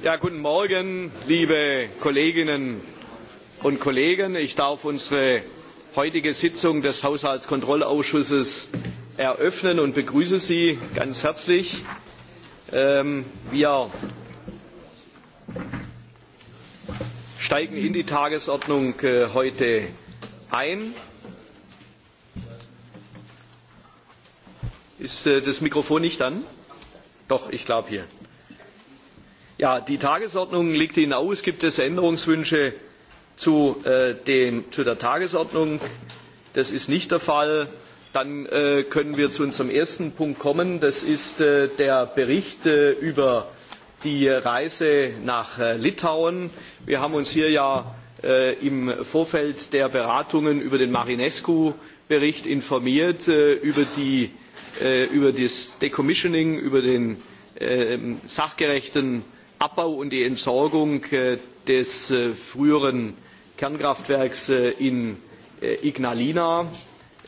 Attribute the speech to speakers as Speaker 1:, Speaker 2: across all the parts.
Speaker 1: Ja, guten Morgen, liebe Kolleginnen und Kollegen. Ich darf unsere heutige Sitzung des Haushaltskontrollausschusses eröffnen und begrüße Sie ganz herzlich. Ähm, wir steigen in die Tagesordnung äh, heute ein. Ist äh, das Mikrofon nicht an? Doch, ich glaube hier. Ja, die Tagesordnung liegt Ihnen aus. Gibt es Änderungswünsche zu, äh, den, zu der Tagesordnung? Das ist nicht der Fall. Dann äh, können wir zu unserem ersten Punkt kommen. Das ist äh, der Bericht äh, über die Reise nach äh, Litauen. Wir haben uns hier ja äh, im Vorfeld der Beratungen über den Marinescu-Bericht informiert, äh, über, die, äh, über das Decommissioning, über den äh, sachgerechten Abbau und die Entsorgung äh, des äh, früheren Kernkraftwerks äh, in Ignalina.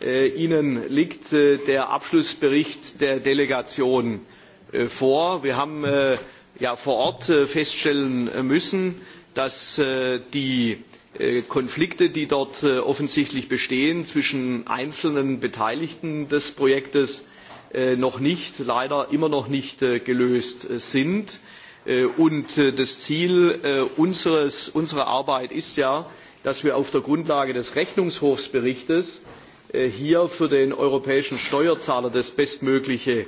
Speaker 1: Ihnen liegt der Abschlussbericht der Delegation vor. Wir haben ja vor Ort feststellen müssen, dass die Konflikte, die dort offensichtlich bestehen zwischen einzelnen Beteiligten des Projektes, noch nicht, leider immer noch nicht gelöst sind Äh, und äh, das Ziel äh, unseres, unserer Arbeit ist ja, dass wir auf der Grundlage des Rechnungshofsberichtes hier für den europäischen Steuerzahler das Bestmögliche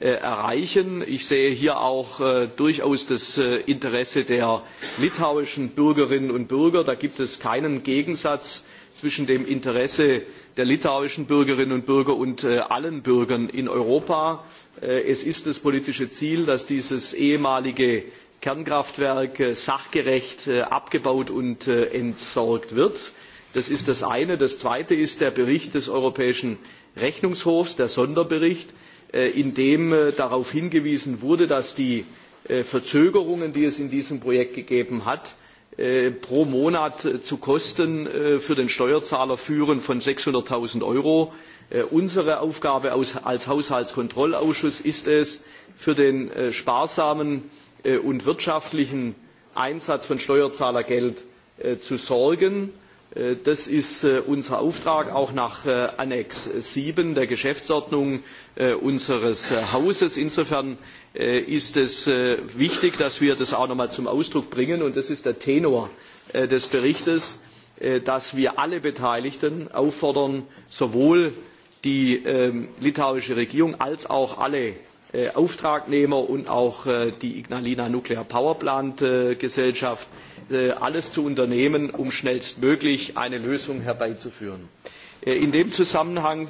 Speaker 1: erreichen. Ich sehe hier auch äh, durchaus das äh, Interesse der litauischen Bürgerinnen und Bürger. Da gibt es keinen Gegensatz zwischen dem Interesse der litauischen Bürgerinnen und Bürger und äh, allen Bürgern in Europa. Äh, es ist das politische Ziel, dass dieses ehemalige Kernkraftwerk äh, sachgerecht äh, abgebaut und äh, entsorgt wird. Das ist das eine. Das zweite ist der Bericht des Europäischen Rechnungshofs, der Sonderbericht, äh, in dem äh, darauf hingewiesen wurde, dass die äh, Verzögerungen, die es in diesem Projekt gegeben hat, Äh, pro Monat äh, zu Kosten äh, für den Steuerzahler führen von 600.000 Euro. Unsere Aufgabe als Haushaltskontrollausschuss ist es, für den sparsamen und wirtschaftlichen Einsatz von Steuerzahlergeld zu sorgen. Das ist unser Auftrag, auch nach Annex 7 der Geschäftsordnung unseres Hauses. Insofern Äh, ist es äh, wichtig, dass wir das auch nochmal zum Ausdruck bringen. Und das ist der Tenor äh, des Berichtes, dass wir alle Beteiligten auffordern, sowohl die ähm, litauische Regierung als auch alle Auftragnehmer und auch die Ignalina Nuclear Power Plant Gesellschaft alles zu unternehmen, um schnellstmöglich eine Lösung herbeizuführen. In dem Zusammenhang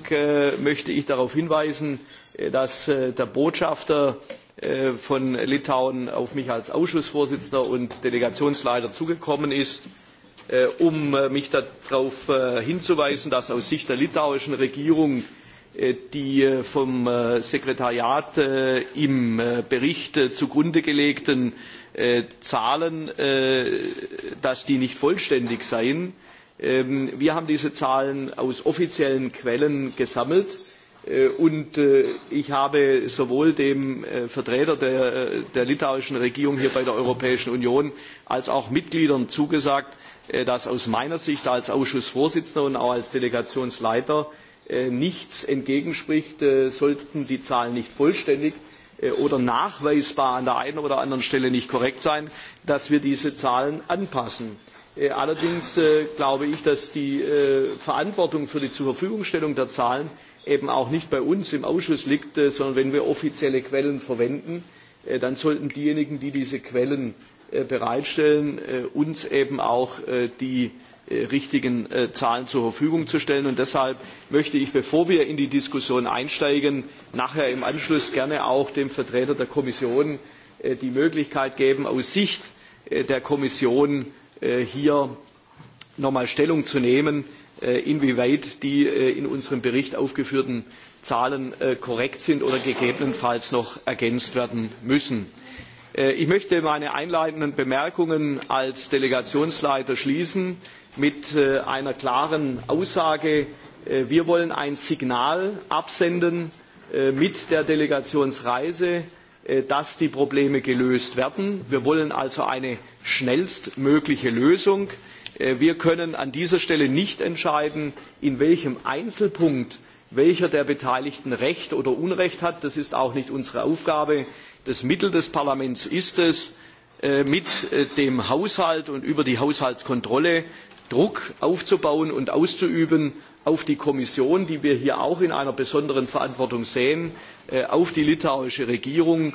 Speaker 1: möchte ich darauf hinweisen, dass der Botschafter Äh, von Litauen auf mich als Ausschussvorsitzender und Delegationsleiter zugekommen ist, äh, um äh, mich darauf hinzuweisen, dass aus Sicht der litauischen Regierung die vom Sekretariat im Bericht zugrunde gelegten Zahlen, dass die nicht vollständig seien. Ähm, wir haben diese Zahlen aus offiziellen Quellen gesammelt Äh, und äh, ich habe sowohl dem äh, Vertreter der, der litauischen Regierung hier bei der Europäischen Union als auch Mitgliedern zugesagt, dass aus meiner Sicht als Ausschussvorsitzender und auch als Delegationsleiter nichts entgegenspricht, sollten die Zahlen nicht vollständig oder nachweisbar an der einen oder anderen Stelle nicht korrekt sein, dass wir diese Zahlen anpassen. Allerdings glaube ich, dass die Verantwortung für die Zurverfügungstellung der Zahlen eben auch nicht bei uns im Ausschuss liegt, äh, sondern wenn wir offizielle Quellen verwenden, äh, dann sollten diejenigen, die diese Quellen äh, bereitstellen, äh, uns eben auch äh, die äh, richtigen äh, Zahlen zur Verfügung zu stellen. Und deshalb möchte ich, bevor wir in die Diskussion einsteigen, nachher im Anschluss gerne auch dem Vertreter der Kommission äh, die Möglichkeit geben, aus Sicht äh, der Kommission äh, hier nochmal Stellung zu nehmen Äh, inwieweit die äh, in unserem Bericht aufgeführten Zahlen äh, korrekt sind oder gegebenenfalls noch ergänzt werden müssen. Ich möchte meine einleitenden Bemerkungen als Delegationsleiter schließen mit einer klaren Aussage. Wir wollen ein Signal absenden mit der Delegationsreise, dass die Probleme gelöst werden. Wir wollen also eine schnellstmögliche Lösung. Äh, wir können an dieser Stelle nicht entscheiden, in welchem Einzelpunkt welcher der Beteiligten Recht oder Unrecht hat. Das ist auch nicht unsere Aufgabe. Das Mittel des Parlaments ist es, äh, mit äh, dem Haushalt und über die Haushaltskontrolle Druck aufzubauen und auszuüben auf die Kommission, die wir hier auch in einer besonderen Verantwortung sehen, auf die litauische Regierung,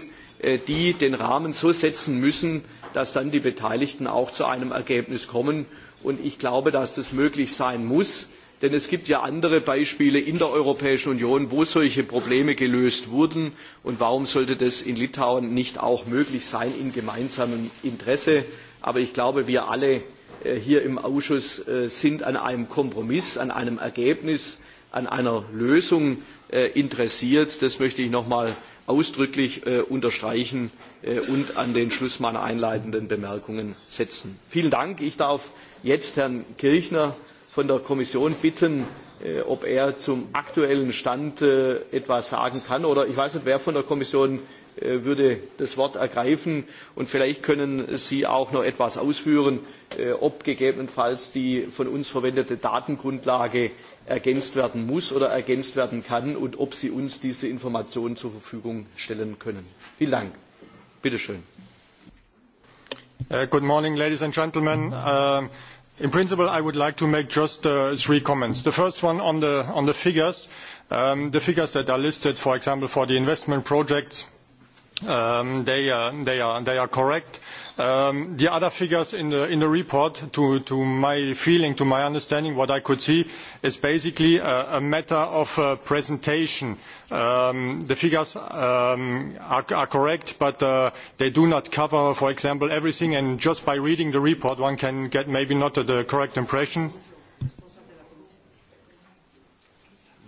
Speaker 1: die den Rahmen so setzen müssen, dass dann die Beteiligten auch zu einem Ergebnis kommen. Und ich glaube, dass das möglich sein muss. Denn es gibt ja andere Beispiele in der Europäischen Union, wo solche Probleme gelöst wurden. Und warum sollte das in Litauen nicht auch möglich sein im gemeinsamen Interesse? Aber ich glaube, wir alle äh, hier im Ausschuss äh, sind an einem Kompromiss, an einem Ergebnis, an einer Lösung äh, interessiert. Das möchte ich noch einmal ausdrücklich unterstreichen und an den Schluss meiner einleitenden Bemerkungen setzen. Vielen Dank. Ich darf jetzt Herrn Kirchner von der Kommission bitten, äh, ob er zum aktuellen Stand äh, etwas sagen kann. Oder ich weiß nicht, wer von der Kommission äh, würde das Wort ergreifen. Und vielleicht können Sie auch noch etwas ausführen, ob gegebenenfalls die von uns verwendete Datengrundlage ergänzt werden muss oder ergänzt werden kann und ob Sie uns diese Informationen zur Verfügung stellen können. Vielen Dank. Bitte schön.
Speaker 2: Uh, good morning, ladies and gentlemen. Um, in principle, I would like to make just uh, three comments. The first one on the, on the figures. Um, the figures that are listed, for example, for the investment projects Um, they, uh, they, are, they are correct. Um, the other figures in the, in the report, to, to my feeling, to my understanding, what I could see is basically a, a matter of uh, presentation. Um, the figures um, are, are correct, but uh, they do not cover, for example, everything, and just by reading the report, one can get maybe not the correct impression. Uh,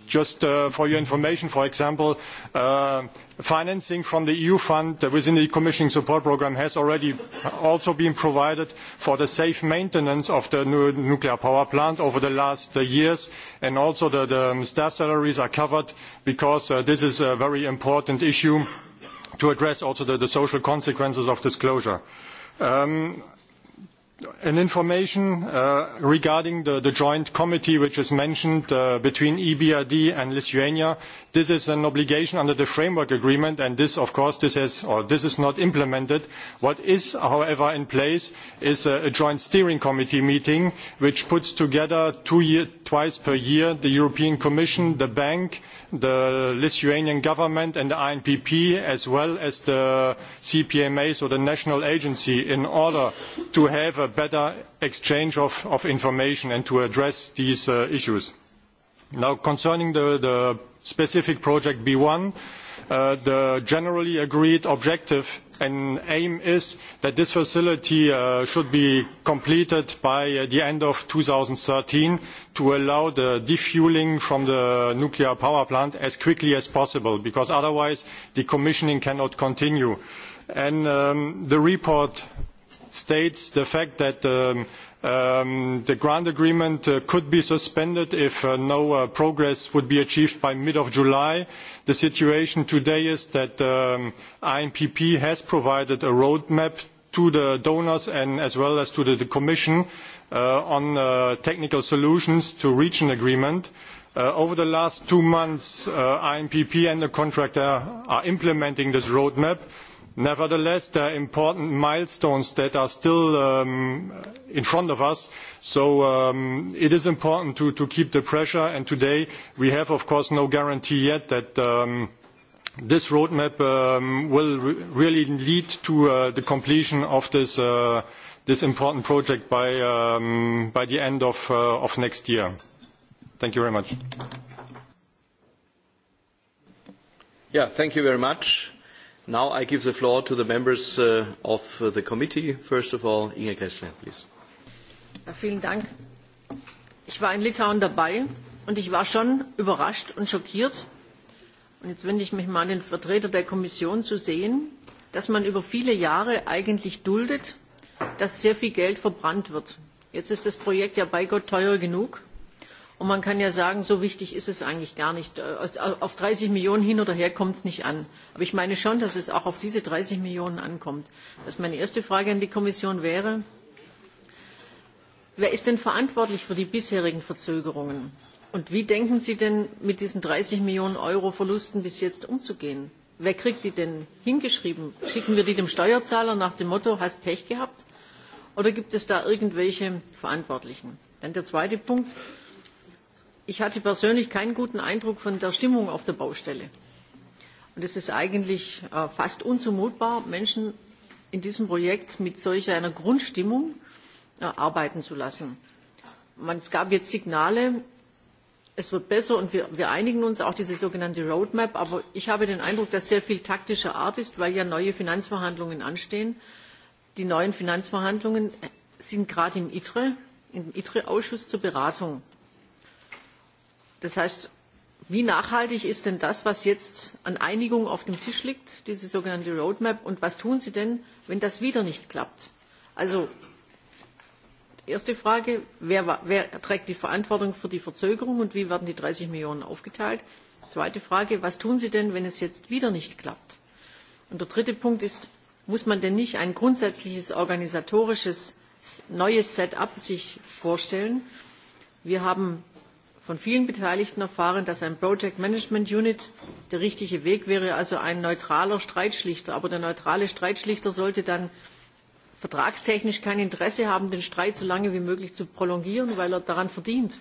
Speaker 2: Just uh, for your information, for example, uh, financing from the EU fund within the commissioning support program has already also been provided for the safe maintenance of the new nuclear power plant over the last uh, years, and also the, the um, staff salaries are covered because uh, this is a very important issue to address also the, the social consequences of disclosure. Um, an information uh, regarding the, the joint committee which is mentioned uh, between EBRD and Lithuania. This is an obligation under the framework agreement and this of course this has or this is not implemented. What is however in place is a, a joint steering committee meeting which puts together two year, twice per year the European Commission, the bank, uh, the Lithuanian government and the INPP as well as the CPMA, so the national agency, in order to have a better exchange of, of information and to address these uh, issues. Now, concerning the, the specific project B1, uh, the generally agreed objective an aim is that this facility uh, should be completed by uh, the end of 2013 to allow the defueling from the nuclear power plant as quickly as possible, because otherwise the commissioning cannot continue. And, um, the report states the fact that um, Um, the grant agreement uh, could be suspended if uh, no uh, progress would be achieved by mid of July. The situation today is that um, INPP has provided a roadmap to the donors and as well as to the, the Commission uh, on uh, technical solutions to reach an agreement. Uh, over the last two months, uh, INPP and the contractor are implementing this roadmap. Uh, Nevertheless, there are important milestones that are still um, in front of us. So, um, it is important to, to keep the pressure. And today, we have, of course, no guarantee yet that um, this roadmap um, will re really lead to uh, the completion of this, uh, this important project by, um, by the end of, uh, of next year. Thank you very much. Yeah, thank you very much.
Speaker 1: Now I give the floor to the members uh, of uh, the committee. First of all, Inge Gressler, please.
Speaker 3: Ja, vielen Dank. Ich war in Litauen dabei und ich war schon überrascht und schockiert. Und jetzt wende ich mich mal an den Vertreter der Kommission zu sehen, dass man über viele Jahre eigentlich duldet, dass sehr viel Geld verbrannt wird. Jetzt ist das Projekt ja bei Gott teuer genug Und man kann ja sagen, so wichtig ist es eigentlich gar nicht. Auf 30 Millionen hin oder her kommt es nicht an. Aber ich meine schon, dass es auch auf diese 30 Millionen ankommt. Das ist meine erste Frage an die Kommission wäre, wer ist denn verantwortlich für die bisherigen Verzögerungen? Und wie denken Sie denn, mit diesen 30 Millionen Euro Verlusten bis jetzt umzugehen? Wer kriegt die denn hingeschrieben? Schicken wir die dem Steuerzahler nach dem Motto, hast Pech gehabt? Oder gibt es da irgendwelche Verantwortlichen? Dann der zweite Punkt Ich hatte persönlich keinen guten Eindruck von der Stimmung auf der Baustelle. Und es ist eigentlich äh, fast unzumutbar, Menschen in diesem Projekt mit solch einer Grundstimmung äh, arbeiten zu lassen. Man, es gab jetzt Signale, es wird besser und wir, wir einigen uns auch diese sogenannte Roadmap. Aber ich habe den Eindruck, dass sehr viel taktischer Art ist, weil ja neue Finanzverhandlungen anstehen. Die neuen Finanzverhandlungen sind gerade im ITRE, im ITRE-Ausschuss zur Beratung. Das heißt, wie nachhaltig ist denn das, was jetzt an Einigung auf dem Tisch liegt, diese sogenannte Roadmap? Und was tun Sie denn, wenn das wieder nicht klappt? Also, erste Frage, wer, wer trägt die Verantwortung für die Verzögerung und wie werden die 30 Millionen aufgeteilt? Zweite Frage, was tun Sie denn, wenn es jetzt wieder nicht klappt? Und der dritte Punkt ist, muss man denn nicht ein grundsätzliches organisatorisches neues Setup sich vorstellen? Wir haben von vielen Beteiligten erfahren, dass ein Project Management Unit der richtige Weg wäre, also ein neutraler Streitschlichter. Aber der neutrale Streitschlichter sollte dann vertragstechnisch kein Interesse haben, den Streit so lange wie möglich zu prolongieren, weil er daran verdient.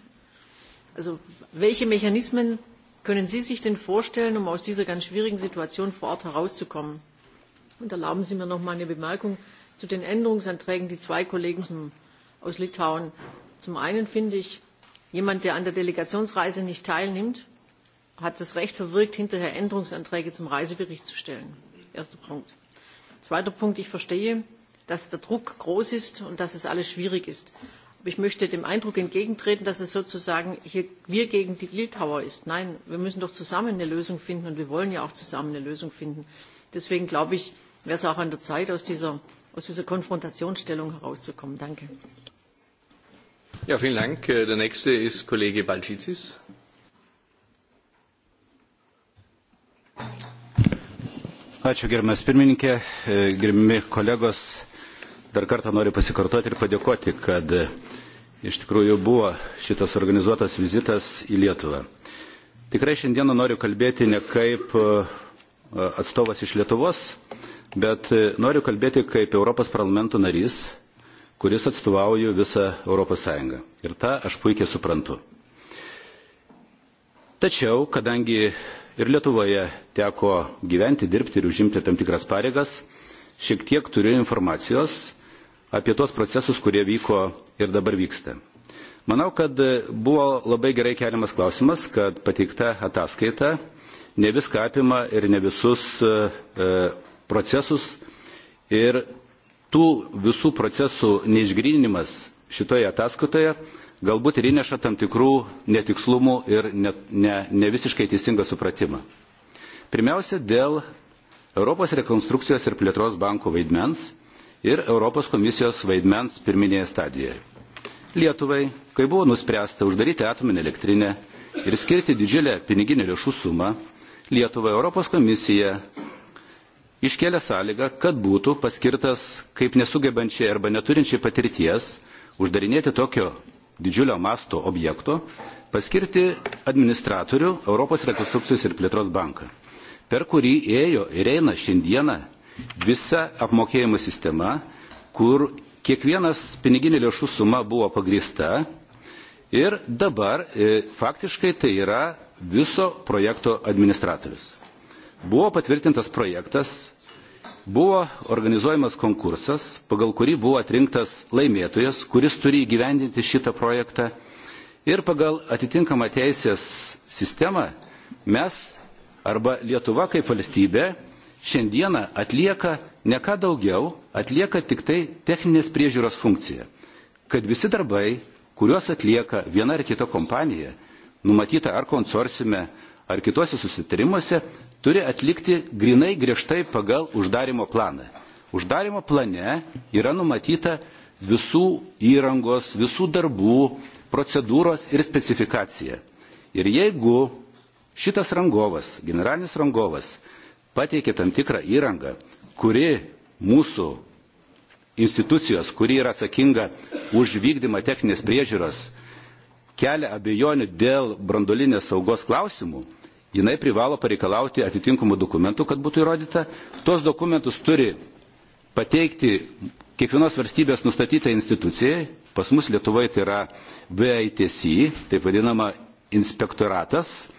Speaker 3: Also welche Mechanismen können Sie sich denn vorstellen, um aus dieser ganz schwierigen Situation vor Ort herauszukommen? Und erlauben Sie mir noch mal eine Bemerkung zu den Änderungsanträgen, die zwei Kollegen aus Litauen. Zum einen finde ich, Jemand, der an der Delegationsreise nicht teilnimmt, hat das Recht verwirkt, hinterher Änderungsanträge zum Reisebericht zu stellen. Erster Punkt. Zweiter Punkt. Ich verstehe, dass der Druck groß ist und dass es alles schwierig ist. Aber ich möchte dem Eindruck entgegentreten, dass es sozusagen hier wir gegen die Litauer ist. Nein, wir müssen doch zusammen eine Lösung finden und wir wollen ja auch zusammen eine Lösung finden. Deswegen glaube ich, wäre es auch an der Zeit, aus dieser, aus dieser Konfrontationsstellung herauszukommen. Danke.
Speaker 1: Ja, vielen Dank. Äh, der nächste ist Kollege Balcicis.
Speaker 4: Ačiū gerbiamas pirmininkė, äh, gerbiami kolegos. Dar kartą noriu pasikartoti ir padėkoti, kad äh, iš tikrųjų buvo šitas organizuotas vizitas į Lietuvą. Tikrai šiandieną noriu kalbėti ne kaip atstovas iš Lietuvos, bet noriu kalbėti kaip Europos parlamento narys kuris atstovauju visą Europos Sąjungą. Ir tą aš puikiai suprantu. Tačiau, kadangi ir Lietuvoje teko gyventi, dirbti ir užimti tam tikras pareigas, šiek tiek turiu informacijos apie tuos procesus, kurie vyko ir dabar vyksta. Manau, kad buvo labai gerai keliamas klausimas, kad pateikta ataskaita ne viską apima ir ne visus e, e procesus ir tų visų procesų neišgryninimas šitoje ataskaitoje galbūt ir įneša tam tikrų netikslumų ir ne, ne, ne visiškai teisingą supratimą. Pirmiausia, dėl Europos rekonstrukcijos ir plėtros banko vaidmens ir Europos komisijos vaidmens pirminėje stadijoje. Lietuvai, kai buvo nuspręsta uždaryti atominę elektrinę ir skirti didžiulę piniginių lėšų sumą, Lietuvai Europos komisija iškėlė sąlygą, kad būtų paskirtas kaip nesugebančiai arba neturinčiai patirties uždarinėti tokio didžiulio masto objekto, paskirti administratorių Europos rekonstrukcijos ir plėtros banką, per kurį ėjo ir eina šiandieną visa apmokėjimo sistema, kur kiekvienas piniginė lėšų suma buvo pagrįsta ir dabar e, faktiškai tai yra viso projekto administratorius. Buvo patvirtintas projektas, buvo organizuojamas konkursas, pagal kurį buvo atrinktas laimėtojas, kuris turi įgyvendinti šitą projektą. Ir pagal atitinkamą teisės sistemą mes arba Lietuva kaip valstybė šiandieną atlieka ne ką daugiau, atlieka tik tai techninės priežiūros funkciją. Kad visi darbai, kuriuos atlieka viena ar kita kompanija, numatyta ar konsorcime, ar kitose susitarimuose, turi atlikti grinai griežtai pagal uždarimo planą. Uždarimo plane yra numatyta visų įrangos, visų darbų, procedūros ir specifikacija. Ir jeigu šitas rangovas, generalinis rangovas, pateikė tam tikrą įrangą, kuri mūsų institucijos, kuri yra atsakinga už vykdymą techninės priežiūros, kelia abejonių dėl brandolinės saugos klausimų, jinai privalo pareikalauti atitinkamų dokumentų, kad būtų įrodyta. Tos dokumentus turi pateikti kiekvienos valstybės nustatytą instituciją. Pas mus Lietuvoje tai yra VITC, taip vadinama inspektoratas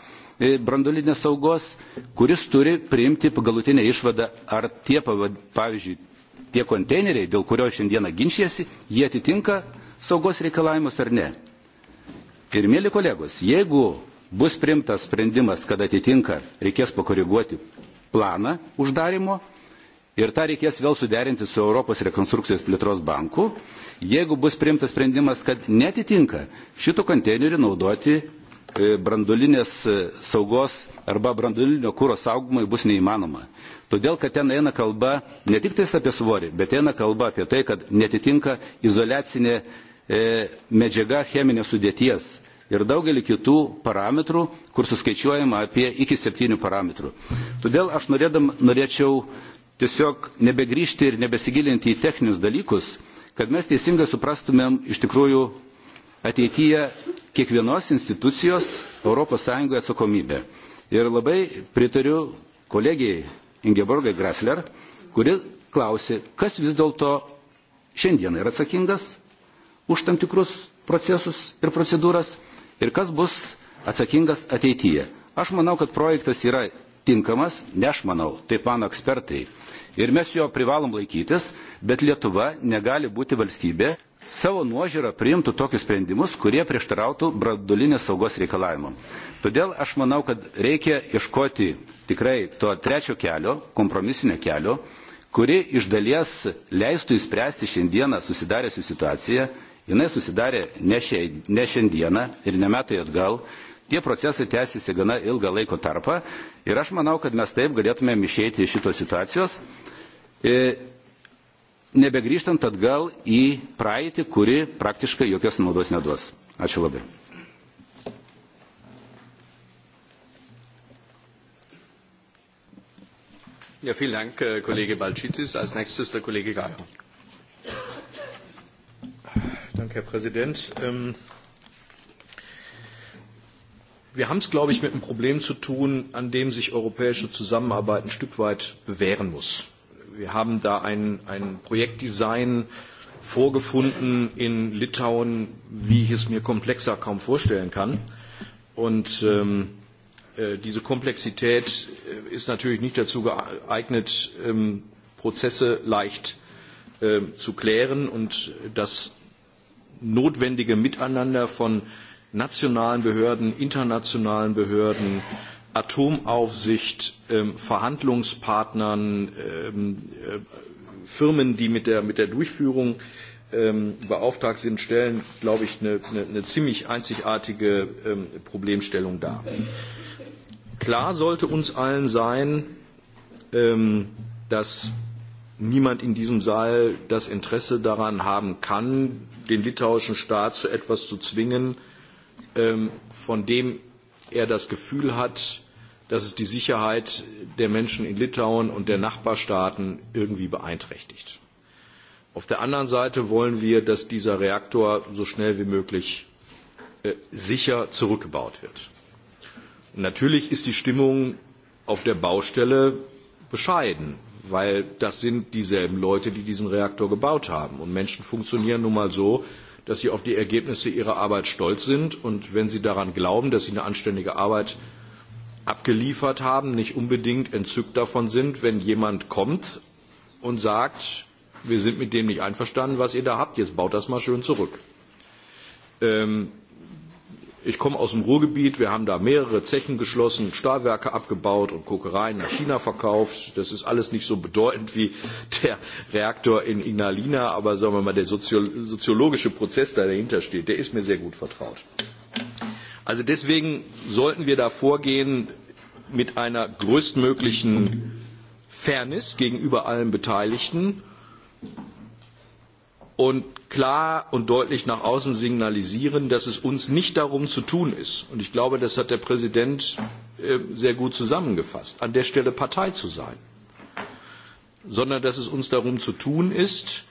Speaker 4: e, brandulinės saugos, kuris turi priimti galutinę išvadą, ar tie, pavyzdžiui, tie konteineriai, dėl kurio šiandieną ginčiasi, jie atitinka saugos reikalavimus ar ne. Ir mėly kolegos, jeigu bus primtas sprendimas, kad atitinka, reikės pakoreguoti planą uždarimo ir tą reikės vėl suderinti su Europos rekonstrukcijos plėtros banku. Jeigu bus primtas sprendimas, kad netitinka, šitų konteinerių naudoti e, brandulinės e, saugos arba brandulinio kūro saugumai bus neįmanoma. Todėl, kad ten eina kalba ne tik tais apie svorį, bet eina kalba apie tai, kad netitinka izolacinė e, medžiaga cheminės sudėties ir daugelį kitų parametrų, kur suskaičiuojama apie iki septynių parametrų. Todėl aš norėdam, norėčiau tiesiog nebegrįžti ir nebesigilinti į techninius dalykus, kad mes teisingai suprastumėm iš tikrųjų ateityje kiekvienos institucijos ES atsakomybę. Ir labai pritariu kolegijai Ingeborgai Grasler, kuri klausė, kas vis dėlto šiandien yra atsakingas už tam tikrus procesus ir procedūras ir kas bus atsakingas ateityje. Aš manau, kad projektas yra tinkamas, ne aš manau, taip mano ekspertai. Ir mes jo privalom laikytis, bet Lietuva negali būti valstybė savo nuožiūrą priimtų tokius sprendimus, kurie prieštarautų brandulinės saugos reikalavimam. Todėl aš manau, kad reikia iškoti tikrai to trečio kelio, kompromisinio kelio, kuri iš dalies leistų įspręsti šiandieną susidariusią situaciją Jinai susidarė ne, šiai, ne šiandieną ir ne metai atgal. Tie procesai tęsiasi gana ilgą laiko tarpą ir aš manau, kad mes taip galėtumėm išeiti iš šitos situacijos, e, nebegrįžtant atgal į praeitį, kuri praktiškai jokios naudos neduos. Ačiū labai.
Speaker 1: Ja, vielen Dank, äh, Kollege Balcitis. Als nächstes der Kollege Geier.
Speaker 5: Danke, Herr Präsident. Ähm wir haben es, glaube ich, mit einem Problem zu tun, an dem sich europäische Zusammenarbeit ein Stück weit bewähren muss. Wir haben da ein, ein Projektdesign vorgefunden in Litauen, wie ich es mir komplexer kaum vorstellen kann. Und ähm, äh, diese Komplexität äh, ist natürlich nicht dazu geeignet, ähm, Prozesse leicht äh, zu klären. Und das notwendige Miteinander von nationalen Behörden, internationalen Behörden, Atomaufsicht, ähm, Verhandlungspartnern, ähm, äh, Firmen, die mit der, mit der Durchführung ähm, beauftragt sind, stellen, glaube ich, eine, eine, eine ziemlich einzigartige ähm, Problemstellung dar. Klar sollte uns allen sein, ähm, dass niemand in diesem Saal das Interesse daran haben kann, den litauischen Staat zu etwas zu zwingen, ähm, von dem er das Gefühl hat, dass es die Sicherheit der Menschen in Litauen und der Nachbarstaaten irgendwie beeinträchtigt. Auf der anderen Seite wollen wir, dass dieser Reaktor so schnell wie möglich äh, sicher zurückgebaut wird. Und natürlich ist die Stimmung auf der Baustelle bescheiden weil das sind dieselben Leute, die diesen Reaktor gebaut haben. Und Menschen funktionieren nun mal so, dass sie auf die Ergebnisse ihrer Arbeit stolz sind. Und wenn sie daran glauben, dass sie eine anständige Arbeit abgeliefert haben, nicht unbedingt entzückt davon sind, wenn jemand kommt und sagt, wir sind mit dem nicht einverstanden, was ihr da habt, jetzt baut das mal schön zurück. Ähm, Ich komme aus dem Ruhrgebiet. Wir haben da mehrere Zechen geschlossen, Stahlwerke abgebaut und Kokereien nach China verkauft. Das ist alles nicht so bedeutend wie der Reaktor in Ignalina, aber sagen wir mal, der Sozio soziologische Prozess, der dahinter steht, der ist mir sehr gut vertraut. Also deswegen sollten wir da vorgehen mit einer größtmöglichen Fairness gegenüber allen Beteiligten und klar und deutlich nach außen signalisieren, dass es uns nicht darum zu tun ist. Und ich glaube, das hat der Präsident äh, sehr gut zusammengefasst, an der Stelle Partei zu sein, sondern dass es uns darum zu tun ist,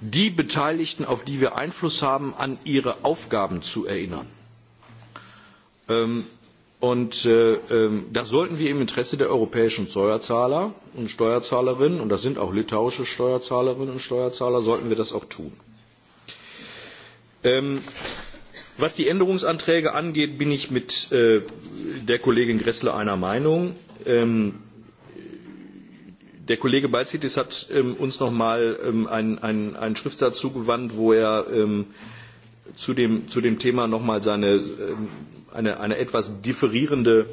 Speaker 5: die Beteiligten, auf die wir Einfluss haben, an ihre Aufgaben zu erinnern. Ähm, Und äh, ähm, das sollten wir im Interesse der europäischen Steuerzahler und Steuerzahlerinnen, und das sind auch litauische Steuerzahlerinnen und Steuerzahler, sollten wir das auch tun. Ähm, was die Änderungsanträge angeht, bin ich mit äh, der Kollegin Gressle einer Meinung. Ähm, der Kollege Balzitis hat ähm, uns nochmal ähm, einen ein Schriftsatz zugewandt, wo er ähm, zu, dem, zu dem Thema nochmal seine ähm, eine, eine etwas differierende,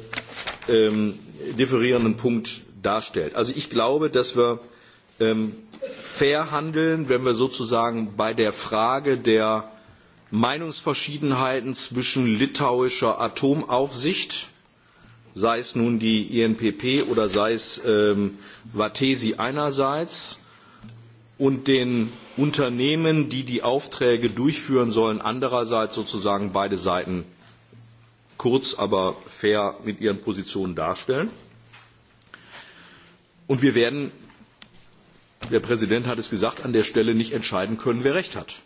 Speaker 5: ähm, differierenden Punkt darstellt. Also ich glaube, dass wir ähm, fair handeln, wenn wir sozusagen bei der Frage der Meinungsverschiedenheiten zwischen litauischer Atomaufsicht, sei es nun die INPP e oder sei es ähm, Vatesi einerseits, und den Unternehmen, die die Aufträge durchführen sollen, andererseits sozusagen beide Seiten kurz, aber fair mit ihren Positionen darstellen. Und wir werden, der Präsident hat es gesagt, an der Stelle nicht entscheiden können, wer recht hat.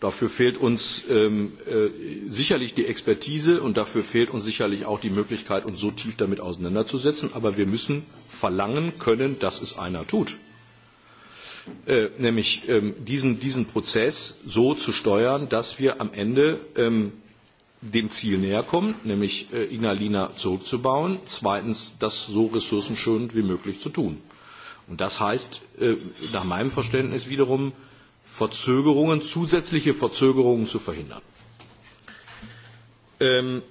Speaker 5: Dafür fehlt uns ähm, äh, sicherlich die Expertise und dafür fehlt uns sicherlich auch die Möglichkeit, uns so tief damit auseinanderzusetzen. Aber wir müssen verlangen können, dass es einer tut. Äh, nämlich ähm, diesen, diesen Prozess so zu steuern, dass wir am Ende ähm, dem Ziel näher kommen, nämlich äh, Ignalina zurückzubauen, zweitens das so ressourcenschonend wie möglich zu tun. Und das heißt äh, nach meinem Verständnis wiederum, Verzögerungen, zusätzliche Verzögerungen zu verhindern. Ähm,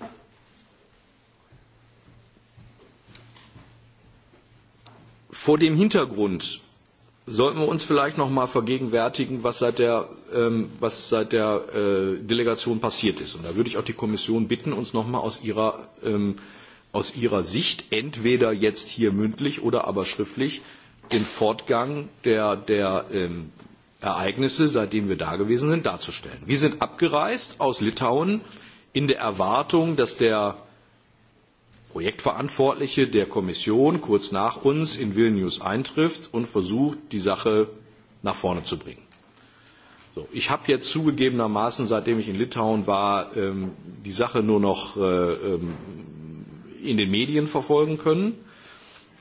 Speaker 5: vor dem Hintergrund sollten wir uns vielleicht noch mal vergegenwärtigen, was seit der, ähm, was seit der äh, Delegation passiert ist. Und da würde ich auch die Kommission bitten, uns noch mal aus ihrer, ähm, aus ihrer Sicht, entweder jetzt hier mündlich oder aber schriftlich, den Fortgang der, der ähm, Ereignisse, seitdem wir da gewesen sind, darzustellen. Wir sind abgereist aus Litauen in der Erwartung, dass der Projektverantwortliche der Kommission kurz nach uns in Vilnius eintrifft und versucht, die Sache nach vorne zu bringen. So, ich habe jetzt zugegebenermaßen, seitdem ich in Litauen war, ähm, die Sache nur noch äh, ähm, in den Medien verfolgen können.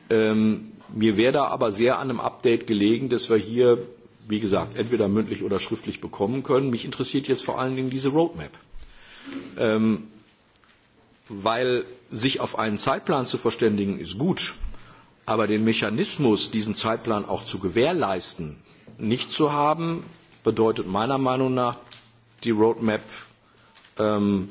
Speaker 5: Ähm, mir wäre da aber sehr an einem Update gelegen, dass wir hier, wie gesagt, entweder mündlich oder schriftlich bekommen können. Mich interessiert jetzt vor allen Dingen diese Roadmap. Ähm, weil sich auf einen Zeitplan zu verständigen ist gut, aber den Mechanismus, diesen Zeitplan auch zu gewährleisten, nicht zu haben, bedeutet meiner Meinung nach, die Roadmap ähm,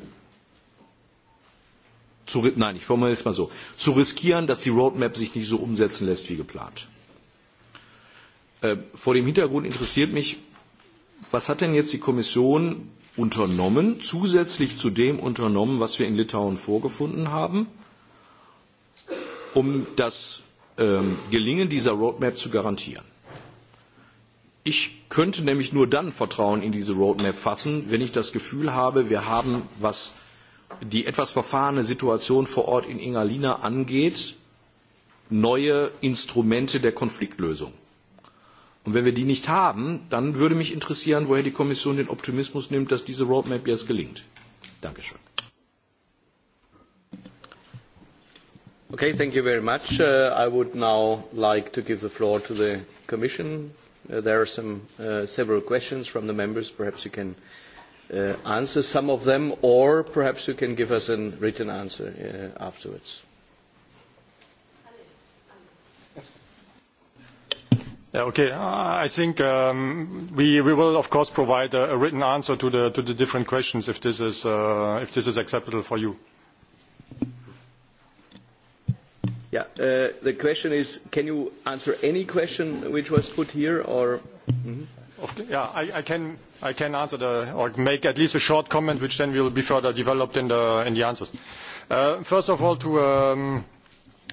Speaker 5: zu, nein, ich formuliere es mal so, zu riskieren, dass die Roadmap sich nicht so umsetzen lässt wie geplant. Äh, vor dem Hintergrund interessiert mich, was hat denn jetzt die Kommission unternommen, zusätzlich zu dem unternommen, was wir in Litauen vorgefunden haben, um das ähm, Gelingen dieser Roadmap zu garantieren. Ich könnte nämlich nur dann Vertrauen in diese Roadmap fassen, wenn ich das Gefühl habe, wir haben, was die etwas verfahrene Situation vor Ort in Ingalina angeht, neue Instrumente der Konfliktlösung. Und wenn wir die nicht haben, dann würde mich interessieren, woher die Kommission den Optimismus nimmt, dass diese Roadmap jetzt gelingt. Dankeschön.
Speaker 1: Okay, thank you very much. Uh, I would now like to give the floor to the Commission. Uh, there are some uh, several questions from the members. Perhaps you can uh, answer some of them, or perhaps you can give us a written answer
Speaker 2: uh, afterwards. Yeah, okay. I think um, we, we will, of course, provide a, a written answer to the, to the different questions if this is, uh, if this is acceptable for you.
Speaker 1: Yeah. Uh, the question is, can you answer any question which was put here or? Mm-hmm.
Speaker 2: Of, yeah, I, I, can, I can answer the, or make at least a short comment, which then will be further developed in the, in the answers. Uh, first of all, to, um,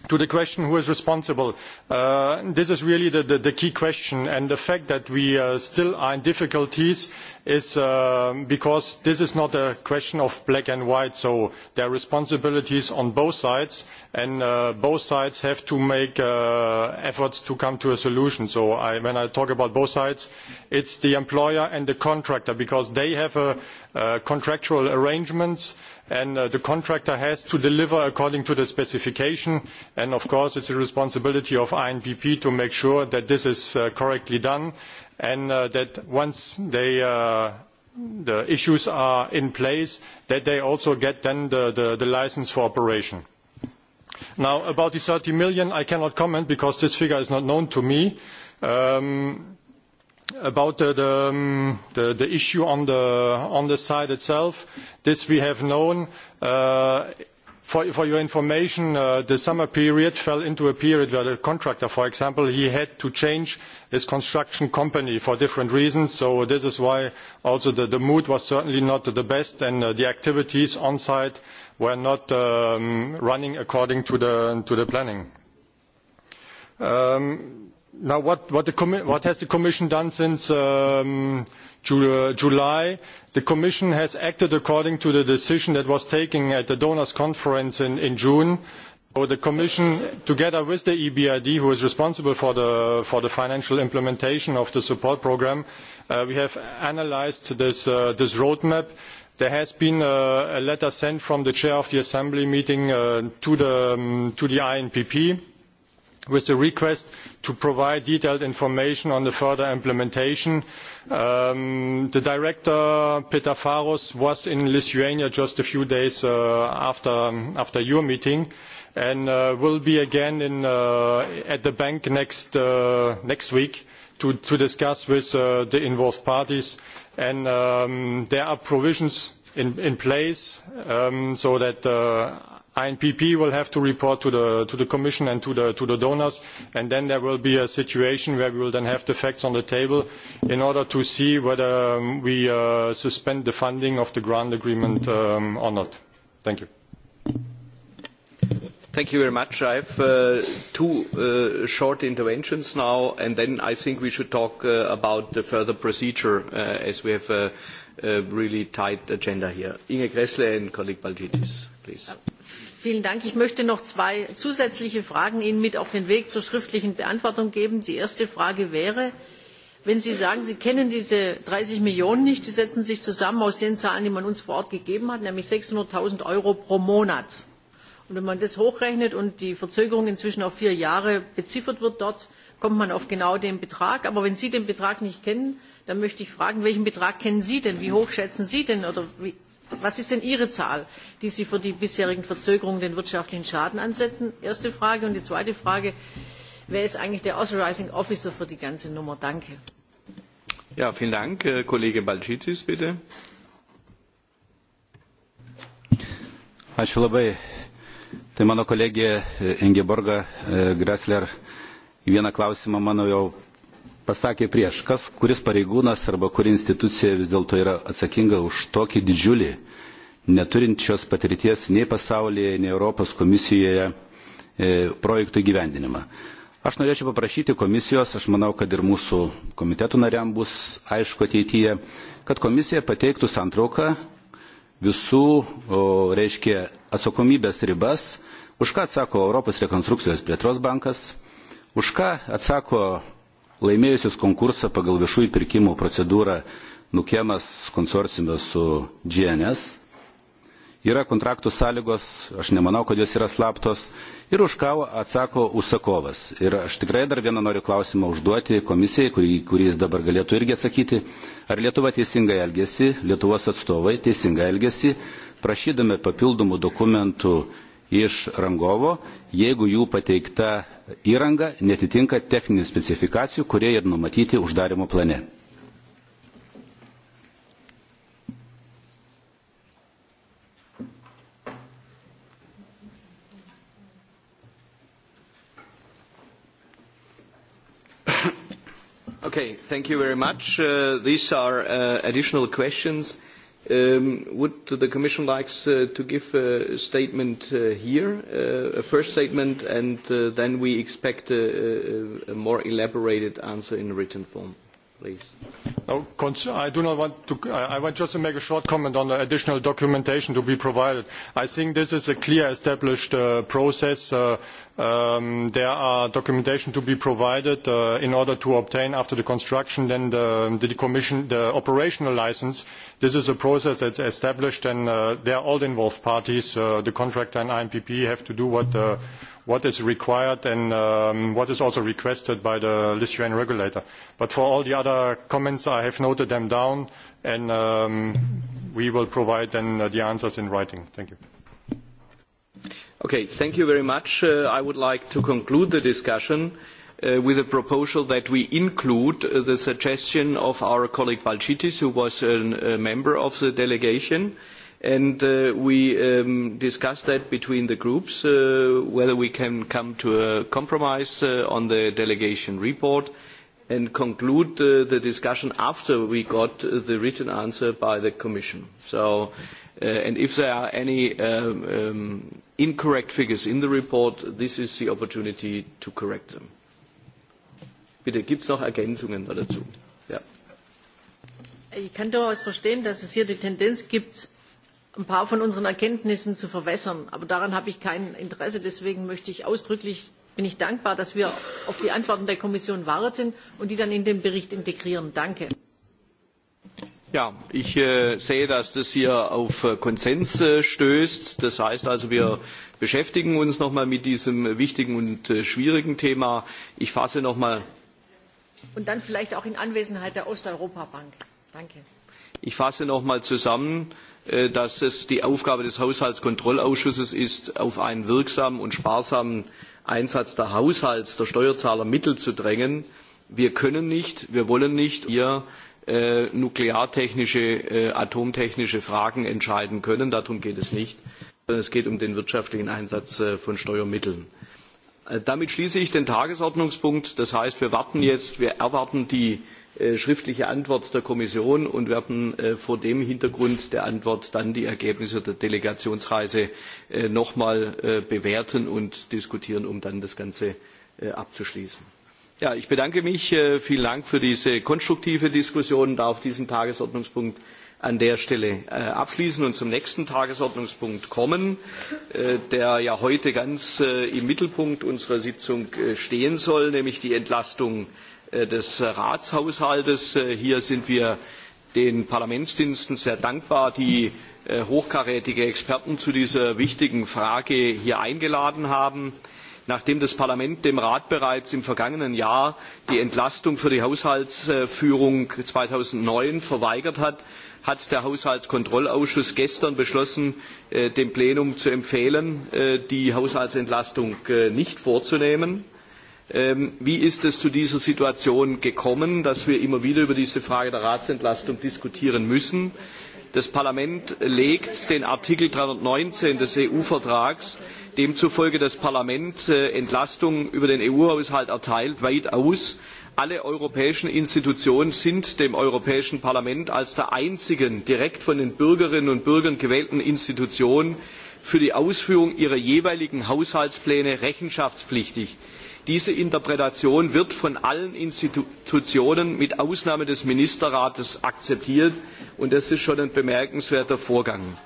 Speaker 2: to the question who is responsible, uh, this is really the, the, the key question. And the fact that we uh, still are in difficulties is uh, because this is not a question of black and white. So there are responsibilities on both sides, and uh, both sides have to make uh, efforts to come to a solution. So I, when I talk about both sides, it's the employer and the contractor because they have a, uh, uh, contractual arrangements. Uh, and uh, the contractor has to deliver according to the specification. And of course, it's a responsibility of INPP to make sure that this is uh, correctly done and uh, that once they, uh, the issues are in place, that they also get then the, the, the license for operation. Now, about the 30 million, I cannot comment because this figure is not known to me. Um, about the, uh, the, um, the, the issue on the, on the site itself, this we have known. Uh, for, for your information, uh, the summer period fell into a period where the contractor, for example, he had to change his construction company for different reasons. So this is why also the, the mood was certainly not the best, and uh, the activities on site were not um, running according to the, to the planning. Um, Now, what, what, the what has the Commission done since um, Ju July? The Commission has acted according to the decision that was taken at the donors conference in, in June. So the Commission, together with the EBRD, who is responsible for the, for the financial implementation of the support program, uh, we have analyzed this, uh, this roadmap. There has been a, a letter sent from the chair of the assembly meeting uh, to, the, um, to the INPP with the request to provide detailed information on the further implementation. Um, the director, Peter Faros, was in Lithuania just a few days uh, after, um, after your meeting and uh, will be again in, uh, at the bank next, uh, next week to, to discuss with uh, the involved parties. And um, there are provisions in, in place um, so that uh, INPP will have to report to the, to the Commission and to the, to the donors, and then there will be a situation where we will then have the facts on the table in order to see whether um, we uh, suspend the funding of the grant agreement um, or not. Thank you.
Speaker 1: Thank you very much. I have uh, two uh, short interventions now, and then I think we should talk uh, about the further procedure uh, as we have a, a really tight agenda here. Inge Gressle and colleague Baljitis, please. Uh,
Speaker 3: Vielen Dank. Ich möchte noch zwei zusätzliche Fragen Ihnen mit auf den Weg zur schriftlichen Beantwortung geben. Die erste Frage wäre, wenn Sie sagen, Sie kennen diese 30 Millionen nicht, die setzen sich zusammen aus den Zahlen, die man uns vor Ort gegeben hat, nämlich 600.000 Euro pro Monat. Und wenn man das hochrechnet und die Verzögerung inzwischen auf vier Jahre beziffert wird dort, kommt man auf genau den Betrag. Aber wenn Sie den Betrag nicht kennen, dann möchte ich fragen, welchen Betrag kennen Sie denn? Wie hoch schätzen Sie denn oder wie, Was ist denn Ihre Zahl, die Sie für die bisherigen Verzögerungen den wirtschaftlichen Schaden ansetzen? Erste Frage. Und die zweite Frage, wer ist eigentlich der Authorizing Officer für die ganze Nummer? Danke.
Speaker 1: Ja, vielen Dank. Äh, Kollege Balčitis, bitte. Ačiū labai.
Speaker 4: Tai mano kolegė äh, Ingeborga äh, Gressler vieną klausimą mano jau pasakė prieš, kas, kuris pareigūnas arba kuri institucija vis dėlto yra atsakinga už tokį didžiulį, neturint šios patirties nei pasaulyje, nei Europos komisijoje e, projektų įgyvendinimą. Aš norėčiau paprašyti komisijos, aš manau, kad ir mūsų komitetų nariam bus aišku ateityje, kad komisija pateiktų santrauką visų, o, reiškia, atsakomybės ribas, už ką atsako Europos rekonstrukcijos plėtros bankas, už ką atsako Laimėjusius konkursą pagal viešųjų pirkimų procedūrą Nukemas konsorciume su GNS. Yra kontraktų sąlygos, aš nemanau, kad jos yra slaptos. Ir už ką atsako užsakovas. Ir aš tikrai dar vieną noriu klausimą užduoti komisijai, kurį, kurį jis dabar galėtų irgi atsakyti. Ar Lietuva teisingai elgesi, Lietuvos atstovai teisingai elgesi, prašydami papildomų dokumentų iš rangovo, jeigu jų pateikta įranga netitinka techninių specifikacijų, kurie ir numatyti uždarimo plane.
Speaker 1: Okay, thank you very much. Uh, these are uh, additional questions Um, would the Commission likes uh, to give a statement uh, here, uh, a first statement, and uh, then we expect a, a, a more elaborated answer in written form, please.
Speaker 2: No, I do not want to. I want just to make a short comment on the additional documentation to be provided. I think this is a clear established uh, process. Uh, Um, there are documentation to be provided uh, in order to obtain after the construction then the, the decommission the operational license. This is a process that's established and uh, there all the involved parties, uh, the contractor and IMPP have to do what, uh, what is required and um, what is also requested by the Lithuanian regulator. But for all the other comments I have noted them down and um, we will provide then uh, the answers in writing. Thank you.
Speaker 1: Okay, thank you very much. Uh, I would like to conclude the discussion uh, with a proposal that we include uh, the suggestion of our colleague Balchitis, who was an, a member of the delegation, and uh, we um, discussed that between the groups, uh, whether we can come to a compromise uh, on the delegation report and conclude uh, the discussion after we got uh, the written answer by the Commission. So, uh, and if there are any um, um, incorrect figures in the report, this is the opportunity to correct them. Bitte, gibt es noch Ergänzungen dazu? Ja.
Speaker 3: Ich kann durchaus verstehen, dass es hier die Tendenz gibt, ein paar von unseren Erkenntnissen zu verwässern. Aber daran habe ich kein Interesse. Deswegen möchte ich ausdrücklich, bin ich dankbar, dass wir auf die Antworten der Kommission warten und die dann in den Bericht integrieren. Danke.
Speaker 1: Ja, ich äh, sehe, dass das hier auf äh, Konsens äh, stößt. Das heißt also, wir beschäftigen uns nochmal mit diesem wichtigen und äh, schwierigen Thema. Ich fasse nochmal.
Speaker 3: Und dann vielleicht auch in Anwesenheit der Osteuropabank. Danke.
Speaker 1: Ich fasse nochmal zusammen, äh, dass es die Aufgabe des Haushaltskontrollausschusses ist, auf einen wirksamen und sparsamen Einsatz der Haushalts, der Steuerzahlermittel zu drängen. Wir können nicht, wir wollen nicht, wir äh, nukleartechnische, äh, atomtechnische Fragen entscheiden können. Darum geht es nicht. Es geht um den wirtschaftlichen Einsatz äh, von Steuermitteln. Äh, damit schließe ich den Tagesordnungspunkt. Das heißt, wir warten jetzt, wir erwarten die äh, schriftliche Antwort der Kommission und werden äh, vor dem Hintergrund der Antwort dann die Ergebnisse der Delegationsreise äh, nochmal äh, bewerten und diskutieren, um dann das Ganze äh, abzuschließen. Ja, ich bedanke mich. Äh, vielen Dank für diese konstruktive Diskussion und darf diesen Tagesordnungspunkt an der Stelle äh, abschließen und zum nächsten Tagesordnungspunkt kommen, äh, der ja heute ganz äh, im Mittelpunkt unserer Sitzung äh, stehen soll, nämlich die Entlastung äh, des Ratshaushaltes. Äh, hier sind wir den Parlamentsdiensten sehr dankbar, die äh, hochkarätige Experten zu dieser wichtigen Frage hier eingeladen haben. Äh, Nachdem das Parlament dem Rat bereits im vergangenen Jahr die Entlastung für die Haushaltsführung 2009 verweigert hat, hat der Haushaltskontrollausschuss gestern beschlossen, äh, dem Plenum zu empfehlen, äh, die Haushaltsentlastung äh, nicht vorzunehmen. Ähm, wie ist es zu dieser Situation gekommen, dass wir immer wieder über diese Frage der Ratsentlastung diskutieren müssen? das parlament legt den artikel dreihundertneunzehn des eu vertrags demzufolge das parlament äh, entlastung über den eu haushalt erteilt weit aus. alle europäischen institutionen sind dem europäischen parlament als der einzigen direkt von den bürgerinnen und bürgern gewählten institution für die ausführung ihrer jeweiligen haushaltspläne rechenschaftspflichtig. Diese Interpretation wird von allen Institutionen mit Ausnahme des Ministerrates akzeptiert, und das ist schon ein bemerkenswerter Vorgang.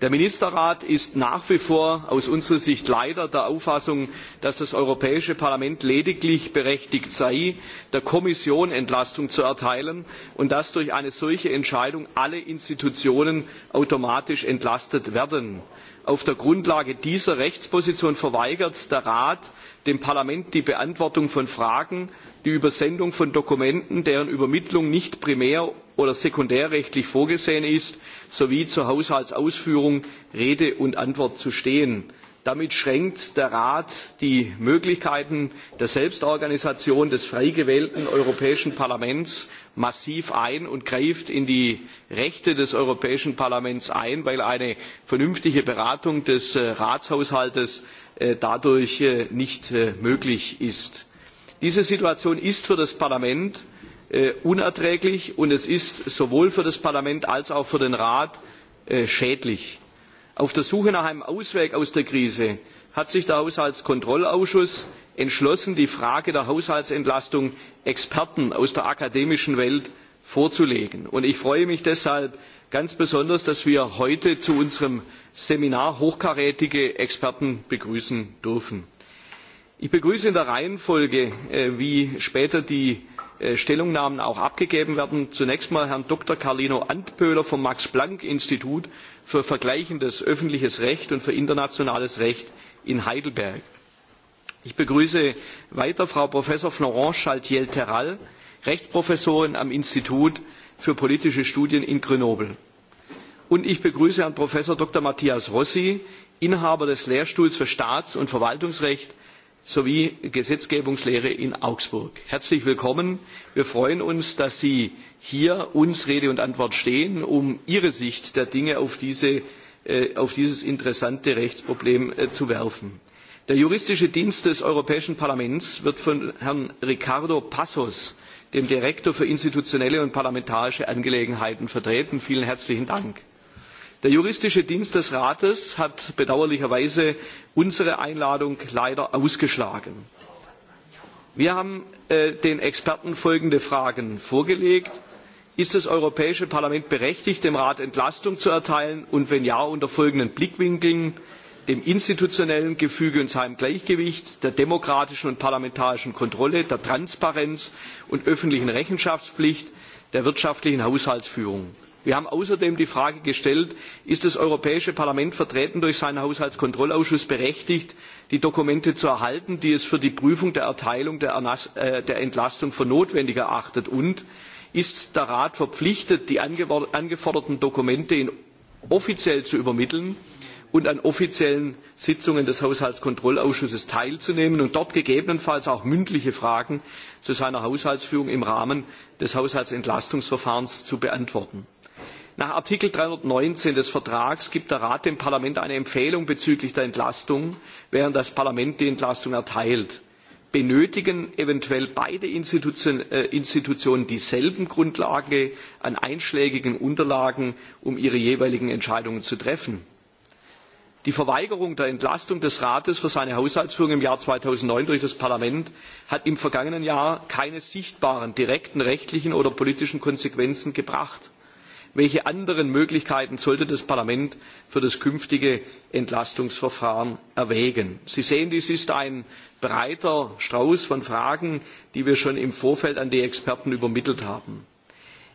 Speaker 1: Der Ministerrat ist nach wie vor aus unserer Sicht leider der Auffassung, dass das Europäische Parlament lediglich berechtigt sei, der Kommission Entlastung zu erteilen und dass durch eine solche Entscheidung alle Institutionen automatisch entlastet werden auf der grundlage dieser rechtsposition verweigert der rat dem parlament die beantwortung von fragen die übersendung von dokumenten deren übermittlung nicht primär oder sekundärrechtlich vorgesehen ist sowie zur haushaltsausführung rede und antwort zu stehen damit schränkt der rat die möglichkeiten der selbstorganisation des frei gewählten europäischen parlaments massiv ein und greift in die rechte des europäischen parlaments ein weil eine vernünftige beratung des äh, ratshaushalts äh, dadurch äh, nicht möglich ist. diese situation ist für das parlament unerträglich und es ist sowohl für das parlament als auch für den rat schädlich. Auf der Suche nach einem Ausweg aus der Krise hat sich der Haushaltskontrollausschuss entschlossen, die Frage der Haushaltsentlastung Experten aus der akademischen Welt vorzulegen. Und ich freue mich deshalb ganz besonders, dass wir heute zu unserem Seminar hochkarätige Experten begrüßen dürfen. Ich begrüße in der Reihenfolge, äh, wie später die Äh, Stellungnahmen auch abgegeben werden. Zunächst mal Herrn Dr. Carlino Antpöhler vom Max-Planck-Institut für vergleichendes öffentliches Recht und für internationales Recht in Heidelberg. Ich begrüße weiter Frau Professor Florence Chaltiel-Terral, Rechtsprofessorin am Institut für politische Studien in Grenoble. Und ich begrüße Herrn Professor Dr. Matthias Rossi, Inhaber des Lehrstuhls für Staats- und Verwaltungsrecht sowie Gesetzgebungslehre in Augsburg. Herzlich willkommen. Wir freuen uns, dass Sie hier uns Rede und Antwort stehen, um Ihre Sicht der Dinge auf, diese, äh, auf dieses interessante Rechtsproblem äh, zu werfen. Der juristische Dienst des Europäischen Parlaments wird von Herrn Ricardo Passos, dem Direktor für institutionelle und parlamentarische Angelegenheiten, vertreten. Vielen herzlichen Dank der juristische dienst des rates hat bedauerlicherweise unsere einladung leider ausgeschlagen. wir haben äh, den experten folgende fragen vorgelegt ist das europäische parlament berechtigt dem rat entlastung zu erteilen und wenn ja unter folgenden blickwinkeln dem institutionellen gefüge und seinem gleichgewicht der demokratischen und parlamentarischen kontrolle der transparenz und öffentlichen rechenschaftspflicht der wirtschaftlichen haushaltsführung. Wir haben außerdem die Frage gestellt, ist das Europäische Parlament vertreten durch seinen Haushaltskontrollausschuss berechtigt, die Dokumente zu erhalten, die es für die Prüfung der Erteilung der, Ernas äh, der Entlastung für notwendig erachtet? Und ist der Rat verpflichtet, die angeforderten Dokumente in offiziell zu übermitteln und an offiziellen Sitzungen des Haushaltskontrollausschusses teilzunehmen und dort gegebenenfalls auch mündliche Fragen zu seiner Haushaltsführung im Rahmen des Haushaltsentlastungsverfahrens zu beantworten. Nach Artikel 319 des Vertrags gibt der Rat dem Parlament eine Empfehlung bezüglich der Entlastung, während das Parlament die Entlastung erteilt. Benötigen eventuell beide Institution, äh, Institutionen dieselben Grundlage an einschlägigen Unterlagen, um ihre jeweiligen Entscheidungen zu treffen? Die Verweigerung der Entlastung des Rates für seine Haushaltsführung im Jahr 2009 durch das Parlament hat im vergangenen Jahr keine sichtbaren direkten rechtlichen oder politischen Konsequenzen gebracht. Welche anderen Möglichkeiten sollte das Parlament für das künftige Entlastungsverfahren erwägen? Sie sehen, dies ist ein breiter Strauß von Fragen, die wir schon im Vorfeld an die Experten übermittelt haben.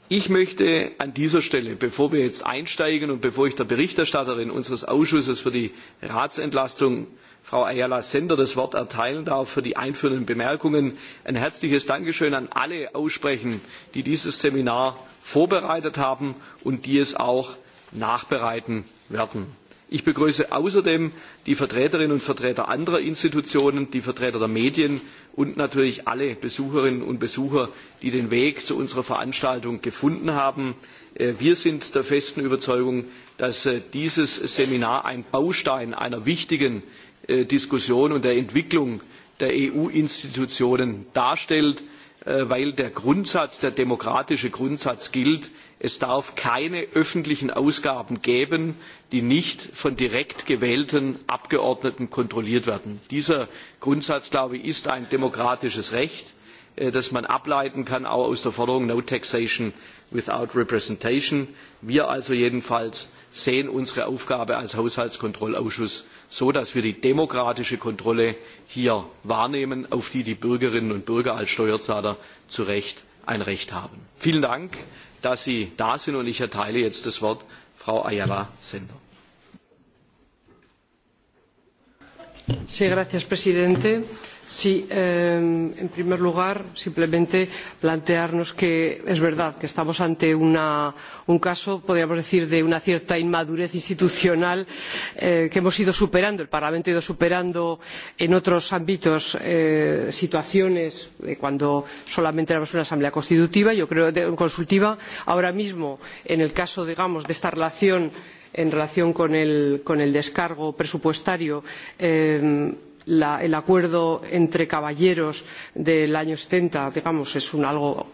Speaker 1: Ich möchte an dieser Stelle, bevor wir jetzt einsteigen und bevor ich der Berichterstatterin unseres Ausschusses für die Ratsentlastung Frau Ayala Sender das Wort erteilen darf für die einführenden Bemerkungen. Ein herzliches Dankeschön an alle aussprechen, die dieses Seminar vorbereitet haben und die es auch nachbereiten werden. Ich begrüße außerdem die Vertreterinnen und Vertreter anderer Institutionen, die Vertreter der Medien und natürlich alle Besucherinnen und Besucher, die den Weg zu unserer Veranstaltung gefunden haben. Äh, wir sind der festen Überzeugung, dass äh, dieses Seminar ein Baustein einer wichtigen Äh, Diskussion und der Entwicklung der EU-Institutionen darstellt, äh, weil der Grundsatz, der demokratische Grundsatz gilt, es darf keine öffentlichen Ausgaben geben, die nicht von direkt gewählten Abgeordneten kontrolliert werden. Dieser Grundsatz, glaube ich, ist ein demokratisches Recht Äh, das man ableiten kann, auch aus der Forderung No Taxation without Representation. Wir also jedenfalls sehen unsere Aufgabe als Haushaltskontrollausschuss so, dass wir die demokratische Kontrolle hier wahrnehmen, auf die die Bürgerinnen und Bürger als Steuerzahler zu Recht ein Recht haben. Vielen Dank, dass Sie da sind und ich erteile jetzt das Wort Frau Ayala Sender.
Speaker 6: Sí, gracias, presidente. Sí, eh, en primer lugar, simplemente plantearnos que es verdad que estamos ante una, un caso, podríamos decir, de una cierta inmadurez institucional eh, que hemos ido superando, el Parlamento ha ido superando en otros ámbitos eh, situaciones de cuando solamente éramos una asamblea constitutiva, yo creo, de, consultiva. Ahora mismo, en el caso, digamos, de esta relación en relación con el, con el descargo presupuestario, eh, la, el acuerdo entre caballeros del año setenta digamos es un, algo,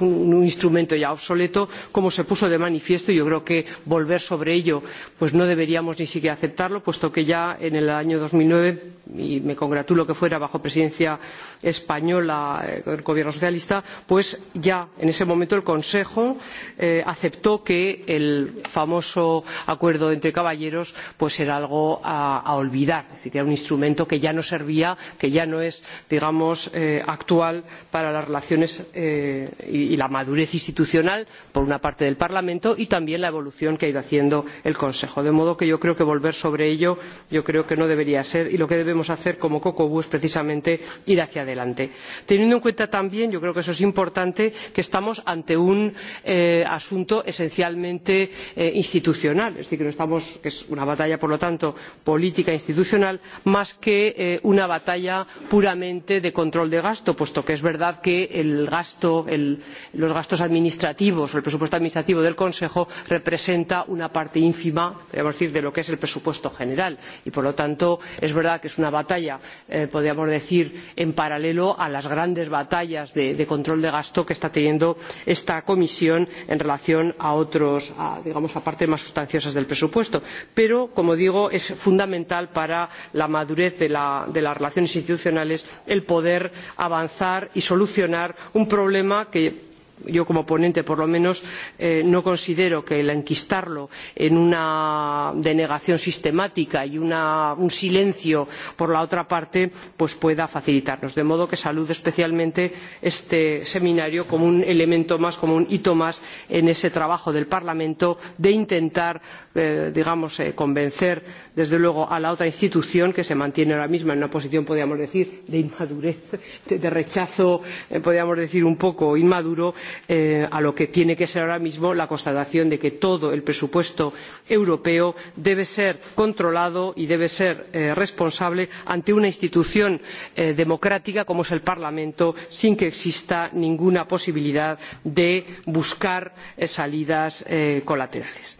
Speaker 6: un, un instrumento ya obsoleto como se puso de manifiesto y yo creo que volver sobre ello pues no deberíamos ni siquiera aceptarlo puesto que ya en el año dos mil nueve y me congratulo de que fuera bajo presidencia española eh, el gobierno socialista pues ya en ese momento el consejo eh, aceptó que el famoso acuerdo entre caballeros pues era algo a, a olvidar es decir era un instrumento que que ya no servía que ya no es digamos eh, actual para las relaciones eh, y, y la madurez institucional por una parte del parlamento y también la evolución que ha ido haciendo el consejo de modo que yo creo que volver sobre ello yo creo que no debería ser y lo que debemos hacer como cocobu es precisamente ir hacia adelante teniendo en cuenta también yo creo que eso es importante que estamos ante un eh, asunto esencialmente eh, institucional es decir que no estamos que es una batalla por lo tanto política e institucional más que que eh, una batalla puramente de control de gasto puesto que es verdad que el gasto, el, los gastos administrativos o el presupuesto administrativo del consejo representa una parte ínfima podríamos decir de lo que es el presupuesto general y por lo tanto es verdad que es una batalla eh, podríamos decir en paralelo a las grandes batallas de, de control de gasto que está teniendo esta comisión en relación a otros a, digamos a partes más sustanciosas del presupuesto pero como digo es fundamental para la madurez de, la, de las relaciones institucionales el poder avanzar y solucionar un problema que yo como ponente por lo menos eh, no considero que el enquistarlo en una denegación sistemática y una, un silencio por la otra parte pues pueda facilitarnos. de modo que saludo especialmente este seminario como un elemento más como un hito más en ese trabajo del parlamento de intentar eh, digamos eh, convencer desde luego a la otra institución que se mantiene ahora mismo en una posición podríamos decir de inmadurez de, de rechazo eh, podríamos decir un poco inmaduro eh, a lo que tiene que ser ahora mismo la constatación de que todo el presupuesto europeo debe ser controlado y debe ser eh, responsable ante una institución eh, democrática como es el parlamento sin que exista ninguna posibilidad de buscar salidas colaterales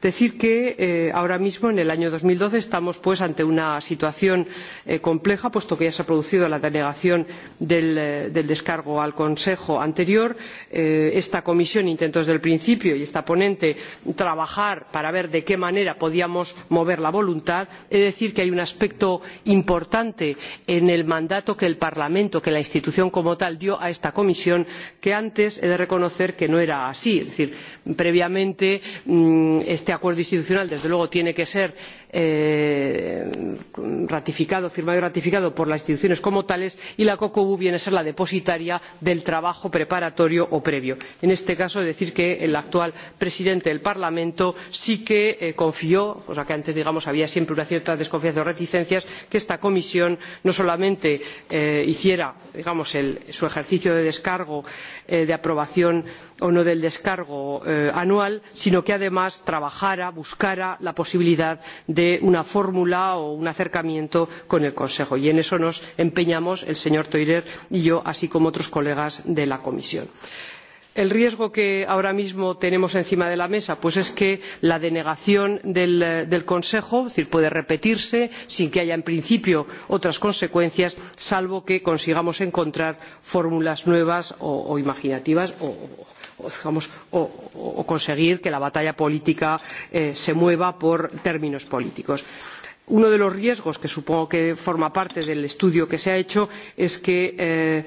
Speaker 6: decir que eh, ahora mismo en el año dos mil doce estamos pues ante una situación eh, compleja puesto que ya se ha producido la denegación del, eh, del descargo al consejo anterior eh, esta comisión intentó desde el principio y esta ponente trabajar para ver de qué manera podíamos mover la voluntad he de decir que hay un aspecto importante en el mandato que el parlamento que la institución como tal dio a esta comisión que antes he de reconocer que no era así es decir previamente mmm, este acuerdo institucional desde luego tiene que ser eh, ratificado, firmado y ratificado por las instituciones como tales y la cocobu viene a ser la depositaria del trabajo preparatorio o previo. en este caso he de decir que el actual presidente del parlamento sí que eh, confió cosa que antes digamos había siempre una cierta desconfianza o reticencias que esta comisión no solamente eh, hiciera digamos el, su ejercicio de descargo eh, de aprobación o no del descargo eh, anual sino que además trabajara buscara la posibilidad de de una fórmula o un acercamiento con el consejo y en eso nos empeñamos el señor theurer y yo así como otros colegas de la comisión el riesgo que ahora mismo tenemos encima de la mesa pues es que la denegación del, eh, del consejo es decir puede repetirse sin que haya en principio otras consecuencias salvo que consigamos encontrar fórmulas nuevas o, o imaginativas o, digamos, o, o conseguir que la batalla política eh, se mueva por términos políticos uno de los riesgos que supongo que forma parte del estudio que se ha hecho es que eh,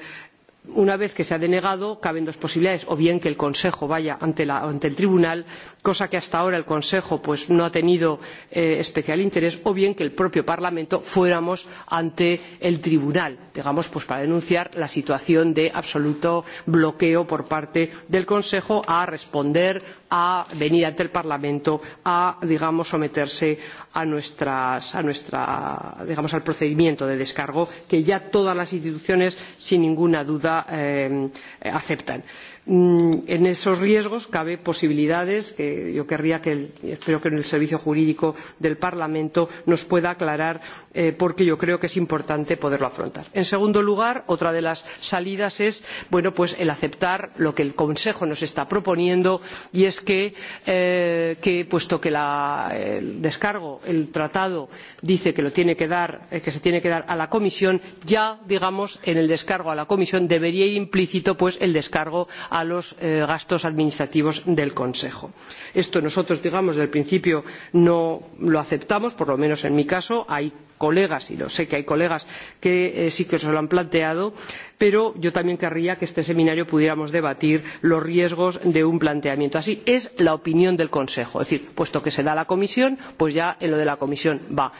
Speaker 6: una vez que se ha denegado caben dos posibilidades o bien que el consejo vaya ante, la, ante el tribunal cosa que hasta ahora el consejo pues, no ha tenido eh, especial interés o bien que el propio parlamento fuéramos ante el tribunal digamos pues, para denunciar la situación de absoluto bloqueo por parte del consejo a responder a venir ante el parlamento a digamos someterse a a nuestras, a nuestra, digamos, al procedimiento de descargo que ya todas las instituciones, sin ninguna duda, eh, aceptan. Eh, Mm, en esos riesgos cabe posibilidades que yo querría que el, espero que el servicio jurídico del parlamento nos pueda aclarar eh, porque yo creo que es importante poderlo afrontar. en segundo lugar otra de las salidas es bueno, pues el aceptar lo que el consejo nos está proponiendo y es que, eh, que puesto que la, el descargo el tratado dice que, lo tiene que, dar, eh, que se tiene que dar a la comisión ya digamos en el descargo a la comisión debería ir implícito pues el descargo a los eh, gastos administrativos del Consejo. Esto nosotros, digamos, del principio no lo aceptamos, por lo menos en mi caso. Hay colegas, y lo sé que hay colegas que eh, sí que se lo han planteado, pero yo también querría que este seminario pudiéramos debatir los riesgos de un planteamiento así. Es la opinión del Consejo. Es decir, puesto que se da la comisión, pues ya en lo de la comisión va.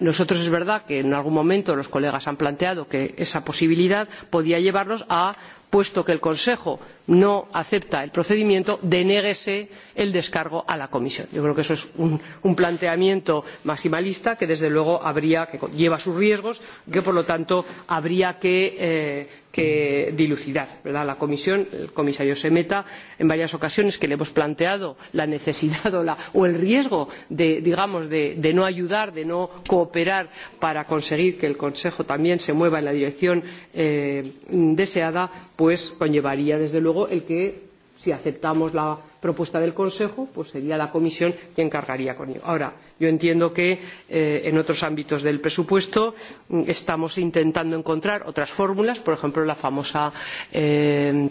Speaker 6: Nosotros es verdad que en algún momento los colegas han planteado que esa posibilidad podía llevarnos a puesto que el consejo no acepta el procedimiento denéguese el descargo a la comisión. yo creo que eso es un, un planteamiento maximalista que desde luego que lleva sus riesgos y que por lo tanto habría que, eh, que dilucidar. ¿verdad? la comisión el comisario emeta en varias ocasiones que le hemos planteado la necesidad o, la, o el riesgo de, digamos, de, de no ayudar de no cooperar para conseguir que el consejo también se mueva en la dirección eh, deseada pues pues conllevaría, desde luego, el que, si aceptamos la propuesta del Consejo, pues sería la Comisión quien cargaría con ello. Ahora, yo entiendo que eh, en otros ámbitos del presupuesto mm, estamos intentando encontrar otras fórmulas, por ejemplo, la famosa eh,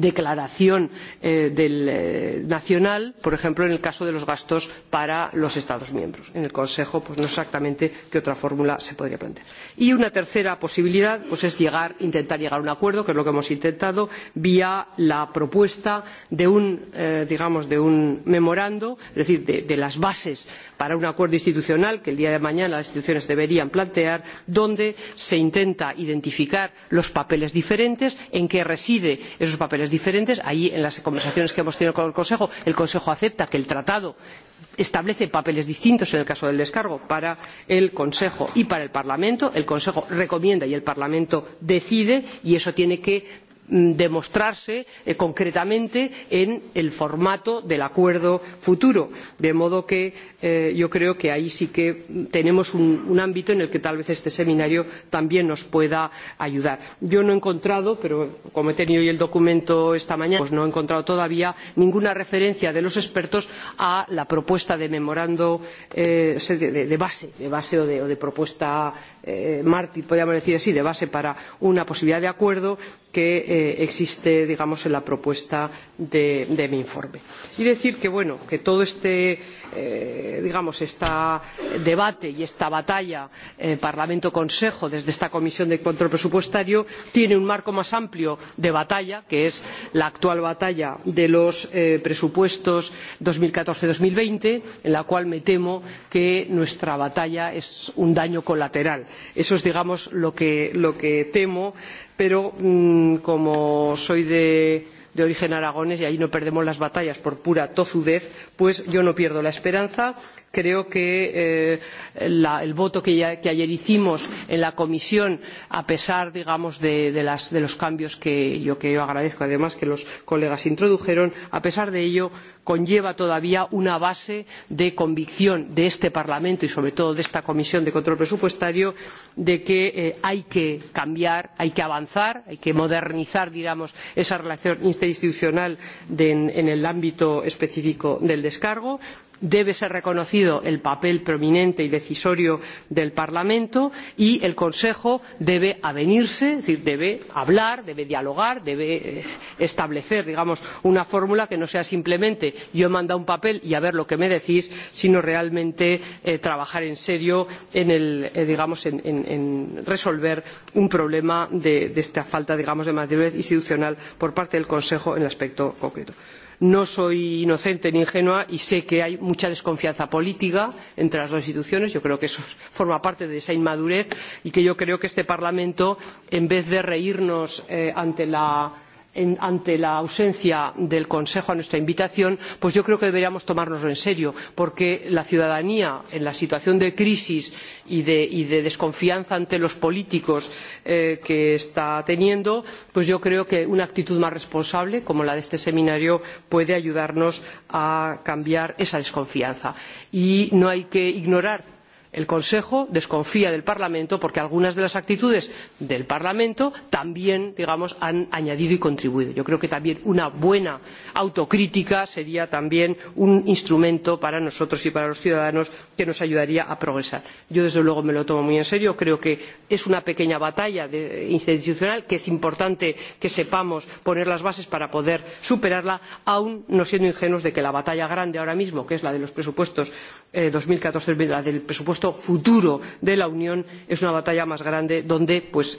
Speaker 6: declaración eh, del, eh, nacional por ejemplo en el caso de los gastos para los estados miembros. en el consejo pues, no sé exactamente qué otra fórmula se podría plantear. y una tercera posibilidad pues, es llegar, intentar llegar a un acuerdo que es lo que hemos intentado vía la propuesta de un, eh, digamos, de un memorando es decir de, de las bases para un acuerdo institucional que el día de mañana las instituciones deberían plantear donde se intenta identificar los papeles diferentes en qué residen esos papeles posiciones diferentes. Allí, en las conversaciones que hemos tenido con el Consejo, el Consejo acepta que el tratado establece papeles distintos en el caso del descargo para el Consejo y para el Parlamento. El Consejo recomienda y el Parlamento decide y eso tiene que Mm, demostrarse eh, concretamente en el formato del acuerdo futuro de modo que eh, yo creo que ahí sí que tenemos un, un ámbito en el que tal vez este seminario también nos pueda ayudar. yo no he encontrado pero como he tenido hoy el documento esta mañana pues no he encontrado todavía ninguna referencia de los expertos a la propuesta de memorando eh, de, de, de base de base o de, o de propuesta eh, mártir podríamos decir así de base para una posibilidad de acuerdo que eh, existe digamos en la propuesta de, de mi informe y decir que bueno que todo este eh, digamos este debate y esta batalla eh, parlamento consejo desde esta comisión de control presupuestario tiene un marco más amplio de batalla que es la actual batalla de los eh, presupuestos dos mil catorce dos mil veinte en la cual me temo que nuestra batalla es un daño colateral. eso es digamos lo que, lo que temo pero mmm, como soy de de origen aragonés y ahí no perdemos las batallas por pura tozudez pues yo no pierdo la esperanza creo que eh, la, el voto que, ya, que ayer hicimos en la comisión a pesar digamos de, de, las, de los cambios que yo, que yo agradezco además que los colegas introdujeron a pesar de ello conlleva todavía una base de convicción de este parlamento y sobre todo de esta comisión de control presupuestario de que eh, hay que cambiar hay que avanzar hay que modernizar digamos esa relación interinstitucional de, en, en el ámbito específico del descargo y debe ser reconocido el papel prominente y decisorio del parlamento y el consejo debe avenirse es decir debe hablar debe dialogar debe eh, establecer digamos una fórmula que no sea simplemente yo he mandado un papel y a ver lo que me decís sino realmente eh, trabajar en serio en, el, eh, digamos, en, en, en resolver un problema de, de esta falta digamos, de madurez institucional por parte del consejo en el aspecto concreto no soy inocente ni ingenua y sé que hay mucha desconfianza política entre las dos instituciones yo creo que eso forma parte de esa inmadurez y que yo creo que este parlamento en vez de reírnos eh, ante la en, ante la ausencia del consejo a nuestra invitación pues yo creo que deberíamos tomárnoslo en serio porque la ciudadanía en la situación de crisis y de, y de desconfianza ante los políticos eh, que está teniendo pues yo creo que una actitud más responsable como la de este seminario puede ayudarnos a cambiar esa desconfianza y no hay que ignorar el consejo desconfía del parlamento porque algunas de las actitudes del parlamento también digamos han añadido y contribuido. yo creo que también una buena autocrítica sería también un instrumento para nosotros y para los ciudadanos que nos ayudaría a progresar. yo desde luego me lo tomo muy en serio creo que es una pequeña batalla de, institucional que es importante que sepamos poner las bases para poder superarla aun no siendo ingenuos de que la batalla grande ahora mismo que es la de los presupuestos Eh, dos mil catorce la del presupuesto futuro de la unión es una batalla más grande donde pues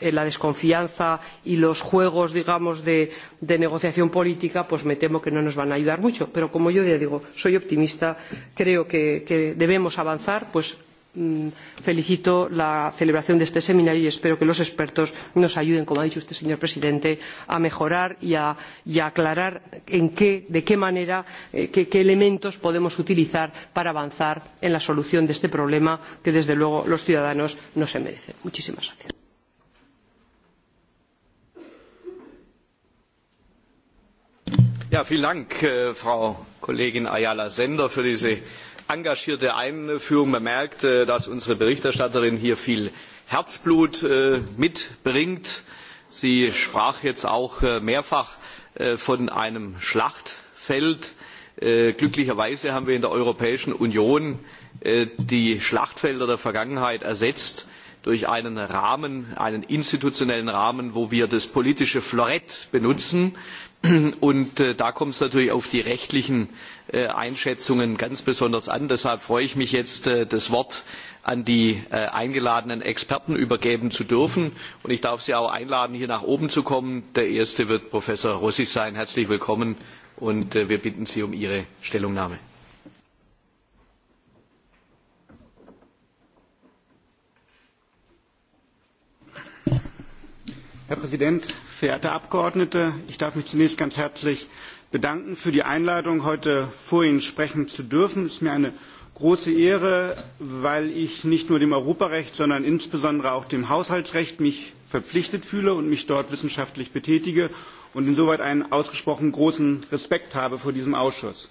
Speaker 6: eh, la desconfianza y los juegos digamos de, de negociación política pues me temo que no nos van a ayudar mucho pero como yo ya digo soy optimista creo que, que debemos avanzar pues Mm, felicito la celebración de este seminario y espero que los expertos nos ayuden como ha dicho usted señor presidente a mejorar y a, y a aclarar qué, de qué manera eh, qué, qué elementos podemos utilizar para avanzar en la solución de este problema que desde luego los ciudadanos no se merecen. muchísimas gracias.
Speaker 1: Ja, vielen Dank, äh, Frau Kollegin Ayala Sender, für diese engagierte Einführung. Man merkt, äh, dass unsere Berichterstatterin hier viel Herzblut äh, mitbringt. Sie sprach jetzt auch äh, mehrfach von einem Schlachtfeld. Glücklicherweise haben wir in der Europäischen Union die Schlachtfelder der Vergangenheit ersetzt durch einen Rahmen, einen institutionellen Rahmen, wo wir das politische Florett benutzen. Und äh, da kommt es natürlich auf die rechtlichen Äh, Einschätzungen ganz besonders an. Deshalb freue ich mich jetzt, äh, das Wort an die äh, eingeladenen Experten übergeben zu dürfen. Und ich darf Sie auch einladen, hier nach oben zu kommen. Der erste wird Professor Rossig sein. Herzlich willkommen und wir bitten Sie um Ihre Stellungnahme.
Speaker 7: Herr Präsident, verehrte Abgeordnete! Ich darf mich zunächst ganz herzlich bedanken für die Einladung, heute vor Ihnen sprechen zu dürfen. Es ist mir eine große Ehre, weil ich nicht nur dem Europarecht, sondern insbesondere auch dem Haushaltsrecht mich verpflichtet fühle und mich dort wissenschaftlich betätige und insoweit einen ausgesprochen großen Respekt habe vor diesem Ausschuss.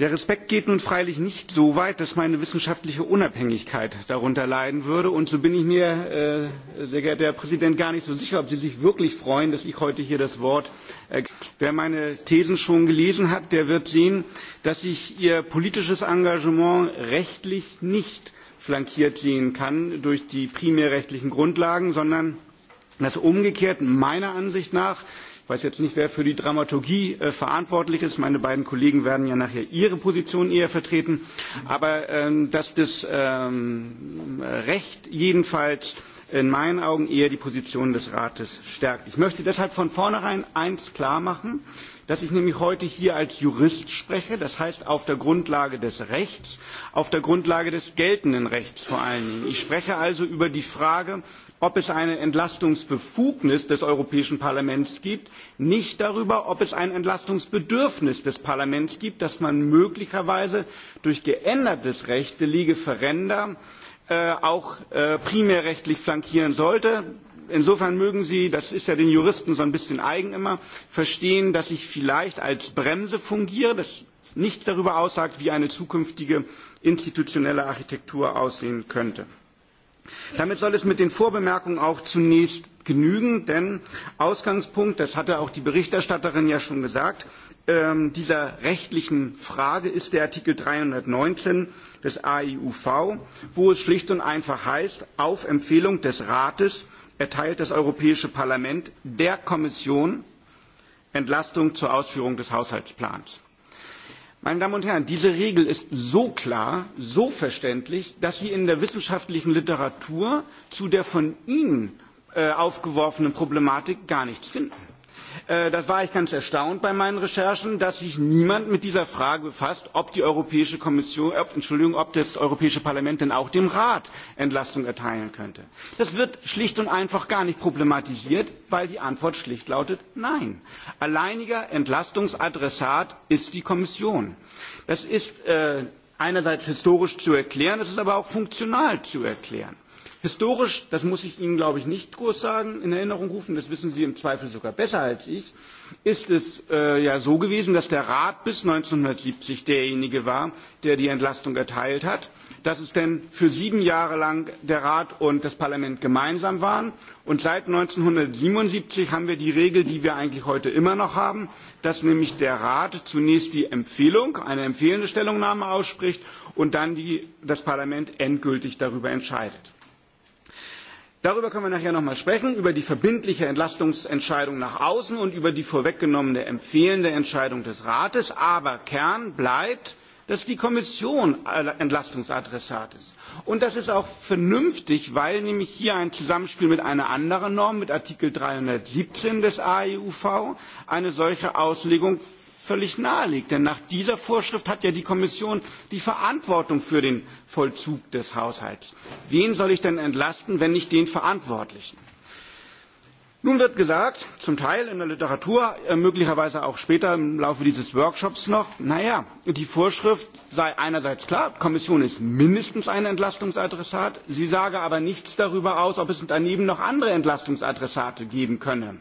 Speaker 7: Der Respekt geht nun freilich nicht so weit, dass meine wissenschaftliche Unabhängigkeit darunter leiden würde. Und so bin ich mir, äh, sehr geehrter Herr Präsident, gar nicht so sicher, ob Sie sich wirklich freuen, dass ich heute hier das Wort. Äh, wer meine Thesen schon gelesen hat, der wird sehen, dass ich Ihr politisches Engagement rechtlich nicht flankiert sehen kann durch die primärrechtlichen Grundlagen, sondern dass umgekehrt meiner Ansicht nach Ich weiß jetzt nicht, wer für die Dramaturgie äh, verantwortlich ist. Meine beiden Kollegen werden ja nachher ihre Position eher vertreten. Aber ähm, dass das ähm, Recht jedenfalls in meinen Augen eher die Position des Rates stärkt. Ich möchte deshalb von vornherein eins klar machen, dass ich nämlich heute hier als Jurist spreche, das heißt auf der Grundlage des Rechts, auf der Grundlage des geltenden Rechts vor allen Dingen. Ich spreche also über die Frage, ob es eine Entlastungsbefugnis des Europäischen Parlaments gibt, nicht darüber, ob es ein Entlastungsbedürfnis des Parlaments gibt, dass man möglicherweise durch geändertes Recht de lege ferenda äh, auch äh, primärrechtlich flankieren sollte. Insofern mögen Sie, das ist ja den Juristen so ein bisschen eigen immer, verstehen, dass ich vielleicht als Bremse fungiere, das nichts darüber aussagt, wie eine zukünftige institutionelle Architektur aussehen könnte. Damit soll es mit den Vorbemerkungen auch zunächst genügen, denn Ausgangspunkt, das hatte auch die Berichterstatterin ja schon gesagt, ähm, dieser rechtlichen Frage ist der Artikel 319 des AIUV, wo es schlicht und einfach heißt, auf Empfehlung des Rates erteilt das Europäische Parlament der Kommission Entlastung zur Ausführung des Haushaltsplans. Meine Damen und Herren, diese Regel ist so klar, so verständlich, dass sie in der wissenschaftlichen Literatur zu der von Ihnen äh, aufgeworfenen Problematik gar nichts finden. Äh, da war ich ganz erstaunt bei meinen recherchen dass sich niemand mit dieser frage befasst ob die europäische kommission ob, entschuldigung ob das europäische parlament denn auch dem rat entlastung erteilen könnte. das wird schlicht und einfach gar nicht problematisiert weil die antwort schlicht lautet nein. alleiniger entlastungsadressat ist die kommission. das ist äh, einerseits historisch zu erklären es ist aber auch funktional zu erklären. Historisch, das muss ich Ihnen, glaube ich, nicht groß sagen, in Erinnerung rufen, das wissen Sie im Zweifel sogar besser als ich, ist es äh, ja so gewesen, dass der Rat bis 1970 derjenige war, der die Entlastung erteilt hat, dass es denn für sieben Jahre lang der Rat und das Parlament gemeinsam waren. Und seit 1977 haben wir die Regel, die wir eigentlich heute immer noch haben, dass nämlich der Rat zunächst die Empfehlung, eine empfehlende Stellungnahme ausspricht und dann die, das Parlament endgültig darüber entscheidet. Darüber können wir nachher nochmal sprechen, über die verbindliche Entlastungsentscheidung nach außen und über die vorweggenommene empfehlende Entscheidung des Rates. Aber Kern bleibt, dass die Kommission Entlastungsadressat ist. Und das ist auch vernünftig, weil nämlich hier ein Zusammenspiel mit einer anderen Norm, mit Artikel 317 des AEUV, eine solche Auslegung völlig naheliegt. Denn nach dieser Vorschrift hat ja die Kommission die Verantwortung für den Vollzug des Haushalts. Wen soll ich denn entlasten, wenn nicht den Verantwortlichen? Nun wird gesagt, zum Teil in der Literatur, äh, möglicherweise auch später im Laufe dieses Workshops noch, naja, die Vorschrift sei einerseits klar, die Kommission ist mindestens ein Entlastungsadressat, sie sage aber nichts darüber aus, ob es daneben noch andere Entlastungsadressate geben könne.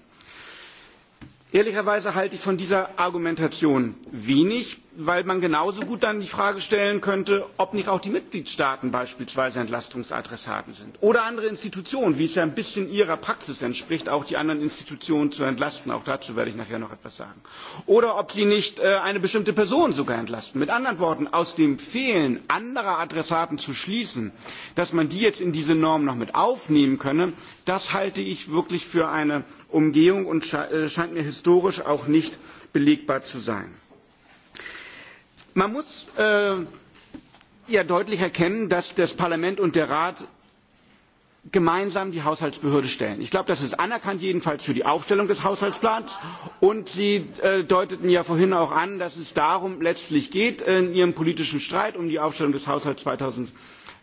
Speaker 7: Ehrlicherweise halte ich von dieser Argumentation wenig, weil man genauso gut dann die Frage stellen könnte, ob nicht auch die Mitgliedstaaten beispielsweise Entlastungsadressaten sind oder andere Institutionen, wie es ja ein bisschen ihrer Praxis entspricht, auch die anderen Institutionen zu entlasten. Auch dazu werde ich nachher noch etwas sagen. Oder ob sie nicht äh, eine bestimmte Person sogar entlasten. Mit anderen Worten, aus dem Fehlen anderer Adressaten zu schließen, dass man die jetzt in diese Norm noch mit aufnehmen könne, das halte ich wirklich für eine Umgehung und äh, scheint mir historisch auch nicht belegbar zu sein. Man muss äh, ja deutlich erkennen, dass das Parlament und der Rat gemeinsam die Haushaltsbehörde stellen. Ich glaube, das ist anerkannt, jedenfalls für die Aufstellung des Haushaltsplans. Und Sie äh, deuteten ja vorhin auch an, dass es darum letztlich geht, äh, in Ihrem politischen Streit um die Aufstellung des Haushalts 2014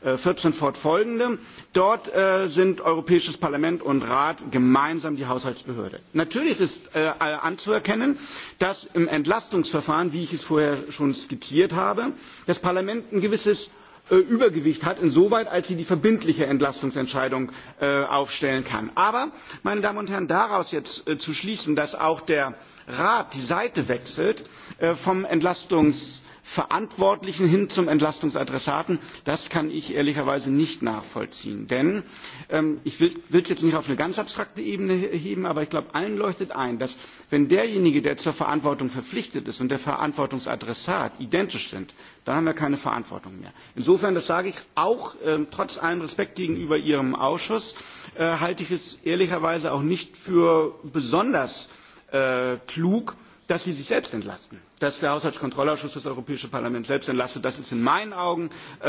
Speaker 7: vierzehn äh, fortfolgende. Dort äh, sind Europäisches Parlament und Rat gemeinsam die Haushaltsbehörde. Natürlich ist äh, äh, anzuerkennen, dass im Entlastungsverfahren, wie ich es vorher schon skizziert habe, das Parlament ein gewisses äh, Übergewicht hat, insoweit als sie die verbindliche Entlastungsentscheidung äh, aufstellen kann. Aber, meine Damen und Herren, daraus jetzt äh, zu schließen, dass auch der Rat die Seite wechselt äh, vom Entlastungs Verantwortlichen hin zum Entlastungsadressaten, das kann ich ehrlicherweise nicht nachvollziehen. Denn ähm, ich will es jetzt nicht auf eine ganz abstrakte Ebene heben, aber ich glaube, allen leuchtet ein, dass wenn derjenige, der zur Verantwortung verpflichtet ist und der Verantwortungsadressat identisch sind, dann haben wir keine Verantwortung mehr. Insofern, das sage ich auch ähm, trotz allem Respekt gegenüber Ihrem Ausschuss, äh, halte ich es ehrlicherweise auch nicht für besonders äh, klug, dass sie sich selbst entlasten, dass der Haushaltskontrollausschuss das Europäische Parlament selbst entlastet. Das ist in meinen Augen äh,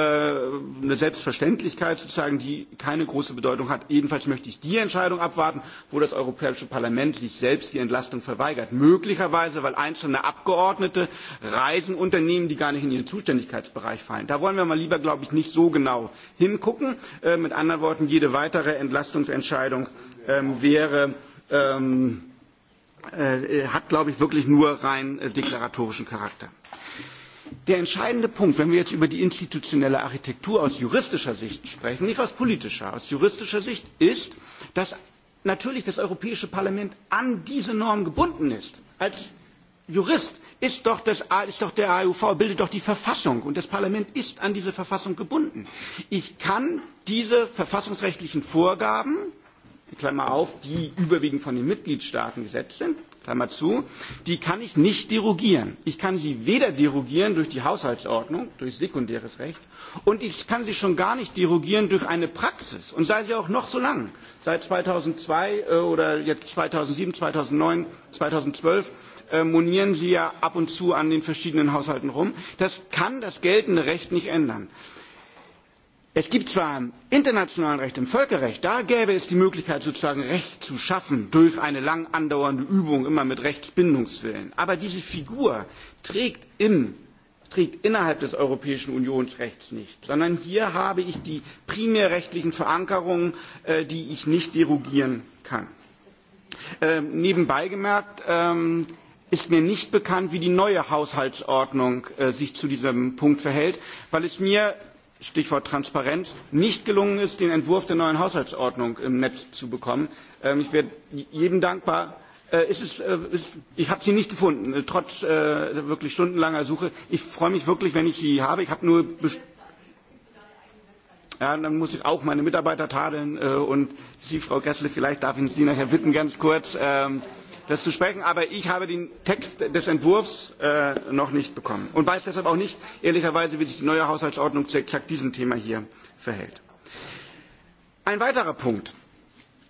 Speaker 7: eine Selbstverständlichkeit sozusagen, die keine große Bedeutung hat. Jedenfalls möchte ich die Entscheidung abwarten, wo das Europäische Parlament sich selbst die Entlastung verweigert. Möglicherweise, weil einzelne Abgeordnete Reisen unternehmen, die gar nicht in ihren Zuständigkeitsbereich fallen. Da wollen wir mal lieber, glaube ich, nicht so genau hingucken. Äh, mit anderen Worten, jede weitere Entlastungsentscheidung ähm, wäre ähm, Äh, äh, hat, glaube ich, wirklich nur rein äh, deklaratorischen Charakter. Der entscheidende Punkt, wenn wir jetzt über die institutionelle Architektur aus juristischer Sicht sprechen, nicht aus politischer, aus juristischer Sicht, ist, dass natürlich das Europäische Parlament an diese Norm gebunden ist. Als Jurist ist doch, das, ist doch der AUV, bildet doch die Verfassung und das Parlament ist an diese Verfassung gebunden. Ich kann diese verfassungsrechtlichen Vorgaben Klammer auf, die überwiegend von den Mitgliedstaaten gesetzt sind, Klammer zu, die kann ich nicht derogieren. Ich kann sie weder derogieren durch die Haushaltsordnung, durch sekundäres Recht, und ich kann sie schon gar nicht derogieren durch eine Praxis, und sei sie auch noch so lang, seit 2002 äh, oder jetzt 2007, 2009, 2012, äh, monieren sie ja ab und zu an den verschiedenen Haushalten rum. Das kann das geltende Recht nicht ändern. Äh, Es gibt zwar im internationalen Recht, im Völkerrecht, da gäbe es die Möglichkeit, sozusagen Recht zu schaffen durch eine lang andauernde Übung, immer mit Rechtsbindungswillen. Aber diese Figur trägt, im, trägt innerhalb des europäischen Unionsrechts nicht, sondern hier habe ich die primärrechtlichen Verankerungen, äh, die ich nicht derogieren kann. Ähm, nebenbei gemerkt, ähm, ist mir nicht bekannt, wie die neue Haushaltsordnung äh, sich zu diesem Punkt verhält, weil es mir Stichwort Transparenz, nicht gelungen ist, den Entwurf der neuen Haushaltsordnung im Netz zu bekommen. Ähm, ich wäre jedem dankbar. Äh, ist äh, es, äh, ist, ich habe sie nicht gefunden, äh, trotz äh, wirklich stundenlanger Suche. Ich freue mich wirklich, wenn ich sie habe. Ich habe nur... Ja, dann muss ich auch meine Mitarbeiter tadeln äh, und Sie, Frau Gressle, vielleicht darf ich Sie nachher bitten, ganz kurz. Ähm, äh, das zu sprechen. Aber ich habe den Text des Entwurfs äh, noch nicht bekommen und weiß deshalb auch nicht, ehrlicherweise, wie sich die neue Haushaltsordnung zu exakt diesem Thema hier verhält. Ein weiterer Punkt.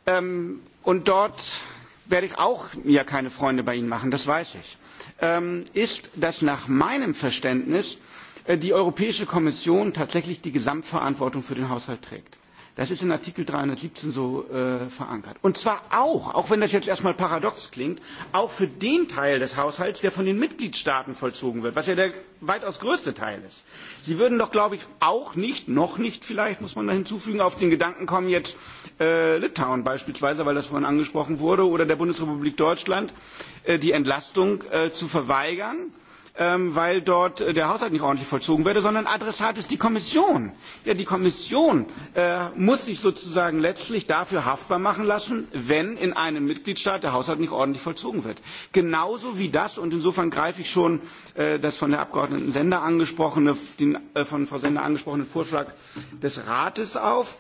Speaker 7: Ähm, und dort werde ich auch mir keine Freunde bei Ihnen machen, das weiß ich, ähm, ist, dass nach meinem Verständnis äh, die Europäische Kommission tatsächlich die Gesamtverantwortung für den Haushalt trägt. Das ist in Artikel 317 so äh, verankert. Und zwar auch, auch wenn das jetzt erstmal paradox klingt, auch für den Teil des Haushalts, der von den Mitgliedstaaten vollzogen wird, was ja der weitaus größte Teil ist. Sie würden doch, glaube ich, auch nicht, noch nicht vielleicht, muss man da hinzufügen, auf den Gedanken kommen, jetzt äh, Litauen beispielsweise, weil das vorhin angesprochen wurde, oder der Bundesrepublik Deutschland, äh, die Entlastung äh, zu verweigern ähm, weil dort äh, der Haushalt nicht ordentlich vollzogen werde, sondern Adressat ist die Kommission. Ja, die Kommission äh, muss sich sozusagen letztlich dafür haftbar machen lassen, wenn in einem Mitgliedstaat der Haushalt nicht ordentlich vollzogen wird. Genauso wie das, und insofern greife ich schon äh, das von der Abgeordneten Sender angesprochene, den äh, von Frau Sender angesprochenen Vorschlag des Rates auf,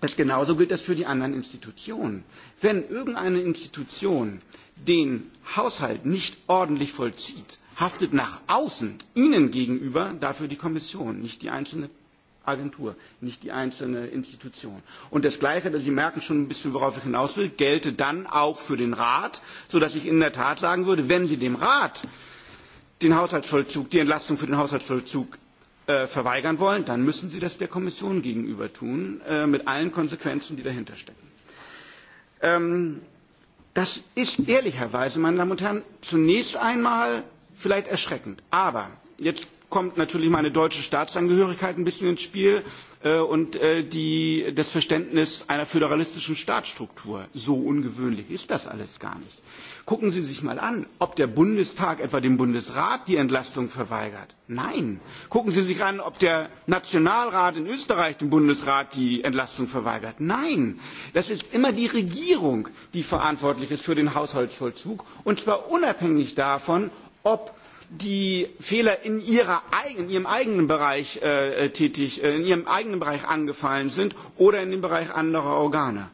Speaker 7: Das genauso gilt das für die anderen Institutionen. Wenn irgendeine Institution den Haushalt nicht ordentlich vollzieht, haftet nach außen, Ihnen gegenüber, dafür die Kommission, nicht die einzelne Agentur, nicht die einzelne Institution. Und das Gleiche, dass Sie merken schon ein bisschen, worauf ich hinaus will, gelte dann auch für den Rat, sodass ich in der Tat sagen würde, wenn Sie dem Rat den Haushaltsvollzug, die Entlastung für den Haushaltsvollzug äh, verweigern wollen, dann müssen Sie das der Kommission gegenüber tun, äh, mit allen Konsequenzen, die dahinter stecken. Ähm, das ist ehrlicherweise, meine Damen und Herren, zunächst einmal vielleicht erschreckend. Aber jetzt kommt natürlich meine deutsche Staatsangehörigkeit ein bisschen ins Spiel äh, und äh, die, das Verständnis einer föderalistischen Staatsstruktur. So ungewöhnlich ist das alles gar nicht. Gucken Sie sich mal an, ob der Bundestag etwa dem Bundesrat die Entlastung verweigert. Nein. Gucken Sie sich an, ob der Nationalrat in Österreich dem Bundesrat die Entlastung verweigert. Nein. Das ist immer die Regierung, die verantwortlich ist für den Haushaltsvollzug, und zwar unabhängig davon, ob die Fehler in, ihrer eigen, in ihrem eigenen Bereich äh, tätig, äh, in ihrem eigenen Bereich angefallen sind oder in dem Bereich anderer Organe.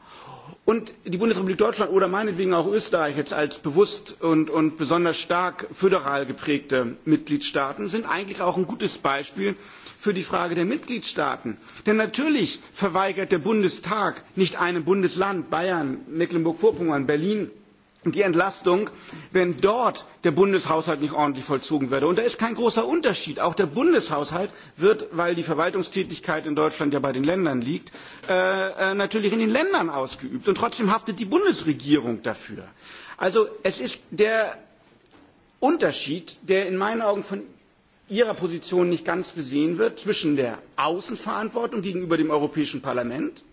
Speaker 7: Und die Bundesrepublik Deutschland oder meinetwegen auch Österreich jetzt als bewusst und, und besonders stark föderal geprägte Mitgliedstaaten sind eigentlich auch ein gutes Beispiel für die Frage der Mitgliedstaaten. Denn natürlich verweigert der Bundestag nicht einem Bundesland, Bayern, Mecklenburg-Vorpommern, Berlin, die Entlastung, wenn dort der Bundeshaushalt nicht ordentlich vollzogen würde. Und da ist kein großer Unterschied. Auch der Bundeshaushalt wird, weil die Verwaltungstätigkeit in Deutschland ja bei den Ländern liegt, äh, äh, natürlich in den Ländern ausgeübt. Und trotzdem haftet die Bundesregierung dafür. Also es ist der Unterschied, der in meinen Augen von Ihrer Position nicht ganz gesehen wird, zwischen der Außenverantwortung gegenüber dem Europäischen Parlament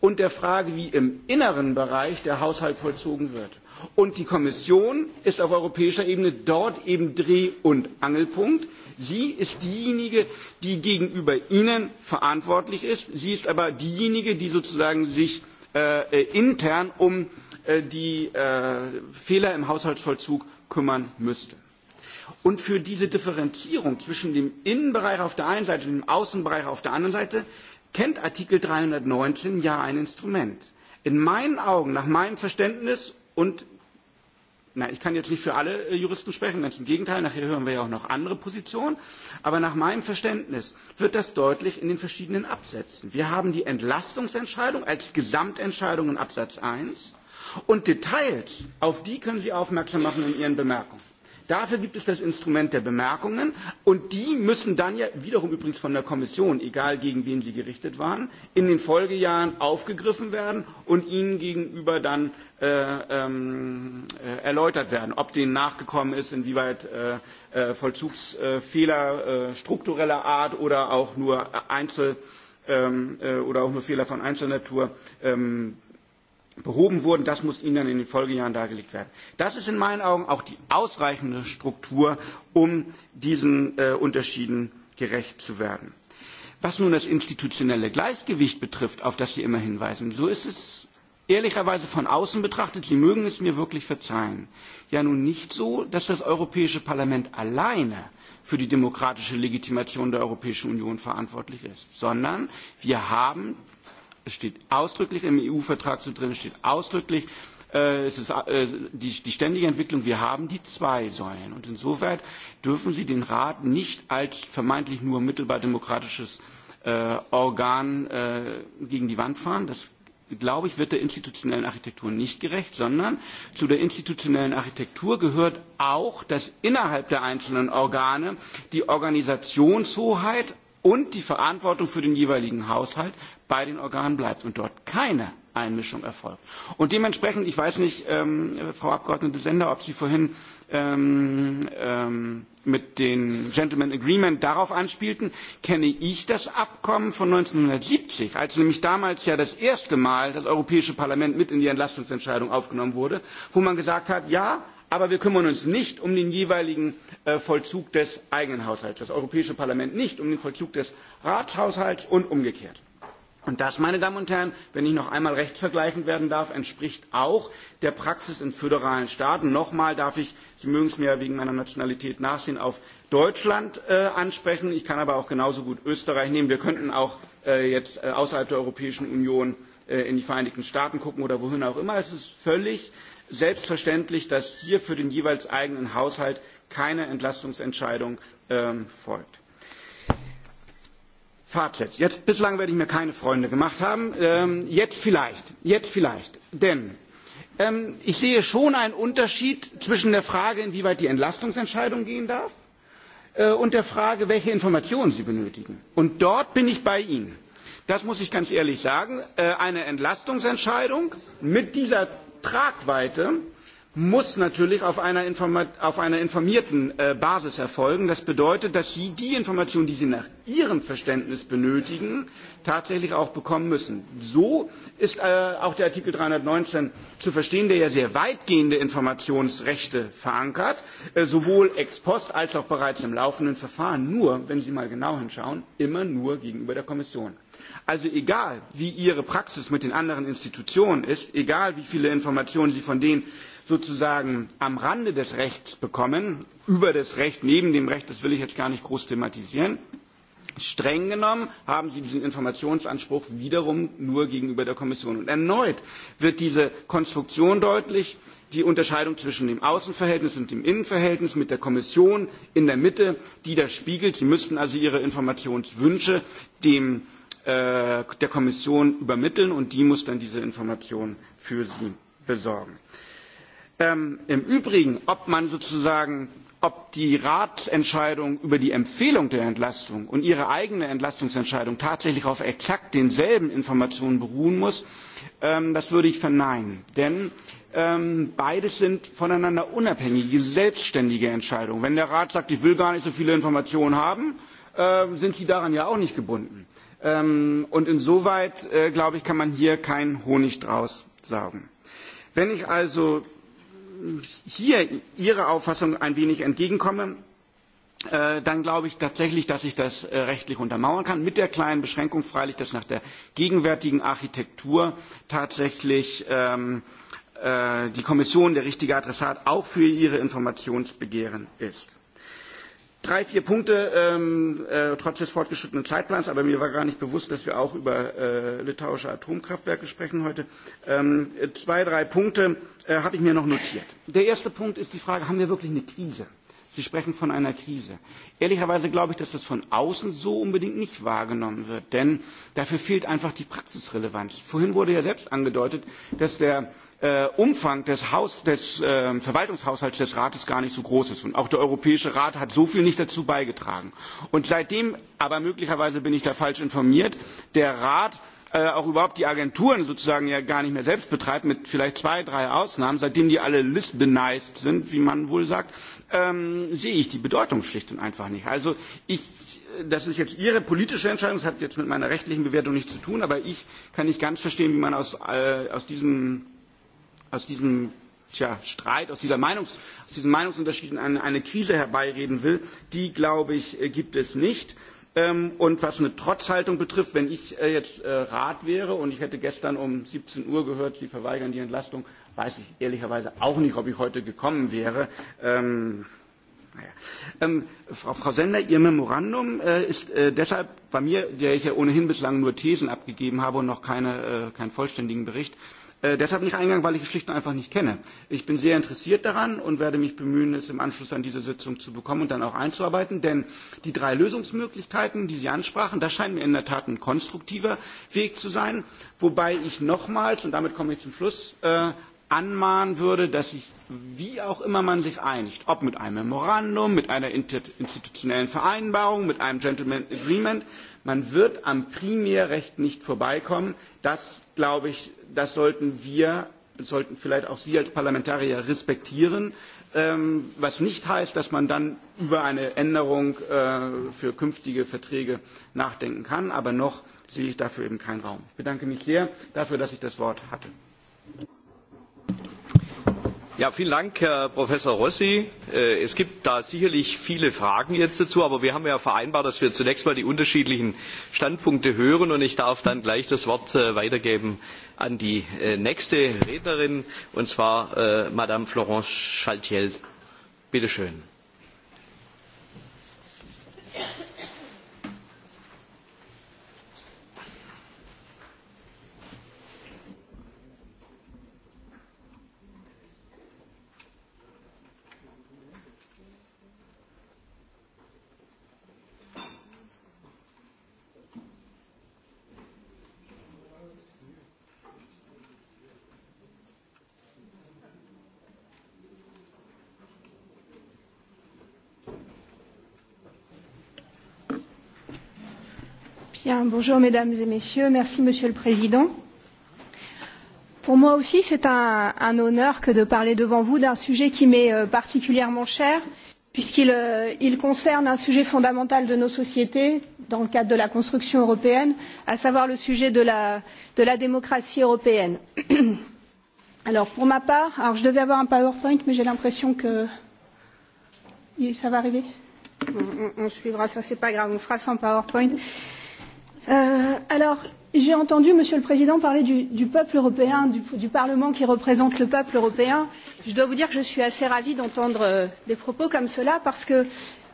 Speaker 7: und der Frage, wie im inneren Bereich der Haushalt vollzogen wird. Und die Kommission ist auf europäischer Ebene dort eben Dreh- und Angelpunkt. Sie ist diejenige, die gegenüber Ihnen verantwortlich ist. Sie ist aber diejenige, die sozusagen sich äh, intern um äh, die äh, Fehler im Haushaltsvollzug kümmern müsste. Und für diese Differenzierung zwischen dem Innenbereich auf der einen Seite und dem Außenbereich auf der anderen Seite kennt Artikel 319 ja ein Instrument. In meinen Augen, nach meinem Verständnis Und na, ich kann jetzt nicht für alle äh, Juristen sprechen, ganz im Gegenteil, nachher hören wir ja auch noch andere Positionen, aber nach meinem Verständnis wird das deutlich in den verschiedenen Absätzen. Wir haben die Entlastungsentscheidung als Gesamtentscheidung in Absatz 1 und Details, auf die können Sie aufmerksam machen in Ihren Bemerkungen. Dafür gibt es das Instrument der Bemerkungen und die müssen dann ja wiederum übrigens von der Kommission, egal gegen wen sie gerichtet waren, in den Folgejahren aufgegriffen werden und ihnen gegenüber dann äh, ähm, äh, erläutert werden, ob denen nachgekommen ist, inwieweit äh, äh, Vollzugsfehler äh, struktureller Art oder auch nur Einzel ähm, äh, oder auch nur Fehler von Einzelnatur ähm, behoben wurden, das muss ihnen dann in den Folgejahren dargelegt werden. Das ist in meinen Augen auch die ausreichende Struktur, um diesen äh, Unterschieden gerecht zu werden. Was nun das institutionelle Gleichgewicht betrifft, auf das Sie immer hinweisen, so ist es ehrlicherweise von außen betrachtet, Sie mögen es mir wirklich verzeihen, ja nun nicht so, dass das Europäische Parlament alleine für die demokratische Legitimation der Europäischen Union verantwortlich ist, sondern wir haben Es steht ausdrücklich im EU-Vertrag so drin, es steht ausdrücklich, äh, es ist äh, die, die ständige Entwicklung, wir haben die zwei Säulen. Und insoweit dürfen Sie den Rat nicht als vermeintlich nur mittelbar demokratisches äh, Organ äh, gegen die Wand fahren. Das glaube ich, wird der institutionellen Architektur nicht gerecht, sondern zu der institutionellen Architektur gehört auch, dass innerhalb der einzelnen Organe die Organisationshoheit und die Verantwortung für den jeweiligen Haushalt bei den Organen bleibt und dort keine Einmischung erfolgt. Und dementsprechend, ich weiß nicht, ähm, Frau Abgeordnete Sender, ob Sie vorhin ähm, ähm, mit dem Gentleman Agreement darauf anspielten, kenne ich das Abkommen von 1970, als nämlich damals ja das erste Mal das Europäische Parlament mit in die Entlastungsentscheidung aufgenommen wurde, wo man gesagt hat, ja, aber wir kümmern uns nicht um den jeweiligen äh, Vollzug des eigenen Haushalts, das Europäische Parlament nicht um den Vollzug des Ratshaushalts und umgekehrt. Und das, meine Damen und Herren, wenn ich noch einmal rechtsvergleichend werden darf, entspricht auch der Praxis in föderalen Staaten. Nochmal darf ich, Sie mögen es mir ja wegen meiner Nationalität nachsehen, auf Deutschland äh, ansprechen. Ich kann aber auch genauso gut Österreich nehmen. Wir könnten auch äh, jetzt äh, außerhalb der Europäischen Union äh, in die Vereinigten Staaten gucken oder wohin auch immer. Es ist völlig selbstverständlich, dass hier für den jeweils eigenen Haushalt keine Entlastungsentscheidung ähm, folgt. Fazit. Jetzt, bislang werde ich mir keine Freunde gemacht haben. Ähm, jetzt vielleicht. Jetzt vielleicht. Denn ähm, ich sehe schon einen Unterschied zwischen der Frage, inwieweit die Entlastungsentscheidung gehen darf, äh, und der Frage, welche Informationen Sie benötigen. Und dort bin ich bei Ihnen. Das muss ich ganz ehrlich sagen. Äh, eine Entlastungsentscheidung mit dieser Tragweite äh, muss natürlich auf einer, auf einer informierten äh, Basis erfolgen. Das bedeutet, dass Sie die Informationen, die Sie nach Ihrem Verständnis benötigen, tatsächlich auch bekommen müssen. So ist äh, auch der Artikel 319 zu verstehen, der ja sehr weitgehende Informationsrechte verankert, äh, sowohl ex post als auch bereits im laufenden Verfahren, nur, wenn Sie mal genau hinschauen, immer nur gegenüber der Kommission. Also egal, wie Ihre Praxis mit den anderen Institutionen ist, egal, wie viele Informationen Sie von denen sozusagen am Rande des Rechts bekommen, über das Recht, neben dem Recht, das will ich jetzt gar nicht groß thematisieren. Streng genommen haben sie diesen Informationsanspruch wiederum nur gegenüber der Kommission. Und erneut wird diese Konstruktion deutlich, die Unterscheidung zwischen dem Außenverhältnis und dem Innenverhältnis mit der Kommission in der Mitte, die das spiegelt. Sie müssten also ihre Informationswünsche dem, äh, der Kommission übermitteln und die muss dann diese Informationen für sie besorgen. Ähm, Im Übrigen, ob man sozusagen ob die Ratsentscheidung über die Empfehlung der Entlastung und ihre eigene Entlastungsentscheidung tatsächlich auf exakt denselben Informationen beruhen muss, ähm, das würde ich verneinen. Denn ähm, beides sind voneinander unabhängige, selbstständige Entscheidungen. Wenn der Rat sagt, ich will gar nicht so viele Informationen haben, äh, sind Sie daran ja auch nicht gebunden. Ähm, und insoweit, äh, glaube ich, kann man hier keinen Honig draus saugen. Wenn ich also hier Ihrer Auffassung ein wenig entgegenkomme, äh, dann glaube ich tatsächlich, dass ich das äh, rechtlich untermauern kann, mit der kleinen Beschränkung freilich, dass nach der gegenwärtigen Architektur tatsächlich ähm, äh, die Kommission der richtige Adressat auch für ihre Informationsbegehren ist drei, vier Punkte, ähm, äh, trotz des fortgeschrittenen Zeitplans, aber mir war gar nicht bewusst, dass wir auch über äh, litauische Atomkraftwerke sprechen heute. Ähm, zwei, drei Punkte äh, habe ich mir noch notiert. Der erste Punkt ist die Frage, haben wir wirklich eine Krise? Sie sprechen von einer Krise. Ehrlicherweise glaube ich, dass das von außen so unbedingt nicht wahrgenommen wird, denn dafür fehlt einfach die Praxisrelevanz. Vorhin wurde ja selbst angedeutet, dass der äh, Umfang des, Haus, des äh, Verwaltungshaushalts des Rates gar nicht so groß ist. Und auch der Europäische Rat hat so viel nicht dazu beigetragen. Und seitdem, aber möglicherweise bin ich da falsch informiert, der Rat äh, auch überhaupt die Agenturen sozusagen ja gar nicht mehr selbst betreibt, mit vielleicht zwei, drei Ausnahmen, seitdem die alle lisbonized sind, wie man wohl sagt, ähm, sehe ich die Bedeutung schlicht und einfach nicht. Also ich, äh, das ist jetzt Ihre politische Entscheidung, das hat jetzt mit meiner rechtlichen Bewertung nichts zu tun, aber ich kann nicht ganz verstehen, wie man aus, äh, aus diesem aus diesem tja, Streit, aus, dieser Meinungs, aus diesen Meinungsunterschieden eine, eine Krise herbeireden will, die, glaube ich, äh, gibt es nicht. Ähm, und was eine Trotzhaltung betrifft, wenn ich äh, jetzt äh, Rat wäre und ich hätte gestern um 17 Uhr gehört, Sie verweigern die Entlastung, weiß ich ehrlicherweise auch nicht, ob ich heute gekommen wäre. Ähm, naja. Ähm, Frau, Frau Sender, Ihr Memorandum äh, ist äh, deshalb bei mir, der ich ja ohnehin bislang nur Thesen abgegeben habe und noch keine, äh, keinen vollständigen Bericht, äh, Äh, deshalb nicht eingegangen, weil ich es schlicht und einfach nicht kenne. Ich bin sehr interessiert daran und werde mich bemühen, es im Anschluss an diese Sitzung zu bekommen und dann auch einzuarbeiten. Denn die drei Lösungsmöglichkeiten, die Sie ansprachen, das scheint mir in der Tat ein konstruktiver Weg zu sein. Wobei ich nochmals, und damit komme ich zum Schluss, äh, anmahnen würde, dass sich, wie auch immer man sich einigt, ob mit einem Memorandum, mit einer institutionellen Vereinbarung, mit einem Gentleman Agreement, man wird am Primärrecht nicht vorbeikommen. Das, glaube ich, das sollten wir, sollten vielleicht auch Sie als Parlamentarier respektieren. Ähm, was nicht heißt, dass man dann über eine Änderung äh, für künftige Verträge nachdenken kann, aber noch sehe ich dafür eben keinen Raum. Ich bedanke mich sehr dafür, dass ich das Wort hatte.
Speaker 1: Ja, vielen Dank, Herr Professor Rossi. Äh, es gibt da sicherlich viele Fragen jetzt dazu, aber wir haben ja vereinbart, dass wir zunächst mal die unterschiedlichen Standpunkte hören und ich darf dann gleich das Wort äh, weitergeben an die äh, nächste Rednerin, und zwar äh, Madame Florence Chaltiel. Bitte schön.
Speaker 8: Bien, bonjour mesdames et messieurs, merci monsieur le président. Pour moi aussi, c'est un, un honneur que de parler devant vous d'un sujet qui m'est euh, particulièrement cher, puisqu'il euh, il concerne un sujet fondamental de nos sociétés dans le cadre de la construction européenne, à savoir le sujet de la, de la démocratie européenne. alors pour ma part, alors je devais avoir un PowerPoint, mais j'ai l'impression que ça va arriver. On, on, on suivra ça, c'est pas grave, on fera sans PowerPoint. Euh, Euh, alors, j'ai entendu, Monsieur le Président, parler du, du peuple européen, du, du Parlement qui représente le peuple européen. Je dois vous dire que je suis assez ravie d'entendre euh, des propos comme cela parce que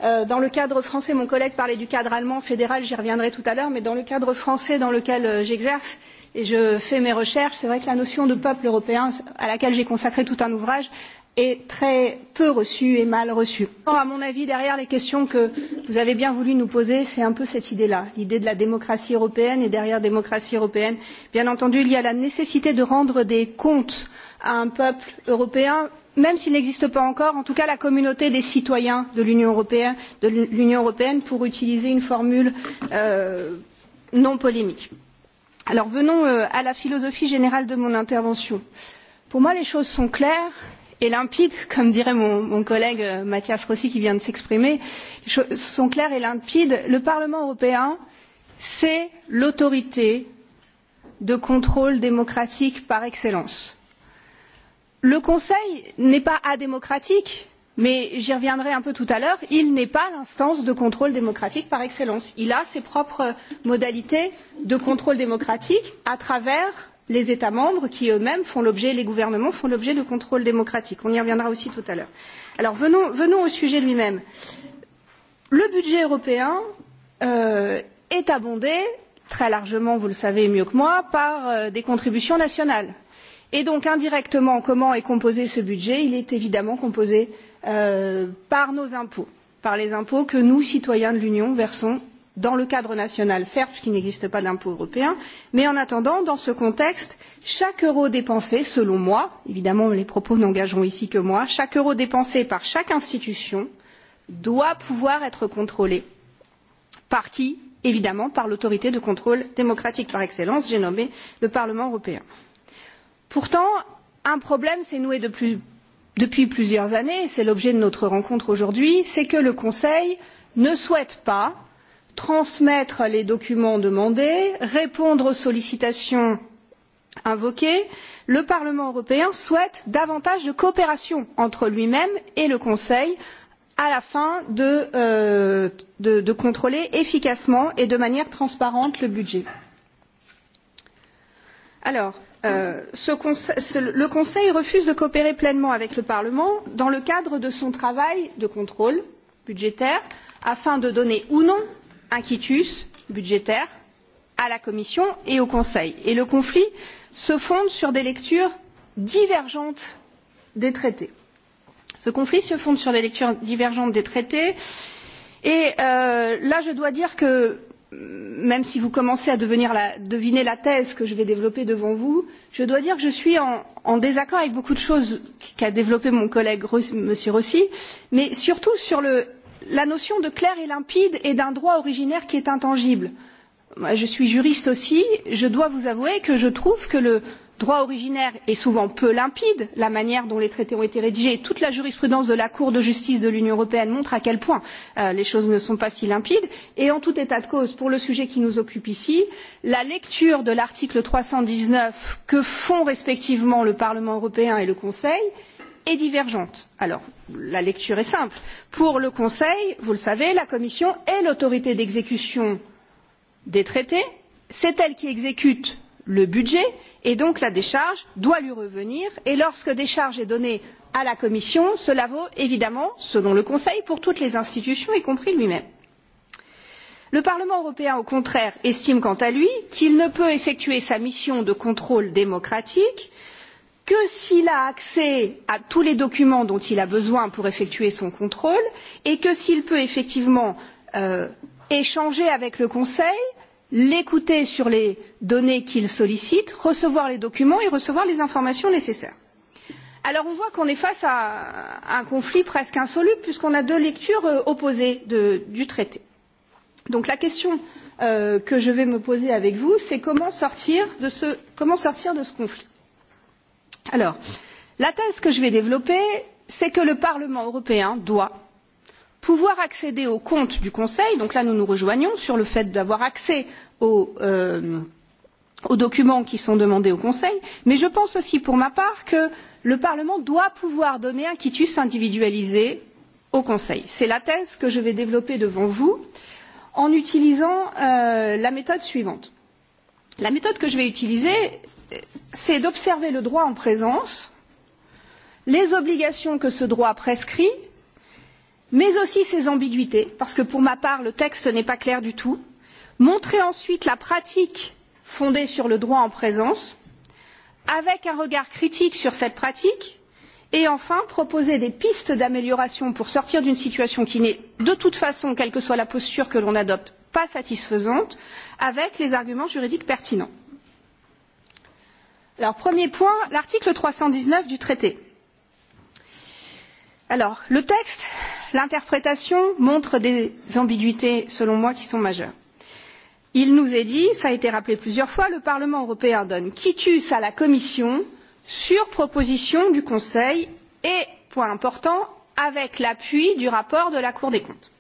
Speaker 8: euh, dans le cadre français, mon collègue parlait du cadre allemand fédéral, j'y reviendrai tout à l'heure, mais dans le cadre français dans lequel euh, j'exerce, et je fais mes recherches, c'est vrai que la notion de peuple européen, à laquelle j'ai consacré tout un ouvrage, est très peu reçu et mal reçu. À mon avis, derrière les questions que vous avez bien voulu nous poser, c'est un peu cette idée-là, l'idée de la démocratie européenne. Et derrière démocratie européenne, bien entendu, il y a la nécessité de rendre des comptes à un peuple européen, même s'il n'existe pas encore, en tout cas la communauté des citoyens de l'Union européenne, de l'Union européenne pour utiliser une formule euh, non polémique. Alors venons euh, à la philosophie générale de mon intervention. Pour moi, les choses sont claires et limpide, comme dirait mon, mon collègue euh, Mathias Rossi qui vient de s'exprimer, sont claires et limpides. Le Parlement européen, c'est l'autorité de contrôle démocratique par excellence. Le Conseil n'est pas adémocratique, mais j'y reviendrai un peu tout à l'heure il n'est pas l'instance de contrôle démocratique par excellence il a ses propres modalités de contrôle démocratique à travers les États membres qui eux-mêmes font l'objet, les gouvernements font l'objet de contrôles démocratiques. On y reviendra aussi tout à l'heure. Alors venons, venons au sujet lui-même. Le budget européen euh, est abondé très largement, vous le savez mieux que moi, par euh, des contributions nationales. Et donc indirectement, comment est composé ce budget Il est évidemment composé euh, par nos impôts, par les impôts que nous, citoyens de l'Union, versons dans le cadre national certes puisqu'il n'existe pas d'impôt européen mais en attendant dans ce contexte chaque euro dépensé selon moi évidemment les propos n'engageront ici que moi chaque euro dépensé par chaque institution doit pouvoir être contrôlé par qui évidemment par l'autorité de contrôle démocratique par excellence j'ai nommé le parlement européen. pourtant un problème s'est noué de plus, depuis plusieurs années et c'est l'objet de notre rencontre aujourd'hui c'est que le conseil ne souhaite pas transmettre les documents demandés, répondre aux sollicitations invoquées, le Parlement européen souhaite davantage de coopération entre lui-même et le Conseil à la fin de, euh, de, de contrôler efficacement et de manière transparente le budget. Alors, euh, ce conseil, ce, le Conseil refuse de coopérer pleinement avec le Parlement dans le cadre de son travail de contrôle budgétaire afin de donner ou non un quitus budgétaire à la Commission et au Conseil. Et le conflit se fonde sur des lectures divergentes des traités. Ce conflit se fonde sur des lectures divergentes des traités. Et euh, là, je dois dire que même si vous commencez à devenir la, deviner la thèse que je vais développer devant vous, je dois dire que je suis en, en désaccord avec beaucoup de choses qu'a développé mon collègue Rossi, M. Rossi, mais surtout sur le la notion de clair et limpide et d'un droit originaire qui est intangible. Moi, je suis juriste aussi, je dois vous avouer que je trouve que le droit originaire est souvent peu limpide, la manière dont les traités ont été rédigés, toute la jurisprudence de la Cour de justice de l'Union européenne montre à quel point euh, les choses ne sont pas si limpides, et en tout état de cause, pour le sujet qui nous occupe ici, la lecture de l'article 319 que font respectivement le Parlement européen et le Conseil euh, et divergente. Alors, la lecture est simple. Pour le Conseil, vous le savez, la Commission est l'autorité d'exécution des traités. C'est elle qui exécute le budget et donc la décharge doit lui revenir. Et lorsque décharge est donnée à la Commission, cela vaut évidemment, selon le Conseil, pour toutes les institutions, y compris lui-même. Le Parlement européen, au contraire, estime quant à lui qu'il ne peut effectuer sa mission de contrôle démocratique euh, que s'il a accès à tous les documents dont il a besoin pour effectuer son contrôle et que s'il peut effectivement euh, échanger avec le Conseil, l'écouter sur les données qu'il sollicite, recevoir les documents et recevoir les informations nécessaires. Alors on voit qu'on est face à un conflit presque insoluble puisqu'on a deux lectures euh, opposées de, du traité. Donc la question euh, que je vais me poser avec vous, c'est comment sortir de ce, comment sortir de ce conflit. Alors, la thèse que je vais développer, c'est que le Parlement européen doit pouvoir accéder aux comptes du Conseil, donc là nous nous rejoignons sur le fait d'avoir accès aux, euh, aux documents qui sont demandés au Conseil, mais je pense aussi pour ma part que le Parlement doit pouvoir donner un quitus individualisé au Conseil. C'est la thèse que je vais développer devant vous en utilisant euh, la méthode suivante. La méthode que je vais utiliser c'est d'observer le droit en présence, les obligations que ce droit prescrit, mais aussi ses ambiguïtés, parce que pour ma part, le texte n'est pas clair du tout, montrer ensuite la pratique fondée sur le droit en présence, avec un regard critique sur cette pratique, et enfin proposer des pistes d'amélioration pour sortir d'une situation qui n'est de toute façon, quelle que soit la posture que l'on adopte, pas satisfaisante, avec les arguments juridiques pertinents. Alors, premier point, l'article 319 du traité. Alors, le texte, l'interprétation montre des ambiguïtés, selon moi, qui sont majeures. Il nous est dit, ça a été rappelé plusieurs fois, le Parlement européen donne quitus à la Commission sur proposition du Conseil et, point important, avec l'appui du rapport de la Cour des comptes.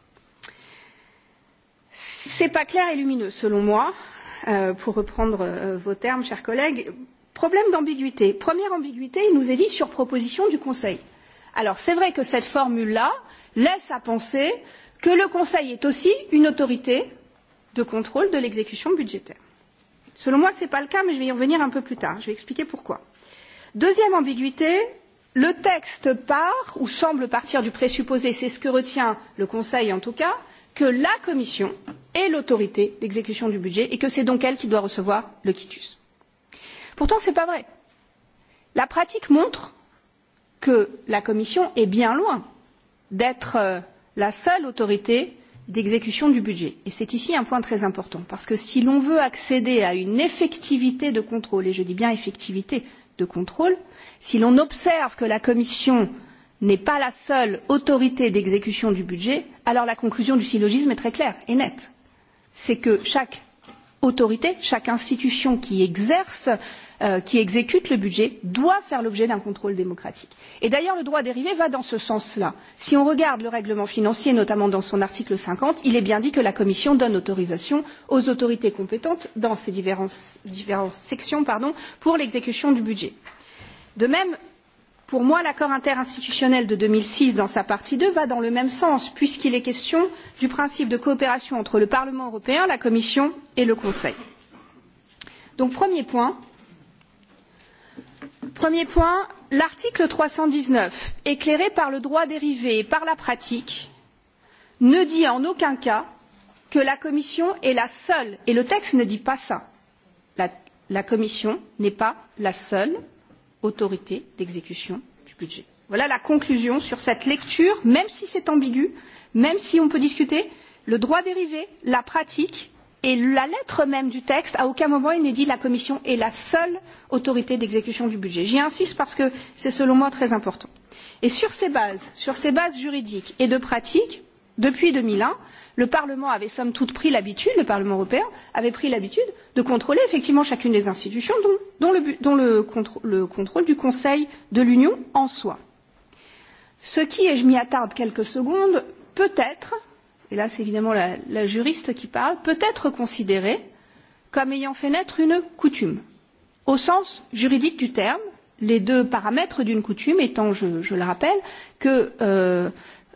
Speaker 8: C'est pas clair et lumineux, selon moi, euh, pour reprendre euh, vos termes, chers collègues, Problème d'ambiguïté. Première ambiguïté, il nous est dit sur proposition du Conseil. Alors c'est vrai que cette formule-là laisse à penser que le Conseil est aussi une autorité de contrôle de l'exécution budgétaire. Selon moi, ce n'est pas le cas, mais je vais y revenir un peu plus tard. Je vais expliquer pourquoi. Deuxième ambiguïté, le texte part ou semble partir du présupposé, c'est ce que retient le Conseil en tout cas, que la Commission est l'autorité d'exécution du budget et que c'est donc elle qui doit recevoir le quitus. Pourtant, ce n'est pas vrai. La pratique montre que la Commission est bien loin d'être euh, la seule autorité d'exécution du budget. Et c'est ici un point très important, parce que si l'on veut accéder à une effectivité de contrôle, et je dis bien effectivité de contrôle, si l'on observe que la Commission n'est pas la seule autorité d'exécution du budget, alors la conclusion du syllogisme est très claire et nette. C'est que chaque autorité, chaque institution qui exerce euh, qui exécute le budget doit faire l'objet d'un contrôle démocratique. Et d'ailleurs, le droit dérivé va dans ce sens-là. Si on regarde le règlement financier, notamment dans son article 50, il est bien dit que la Commission donne autorisation aux autorités compétentes dans ces différentes, différentes sections pardon, pour l'exécution du budget. De même, Pour moi, l'accord interinstitutionnel de 2006, dans sa partie 2, va dans le même sens, puisqu'il est question du principe de coopération entre le Parlement européen, la Commission et le Conseil. Donc, premier point, premier point l'article trois cent dix neuf éclairé par le droit dérivé et par la pratique ne dit en aucun cas que la commission est la seule et le texte ne dit pas ça la, la commission n'est pas la seule autorité d'exécution du budget. voilà la conclusion sur cette lecture même si c'est ambigu même si on peut discuter le droit dérivé la pratique Et la lettre même du texte, à aucun moment il n'est dit la Commission est la seule autorité d'exécution du budget. J'y insiste parce que c'est selon moi très important. Et sur ces bases, sur ces bases juridiques et de pratique, depuis 2001, le Parlement avait somme toute pris l'habitude, le Parlement européen avait pris l'habitude de contrôler effectivement chacune des institutions, dont, dont, le, dont le, contr le contrôle du Conseil de l'Union en soi. Ce qui, et je m'y attarde quelques secondes, peut être et là c'est évidemment la, la juriste qui parle, peut être considérée comme ayant fait naître une coutume. Au sens juridique du terme, les deux paramètres d'une coutume étant, je, je le rappelle, qu'il euh,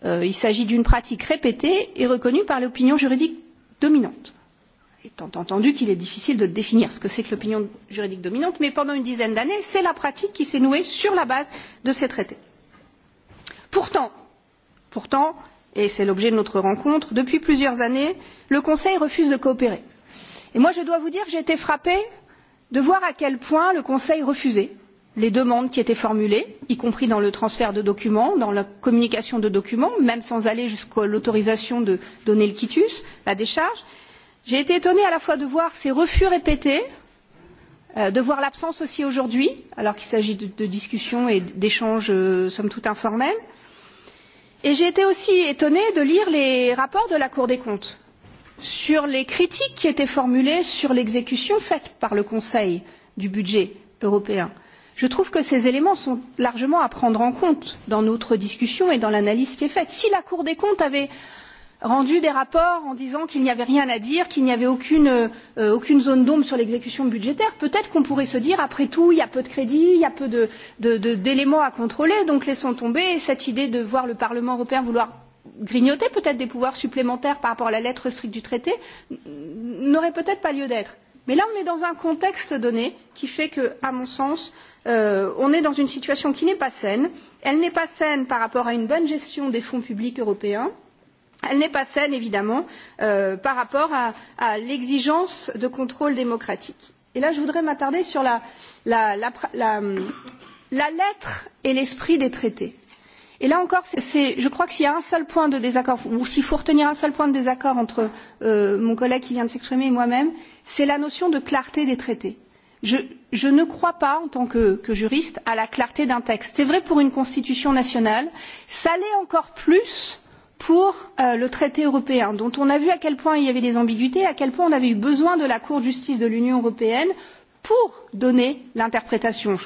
Speaker 8: euh, s'agit d'une pratique répétée et reconnue par l'opinion juridique dominante. Étant entendu qu'il est difficile de définir ce que c'est que l'opinion juridique dominante, mais pendant une dizaine d'années, c'est la pratique qui s'est nouée sur la base de ces traités. Pourtant, pourtant, euh, et c'est l'objet de notre rencontre depuis plusieurs années le conseil refuse de coopérer. et moi je dois vous dire que j'ai été frappée de voir à quel point le conseil refusait les demandes qui étaient formulées y compris dans le transfert de documents dans la communication de documents même sans aller jusqu'à l'autorisation de donner le quitus la décharge. j'ai été étonnée à la fois de voir ces refus répétés euh, de voir l'absence aussi aujourd'hui alors qu'il s'agit de, de discussions et d'échanges euh, somme toute informels Et j'ai été aussi étonnée de lire les rapports de la Cour des comptes sur les critiques qui étaient formulées sur l'exécution faite par le Conseil du budget européen. Je trouve que ces éléments sont largement à prendre en compte dans notre discussion et dans l'analyse qui est faite. Si la Cour des comptes avait euh, rendu des rapports en disant qu'il n'y avait rien à dire, qu'il n'y avait aucune, euh, aucune zone d'ombre sur l'exécution budgétaire, peut-être qu'on pourrait se dire, après tout, il y a peu de crédits, il y a peu d'éléments de, de, de, à contrôler, donc laissons tomber. Et cette idée de voir le Parlement européen vouloir grignoter peut-être des pouvoirs supplémentaires par rapport à la lettre stricte du traité n'aurait peut-être pas lieu d'être. Mais là, on est dans un contexte donné qui fait que, à mon sens, euh, on est dans une situation qui n'est pas saine. Elle n'est pas saine par rapport à une bonne gestion des fonds publics européens. Euh, elle n'est pas saine évidemment euh, par rapport à, à l'exigence de contrôle démocratique. et là je voudrais m'attarder sur la, la, la, la, la lettre et l'esprit des traités. Et là encore, c est, c est, je crois que s'il y a un seul point de désaccord, ou s'il faut retenir un seul point de désaccord entre euh, mon collègue qui vient de s'exprimer et moi-même, c'est la notion de clarté des traités. Je, je ne crois pas, en tant que, que juriste, à la clarté d'un texte. C'est vrai pour une constitution nationale. Ça l'est encore plus euh, pour euh, le traité européen, dont on a vu à quel point il y avait des ambiguïtés, à quel point on avait eu besoin de la Cour de justice de l'Union européenne pour donner l'interprétation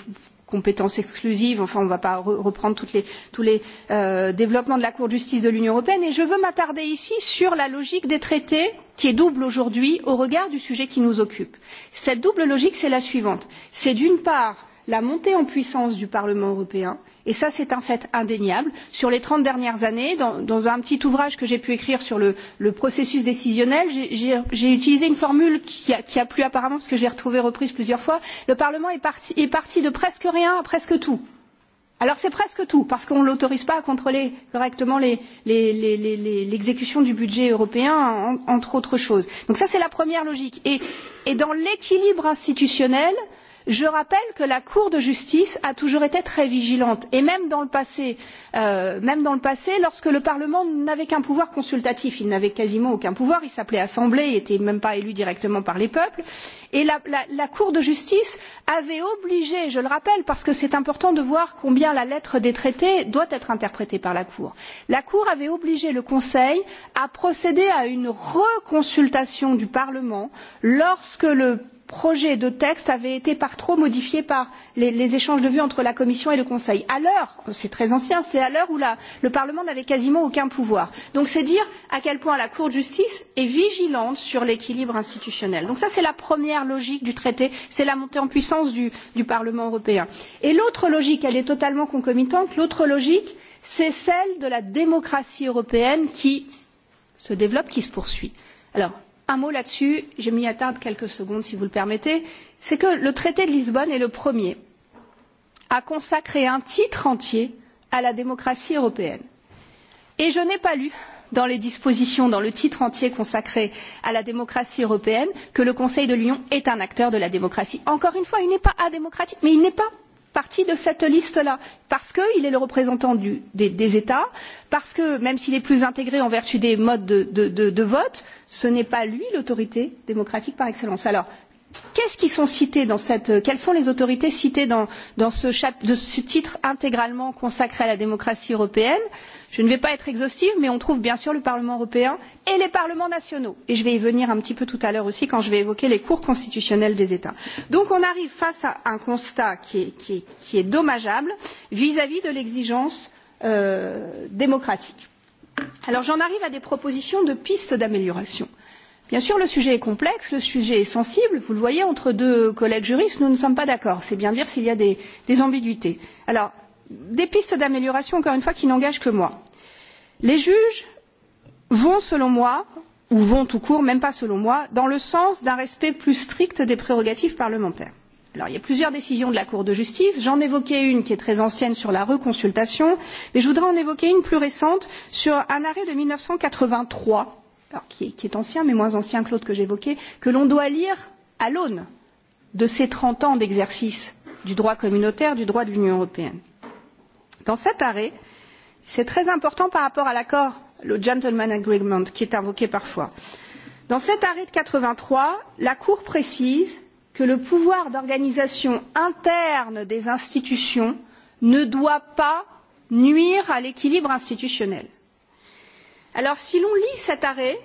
Speaker 8: compétences exclusives enfin on ne va pas re reprendre toutes les, tous les euh, développements de la Cour de justice de l'Union européenne et je veux m'attarder ici sur la logique des traités qui est double aujourd'hui au regard du sujet qui nous occupe. Cette double logique c'est la suivante c'est d'une part la montée en puissance du Parlement européen euh, Et ça, c'est un fait indéniable. Sur les 30 dernières années, dans, dans un petit ouvrage que j'ai pu écrire sur le, le processus décisionnel, j'ai utilisé une formule qui a, qui a plu apparemment, parce que je l'ai retrouvée reprise plusieurs fois. Le Parlement est parti, est parti de presque rien à presque tout. Alors c'est presque tout, parce qu'on ne l'autorise pas à contrôler correctement l'exécution les, les, les, les, les, du budget européen, en, entre autres choses. Donc ça, c'est la première logique. Et, et dans l'équilibre institutionnel, euh, je rappelle que la cour de justice a toujours été très vigilante et même dans le passé euh, même dans le passé lorsque le parlement n'avait qu'un pouvoir consultatif il n'avait quasiment aucun pouvoir il s'appelait assemblée il n'était même pas élu directement par les peuples et la, la, la cour de justice avait obligé je le rappelle parce que c'est important de voir combien la lettre des traités doit être interprétée par la cour la cour avait obligé le conseil à procéder à une reconsultation du parlement lorsque le projet de texte avait été par trop modifié par les, les échanges de vues entre la Commission et le Conseil. À l'heure, c'est très ancien, c'est à l'heure où la, le Parlement n'avait quasiment aucun pouvoir. Donc c'est dire à quel point la Cour de justice est vigilante sur l'équilibre institutionnel. Donc ça, c'est la première logique du traité, c'est la montée en puissance du, du Parlement européen. Et l'autre logique, elle est totalement concomitante, l'autre logique, c'est celle de la démocratie européenne qui se développe, qui se poursuit. Alors, un mot là-dessus, je m'y attarde quelques secondes si vous le permettez, c'est que le traité de Lisbonne est le premier à consacrer un titre entier à la démocratie européenne. Et je n'ai pas lu dans les dispositions, dans le titre entier consacré à la démocratie européenne, que le Conseil de l'Union est un acteur de la démocratie. Encore une fois, il n'est pas adémocratique, mais il n'est pas partie de cette liste là parce qu'il est le représentant du, des, des États, parce que même s'il est plus intégré en vertu des modes de, de, de, de vote, ce n'est pas lui l'autorité démocratique par excellence. Alors, qu'est-ce qui sont cités dans cette, quelles sont les autorités citées dans, dans ce, chap, de ce titre intégralement consacré à la démocratie européenne euh, je ne vais pas être exhaustive mais on trouve bien sûr le parlement européen et les parlements nationaux et je vais y venir un petit peu tout à l'heure aussi quand je vais évoquer les cours constitutionnels des états. donc on arrive face à un constat qui est, qui est, qui est dommageable vis à vis de l'exigence euh, démocratique. alors j'en arrive à des propositions de pistes d'amélioration. Bien sûr, le sujet est complexe, le sujet est sensible. Vous le voyez, entre deux collègues juristes, nous ne sommes pas d'accord. C'est bien dire s'il y a des, des ambiguïtés. Alors, des pistes d'amélioration, encore une fois, qui n'engagent que moi. Les juges vont, selon moi, ou vont tout court, même pas selon moi, dans le sens d'un respect plus strict des prérogatives parlementaires. Alors, il y a plusieurs décisions de la Cour de justice. J'en évoquais une qui est très ancienne sur la reconsultation, mais je voudrais en évoquer une plus récente sur un arrêt de 1983, alors qui, est, qui est ancien, mais moins ancien que l'autre que j'évoquais, que l'on doit lire à l'aune de ces 30 ans d'exercice du droit communautaire, du droit de l'Union européenne. Dans cet arrêt, c'est très important par rapport à l'accord, le gentleman agreement, qui est invoqué parfois. Dans cet arrêt de 83, la Cour précise que le pouvoir d'organisation interne des institutions ne doit pas nuire à l'équilibre institutionnel. Alors si l'on lit cet arrêt,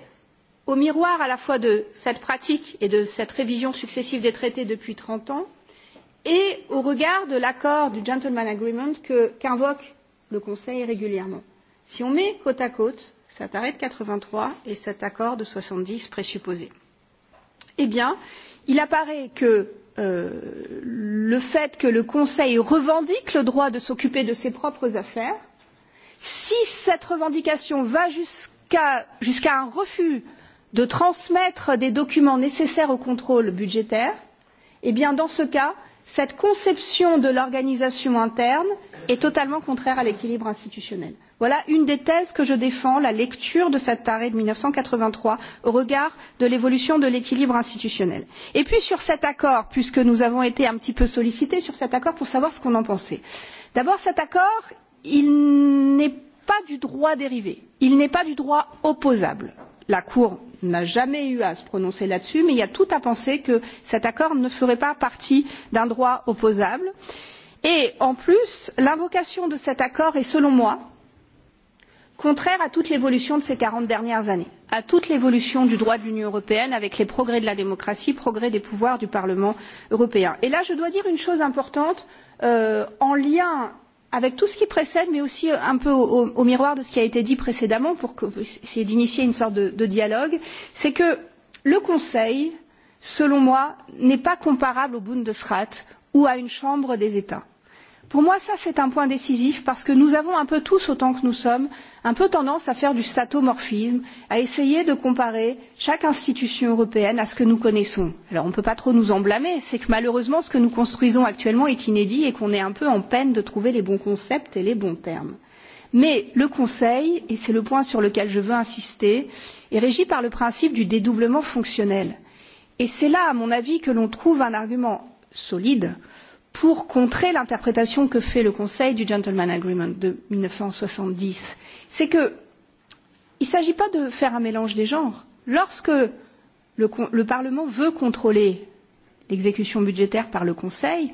Speaker 8: au miroir à la fois de cette pratique et de cette révision successive des traités depuis 30 ans, et au regard de l'accord du gentleman agreement qu'invoque qu le Conseil régulièrement. Si on met côte à côte cet arrêt de 83 et cet accord de 70 présupposé, eh bien, il apparaît que euh, le fait que le Conseil revendique le droit de s'occuper de ses propres affaires, si cette revendication va jusqu'à jusqu, à, jusqu à un refus de transmettre des documents nécessaires au contrôle budgétaire, eh bien, dans ce cas, Cette conception de l'organisation interne est totalement contraire à l'équilibre institutionnel. Voilà une des thèses que je défends, la lecture de cet arrêt de 1983 au regard de l'évolution de l'équilibre institutionnel. Et puis sur cet accord, puisque nous avons été un petit peu sollicités sur cet accord pour savoir ce qu'on en pensait. D'abord, cet accord, il n'est pas du droit dérivé, il n'est pas du droit opposable. La Cour n'a jamais eu à se prononcer là dessus mais il y a tout à penser que cet accord ne ferait pas partie d'un droit opposable et en plus l'invocation de cet accord est selon moi contraire à toute l'évolution de ces quarante dernières années à toute l'évolution du droit de l'union européenne avec les progrès de la démocratie progrès des pouvoirs du parlement européen. et là je dois dire une chose importante euh, en lien avec tout ce qui précède, mais aussi euh, un peu au, au miroir de ce qui a été dit précédemment, pour que, essayer d'initier une sorte de, de dialogue, c'est que le Conseil, selon moi, n'est pas comparable au Bundesrat ou à une Chambre des États Pour moi, ça, c'est un point décisif parce que nous avons un peu tous, autant que nous sommes, un peu tendance à faire du statomorphisme, à essayer de comparer chaque institution européenne à ce que nous connaissons. Alors, on ne peut pas trop nous en blâmer, c'est que malheureusement, ce que nous construisons actuellement est inédit et qu'on est un peu en peine de trouver les bons concepts et les bons termes. Mais le Conseil, et c'est le point sur lequel je veux insister, est régi par le principe du dédoublement fonctionnel. Et c'est là, à mon avis, que l'on trouve un argument solide euh, pour contrer l'interprétation que fait le Conseil du Gentleman Agreement de 1970. C'est que il ne s'agit pas de faire un mélange des genres. Lorsque le, le Parlement veut contrôler l'exécution budgétaire par le Conseil,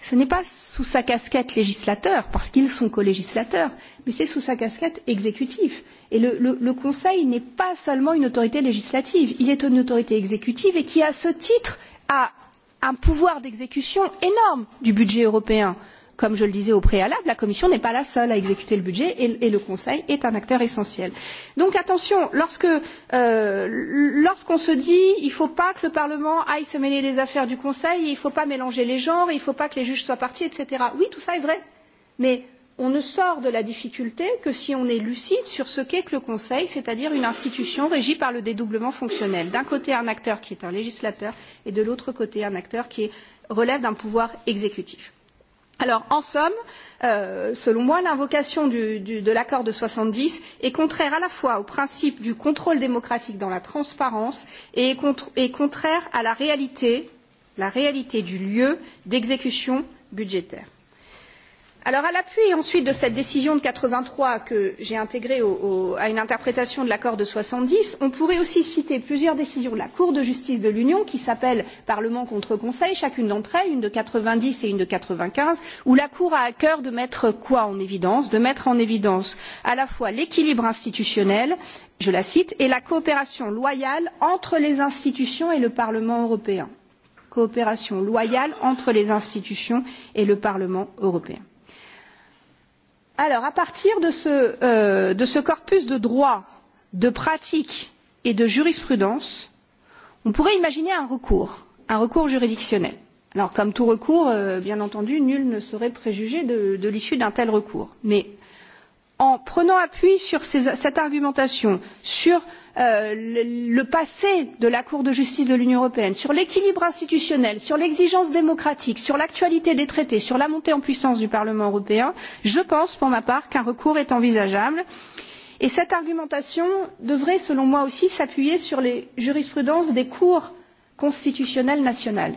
Speaker 8: ce n'est pas sous sa casquette législateur, parce qu'ils sont colégislateurs, mais c'est sous sa casquette exécutif. Et le, le, le Conseil n'est pas seulement une autorité législative, il est une autorité exécutive et qui, à ce titre, a un pouvoir d'exécution énorme du budget européen. Comme je le disais au préalable, la Commission n'est pas la seule à exécuter le budget et, et le Conseil est un acteur essentiel. Donc attention, lorsque euh, lorsqu'on se dit il ne faut pas que le Parlement aille se mêler des affaires du Conseil, il ne faut pas mélanger les genres, il ne faut pas que les juges soient partis, etc. Oui, tout ça est vrai. Mais on ne sort de la difficulté que si on est lucide sur ce qu'est que le Conseil, c'est-à-dire une institution régie par le dédoublement fonctionnel. D'un côté, un acteur qui est un législateur et de l'autre côté, un acteur qui relève d'un pouvoir exécutif. Alors, en somme, euh, selon moi, l'invocation du, du, de l'accord de 70 est contraire à la fois au principe du contrôle démocratique dans la transparence et est, contre, est contraire à la réalité, la réalité du lieu d'exécution budgétaire. Alors, à l'appui ensuite de cette décision de 83 que j'ai intégrée au, au, à une interprétation de l'accord de 70, on pourrait aussi citer plusieurs décisions de la Cour de justice de l'Union qui s'appellent Parlement contre Conseil, chacune d'entre elles, une de 90 et une de 95, où la Cour a à cœur de mettre quoi en évidence De mettre en évidence à la fois l'équilibre institutionnel, je la cite, et la coopération loyale entre les institutions et le Parlement européen. Coopération loyale entre les institutions et le Parlement européen. Alors, à partir de ce, euh, de ce corpus de droits, de pratiques et de jurisprudence, on pourrait imaginer un recours, un recours juridictionnel. Alors, comme tout recours, euh, bien entendu, nul ne serait préjugé de, de l'issue d'un tel recours. Mais en prenant appui sur ces, cette argumentation, sur euh, euh, le, le passé de la Cour de justice de l'Union européenne, sur l'équilibre institutionnel, sur l'exigence démocratique, sur l'actualité des traités, sur la montée en puissance du Parlement européen, je pense pour ma part qu'un recours est envisageable. Et cette argumentation devrait, selon moi aussi, s'appuyer sur les jurisprudences des cours constitutionnelles nationales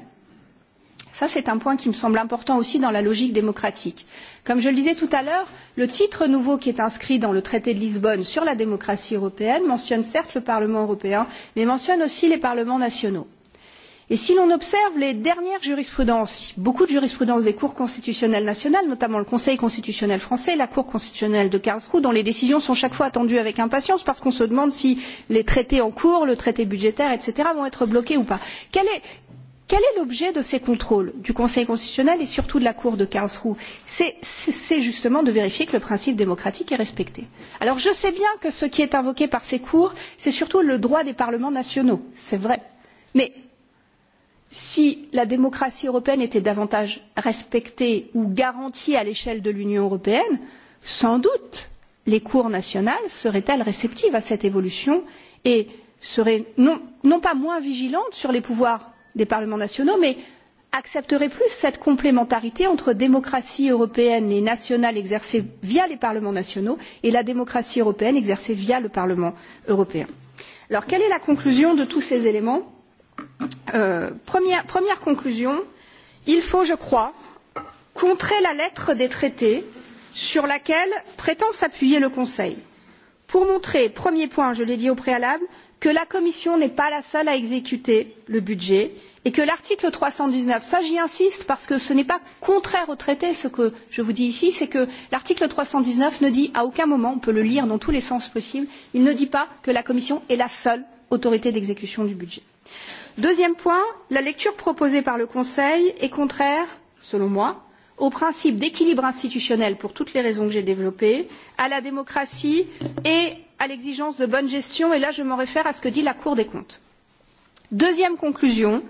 Speaker 8: Ça, c'est un point qui me semble important aussi dans la logique démocratique. Comme je le disais tout à l'heure, le titre nouveau qui est inscrit dans le traité de Lisbonne sur la démocratie européenne mentionne certes le Parlement européen, mais mentionne aussi les parlements nationaux. Et si l'on observe les dernières jurisprudences, beaucoup de jurisprudences des cours constitutionnelles nationales, notamment le Conseil constitutionnel français et la Cour constitutionnelle de Karlsruhe, dont les décisions sont chaque fois attendues avec impatience parce qu'on se demande si les traités en cours, le traité budgétaire, etc., vont être bloqués ou pas. Quel est, Quel est l'objet de ces contrôles du Conseil constitutionnel et surtout de la Cour de Karlsruhe C'est justement de vérifier que le principe démocratique est respecté. Alors je sais bien que ce qui est invoqué par ces cours, c'est surtout le droit des parlements nationaux, c'est vrai. Mais si la démocratie européenne était davantage respectée ou garantie à l'échelle de l'Union européenne, sans doute les cours nationales seraient-elles réceptives à cette évolution et seraient non, non pas moins vigilantes sur les pouvoirs des parlements nationaux mais accepterait plus cette complémentarité entre démocratie européenne et nationale exercée via les parlements nationaux et la démocratie européenne exercée via le Parlement européen. Alors, quelle est la conclusion de tous ces éléments euh, première, première conclusion, il faut, je crois, contrer la lettre des traités sur laquelle prétend s'appuyer le Conseil pour montrer, premier point, je l'ai dit au préalable, que la commission n'est pas la seule à exécuter le budget et que l'article trois cent dix neuf ça j'y insiste parce que ce n'est pas contraire au traité ce que je vous dis ici c'est que l'article trois cent dix neuf ne dit à aucun moment on peut le lire dans tous les sens possibles il ne dit pas que la commission est la seule autorité d'exécution du budget. deuxième point la lecture proposée par le conseil est contraire selon moi au principe d'équilibre institutionnel pour toutes les raisons que j'ai développées à la démocratie et à l'exigence de bonne gestion et là je me réfère à ce que dit la cour des comptes. deuxième conclusion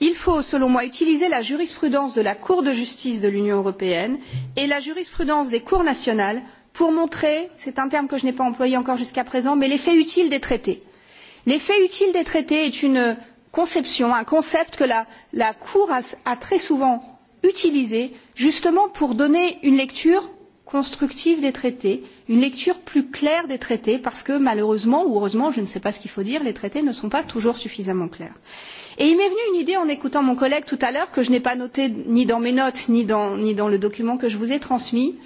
Speaker 8: il faut selon moi utiliser la jurisprudence de la cour de justice de l'union européenne et la jurisprudence des cours nationales pour montrer c'est un terme que je n'ai pas employé encore jusqu'à présent mais l'effet utile des traités. l'effet utile des traités est une conception un concept que la, la cour a, a très souvent utilisé justement pour donner une lecture constructive des traités, une lecture plus claire des traités, parce que malheureusement ou heureusement, je ne sais pas ce qu'il faut dire, les traités ne sont pas toujours suffisamment clairs. Et il m'est venu une idée en écoutant mon collègue tout à l'heure, que je n'ai pas notée ni dans mes notes, ni dans, ni dans le document que je vous ai transmis.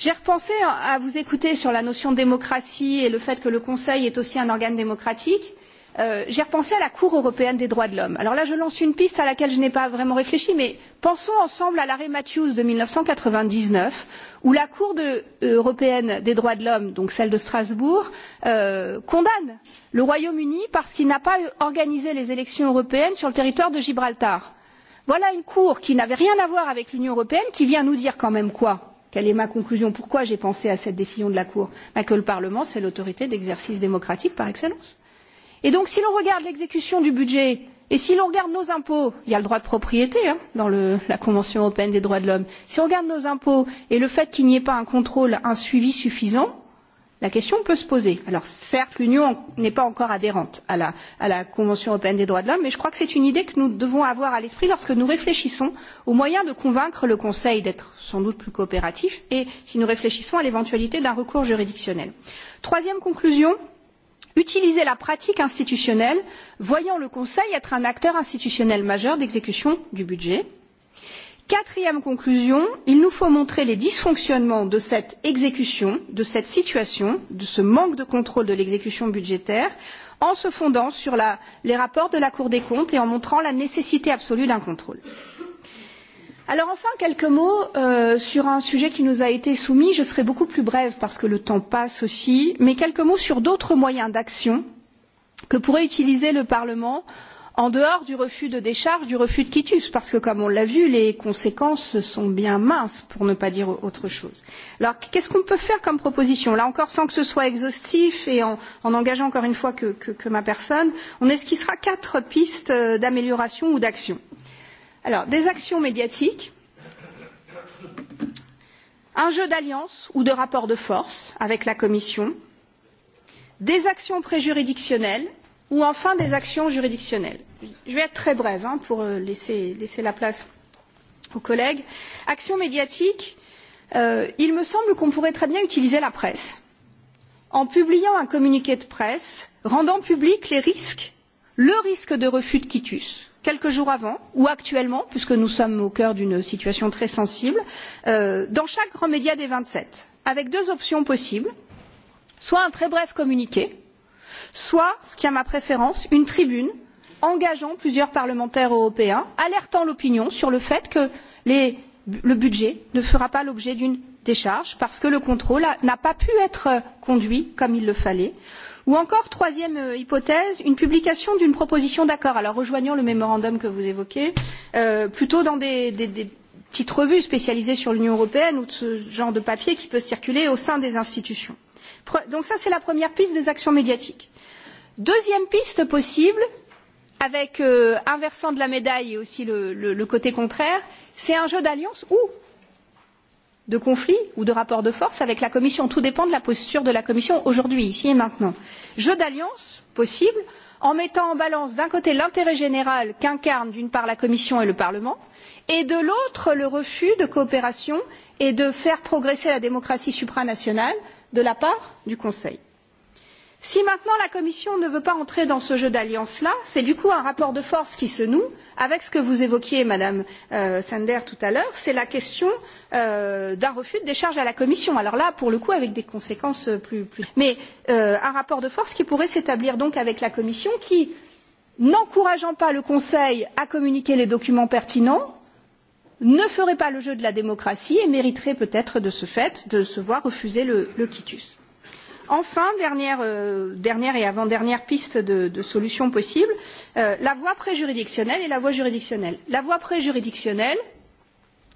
Speaker 8: J'ai repensé à vous écouter sur la notion de démocratie et le fait que le Conseil est aussi un organe démocratique. Euh, j'ai repensé à la Cour européenne des droits de l'homme. Alors là, je lance une piste à laquelle je n'ai pas vraiment réfléchi, mais pensons ensemble à l'arrêt Matthews de 1999, où la Cour de, euh, européenne des droits de l'homme, donc celle de Strasbourg, euh, condamne le Royaume-Uni parce qu'il n'a pas euh, organisé les élections européennes sur le territoire de Gibraltar. Voilà une Cour qui n'avait rien à voir avec l'Union européenne qui vient nous dire quand même quoi Quelle est ma conclusion Pourquoi j'ai pensé à cette décision de la Cour ben Que le Parlement, c'est l'autorité d'exercice démocratique par excellence. Et donc, si l'on regarde l'exécution du budget Et si l'on regarde nos impôts, il y a le droit de propriété hein, dans le, la Convention européenne des droits de l'homme. Si on regarde nos impôts et le fait qu'il n'y ait pas un contrôle, un suivi suffisant, la question peut se poser. Alors certes, l'Union n'est pas encore adhérente à la, à la Convention européenne des droits de l'homme, mais je crois que c'est une idée que nous devons avoir à l'esprit lorsque nous réfléchissons aux moyens de convaincre le Conseil d'être sans doute plus coopératif et si nous réfléchissons à l'éventualité d'un recours juridictionnel. Troisième conclusion, euh, utiliser la pratique institutionnelle voyant le conseil être un acteur institutionnel majeur d'exécution du budget. quatrième conclusion il nous faut montrer les dysfonctionnements de cette exécution de cette situation de ce manque de contrôle de l'exécution budgétaire en se fondant sur la, les rapports de la cour des comptes et en montrant la nécessité absolue d'un contrôle. Alors enfin, quelques mots euh, sur un sujet qui nous a été soumis. Je serai beaucoup plus brève parce que le temps passe aussi, mais quelques mots sur d'autres moyens d'action que pourrait utiliser le Parlement en dehors du refus de décharge, du refus de quitus, parce que, comme on l'a vu, les conséquences sont bien minces, pour ne pas dire autre chose. Alors, qu'est-ce qu'on peut faire comme proposition Là encore, sans que ce soit exhaustif et en, en engageant encore une fois que, que, que ma personne, on esquissera quatre pistes euh, d'amélioration ou d'action. Euh, Alors, des actions médiatiques, un jeu d'alliance ou de rapport de force avec la Commission, des actions préjuridictionnelles ou enfin des actions juridictionnelles. Je vais être très brève hein, pour euh, laisser, laisser la place aux collègues. Actions médiatiques, euh, il me semble qu'on pourrait très bien utiliser la presse en publiant un communiqué de presse rendant publics les risques, le risque de refus de quitus quelques jours avant ou actuellement puisque nous sommes au cœur d'une situation très sensible euh, dans chaque grand média des vingt sept avec deux options possibles soit un très bref communiqué soit ce qui est ma préférence une tribune engageant plusieurs parlementaires européens alertant l'opinion sur le fait que les, le budget ne fera pas l'objet d'une décharge parce que le contrôle n'a pas pu être conduit comme il le fallait soit Ou encore, troisième euh, hypothèse, une publication d'une proposition d'accord, alors rejoignant le mémorandum que vous évoquez, euh, plutôt dans des, des, des petites revues spécialisées sur l'Union européenne ou de ce genre de papier qui peut circuler au sein des institutions. Pre Donc ça, c'est la première piste des actions médiatiques. Deuxième piste possible, avec euh, un versant de la médaille et aussi le, le, le côté contraire, c'est un jeu d'alliance ou de conflit ou de rapport de force avec la Commission. Tout dépend de la posture de la Commission aujourd'hui, ici et maintenant. Jeu d'alliance possible en mettant en balance d'un côté l'intérêt général qu'incarnent d'une part la Commission et le Parlement et de l'autre le refus de coopération et de faire progresser la démocratie supranationale de la part du Conseil si maintenant la commission ne veut pas entrer dans ce jeu d'alliance là c'est du coup un rapport de force qui se noue avec ce que vous évoquiez madame euh, sander tout à l'heure c'est la question euh, d'un refus de décharge à la commission alors là pour le coup avec des conséquences euh, plus, plus... mais euh, un rapport de force qui pourrait s'établir donc avec la commission qui n'encourageant pas le conseil à communiquer les documents pertinents ne ferait pas le jeu de la démocratie et mériterait peut être de ce fait de se voir refuser le, le quitus Enfin, dernière, euh, dernière et avant-dernière piste de, de solution possible, euh, la voie préjuridictionnelle et la voie juridictionnelle. La voie préjuridictionnelle,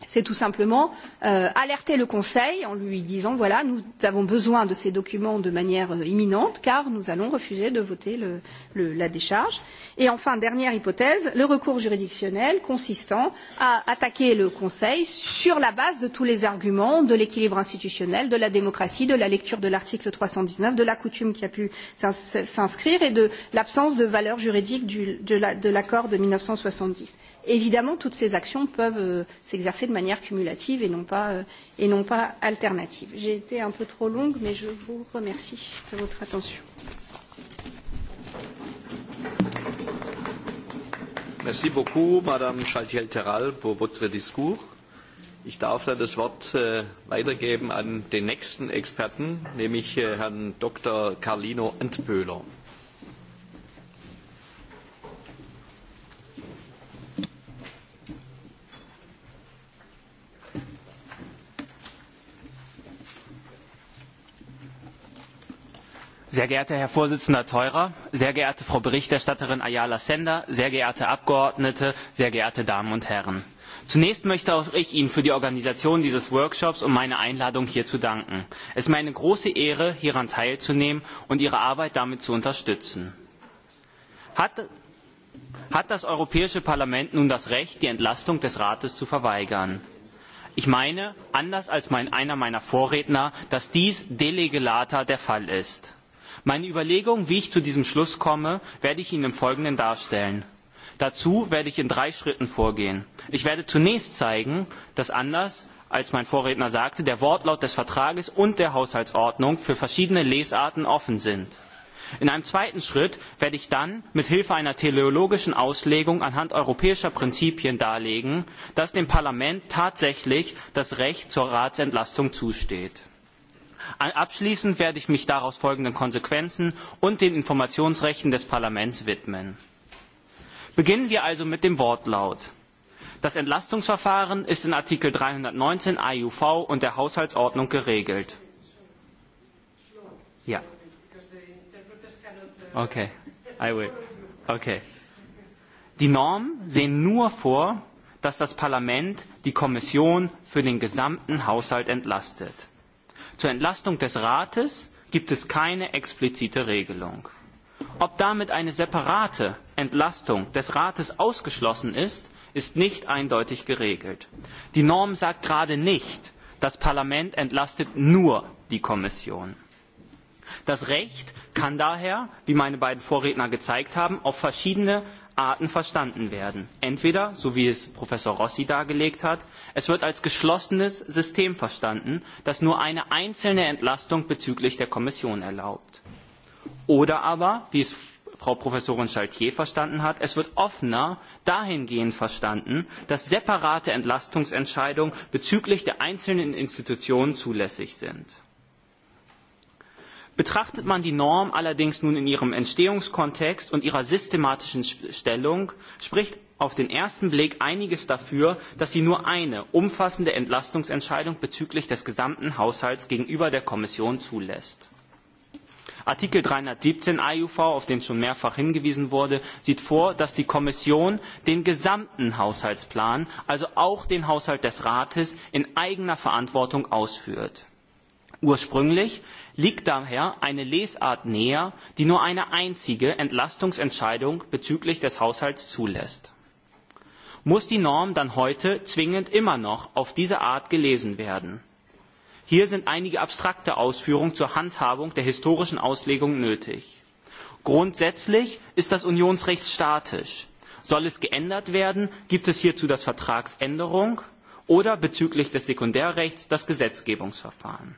Speaker 8: c'est tout simplement euh, alerter le Conseil en lui disant voilà, nous avons besoin de ces documents de manière euh, imminente car nous allons refuser de voter le, le, la décharge. Et enfin, dernière hypothèse, le recours juridictionnel consistant à attaquer le Conseil sur la base de tous les arguments de l'équilibre institutionnel, de la démocratie, de la lecture de l'article 319, de la coutume qui a pu s'inscrire et de l'absence de valeur juridique du, de l'accord la, de, de 1970 évidemment, toutes ces actions peuvent euh, s'exercer de manière cumulative et non pas, euh, et non pas alternative. J'ai été un peu trop longue, mais je vous remercie de votre attention.
Speaker 1: Merci beaucoup, Madame Chaltiel-Terral, pour votre discours. Ich darf dann das Wort äh, weitergeben an den nächsten Experten, nämlich äh, Herrn Dr. Carlino Antböhler.
Speaker 9: Sehr geehrter Herr Vorsitzender Theurer, sehr geehrte Frau Berichterstatterin Ayala Sender, sehr geehrte Abgeordnete, sehr geehrte Damen und Herren. Zunächst möchte auch ich Ihnen für die Organisation dieses Workshops und meine Einladung hierzu danken. Es ist mir eine große Ehre, hieran teilzunehmen und Ihre Arbeit damit zu unterstützen. Hat, hat das Europäische Parlament nun das Recht, die Entlastung des Rates zu verweigern? Ich meine, anders als mein, einer meiner Vorredner, dass dies de lege lata der Fall ist. Meine Überlegungen, wie ich zu diesem Schluss komme, werde ich Ihnen im Folgenden darstellen. Dazu werde ich in drei Schritten vorgehen. Ich werde zunächst zeigen, dass anders als mein Vorredner sagte, der Wortlaut des Vertrages und der Haushaltsordnung für verschiedene Lesarten offen sind. In einem zweiten Schritt werde ich dann mit Hilfe einer teleologischen Auslegung anhand europäischer Prinzipien darlegen, dass dem Parlament tatsächlich das Recht zur Ratsentlastung zusteht. Abschließend werde ich mich daraus folgenden Konsequenzen und den Informationsrechten des Parlaments widmen. Beginnen wir also mit dem Wortlaut. Das Entlastungsverfahren ist in Artikel 319 AUV und der Haushaltsordnung geregelt. Ja. Okay, I will. Okay. Die Normen sehen nur vor, dass das Parlament die Kommission für den gesamten Haushalt entlastet. Zur Entlastung des Rates gibt es keine explizite Regelung. Ob damit eine separate Entlastung des Rates ausgeschlossen ist, ist nicht eindeutig geregelt. Die Norm sagt gerade nicht, das Parlament entlastet nur die Kommission. Das Recht kann daher, wie meine beiden Vorredner gezeigt haben, auf verschiedene Arten verstanden werden. Entweder, so wie es Professor Rossi dargelegt hat, es wird als geschlossenes System verstanden, das nur eine einzelne Entlastung bezüglich der Kommission erlaubt. Oder aber, wie es Frau Professorin Chaltier verstanden hat, es wird offener dahingehend verstanden, dass separate Entlastungsentscheidungen bezüglich der einzelnen Institutionen zulässig sind. Betrachtet man die Norm allerdings nun in ihrem Entstehungskontext und ihrer systematischen Stellung, spricht auf den ersten Blick einiges dafür, dass sie nur eine umfassende Entlastungsentscheidung bezüglich des gesamten Haushalts gegenüber der Kommission zulässt. Artikel 317 AUV, auf den schon mehrfach hingewiesen wurde, sieht vor, dass die Kommission den gesamten Haushaltsplan, also auch den Haushalt des Rates, in eigener Verantwortung ausführt. Ursprünglich liegt daher eine Lesart näher, die nur eine einzige Entlastungsentscheidung bezüglich des Haushalts zulässt. Muss die Norm dann heute zwingend immer noch auf diese Art gelesen werden? Hier sind einige abstrakte Ausführungen zur Handhabung der historischen Auslegung nötig. Grundsätzlich ist das Unionsrecht statisch. Soll es geändert werden, gibt es hierzu das Vertragsänderung oder bezüglich des Sekundärrechts das Gesetzgebungsverfahren.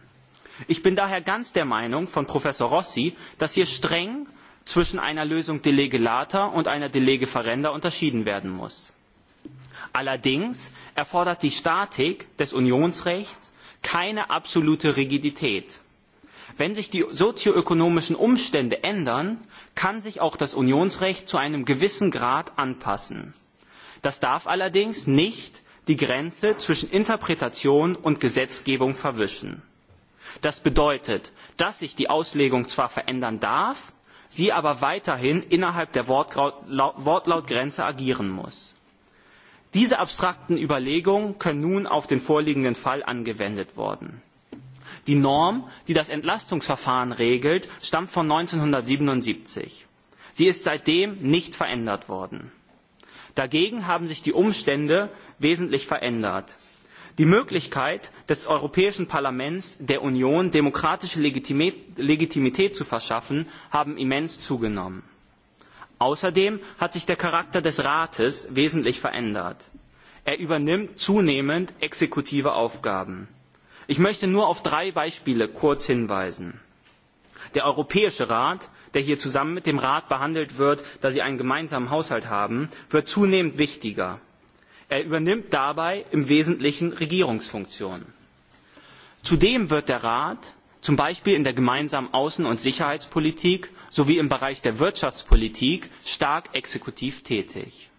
Speaker 9: Ich bin daher ganz der Meinung von Professor Rossi, dass hier streng zwischen einer Lösung de lege lata und einer de lege ferenda unterschieden werden muss. Allerdings erfordert die Statik des Unionsrechts keine absolute Rigidität. Wenn sich die sozioökonomischen Umstände ändern, kann sich auch das Unionsrecht zu einem gewissen Grad anpassen. Das darf allerdings nicht die Grenze zwischen Interpretation und Gesetzgebung verwischen. Das bedeutet, dass sich die Auslegung zwar verändern darf, sie aber weiterhin innerhalb der Wortlautgrenze agieren muss. Diese abstrakten Überlegungen können nun auf den vorliegenden Fall angewendet werden. Die Norm, die das Entlastungsverfahren regelt, stammt von 1977. Sie ist seitdem nicht verändert worden. Dagegen haben sich die Umstände wesentlich verändert die möglichkeit des europäischen parlaments der union demokratische legitimität zu verschaffen haben immens zugenommen. außerdem hat sich der charakter des rates wesentlich verändert. er übernimmt zunehmend exekutive aufgaben. ich möchte nur auf drei beispiele kurz hinweisen der europäische rat der hier zusammen mit dem rat behandelt wird da sie einen gemeinsamen haushalt haben wird zunehmend wichtiger. Er übernimmt dabei im Wesentlichen Regierungsfunktionen. Zudem wird der Rat zum Beispiel in der gemeinsamen Außen- und Sicherheitspolitik sowie im Bereich der Wirtschaftspolitik stark exekutiv tätig.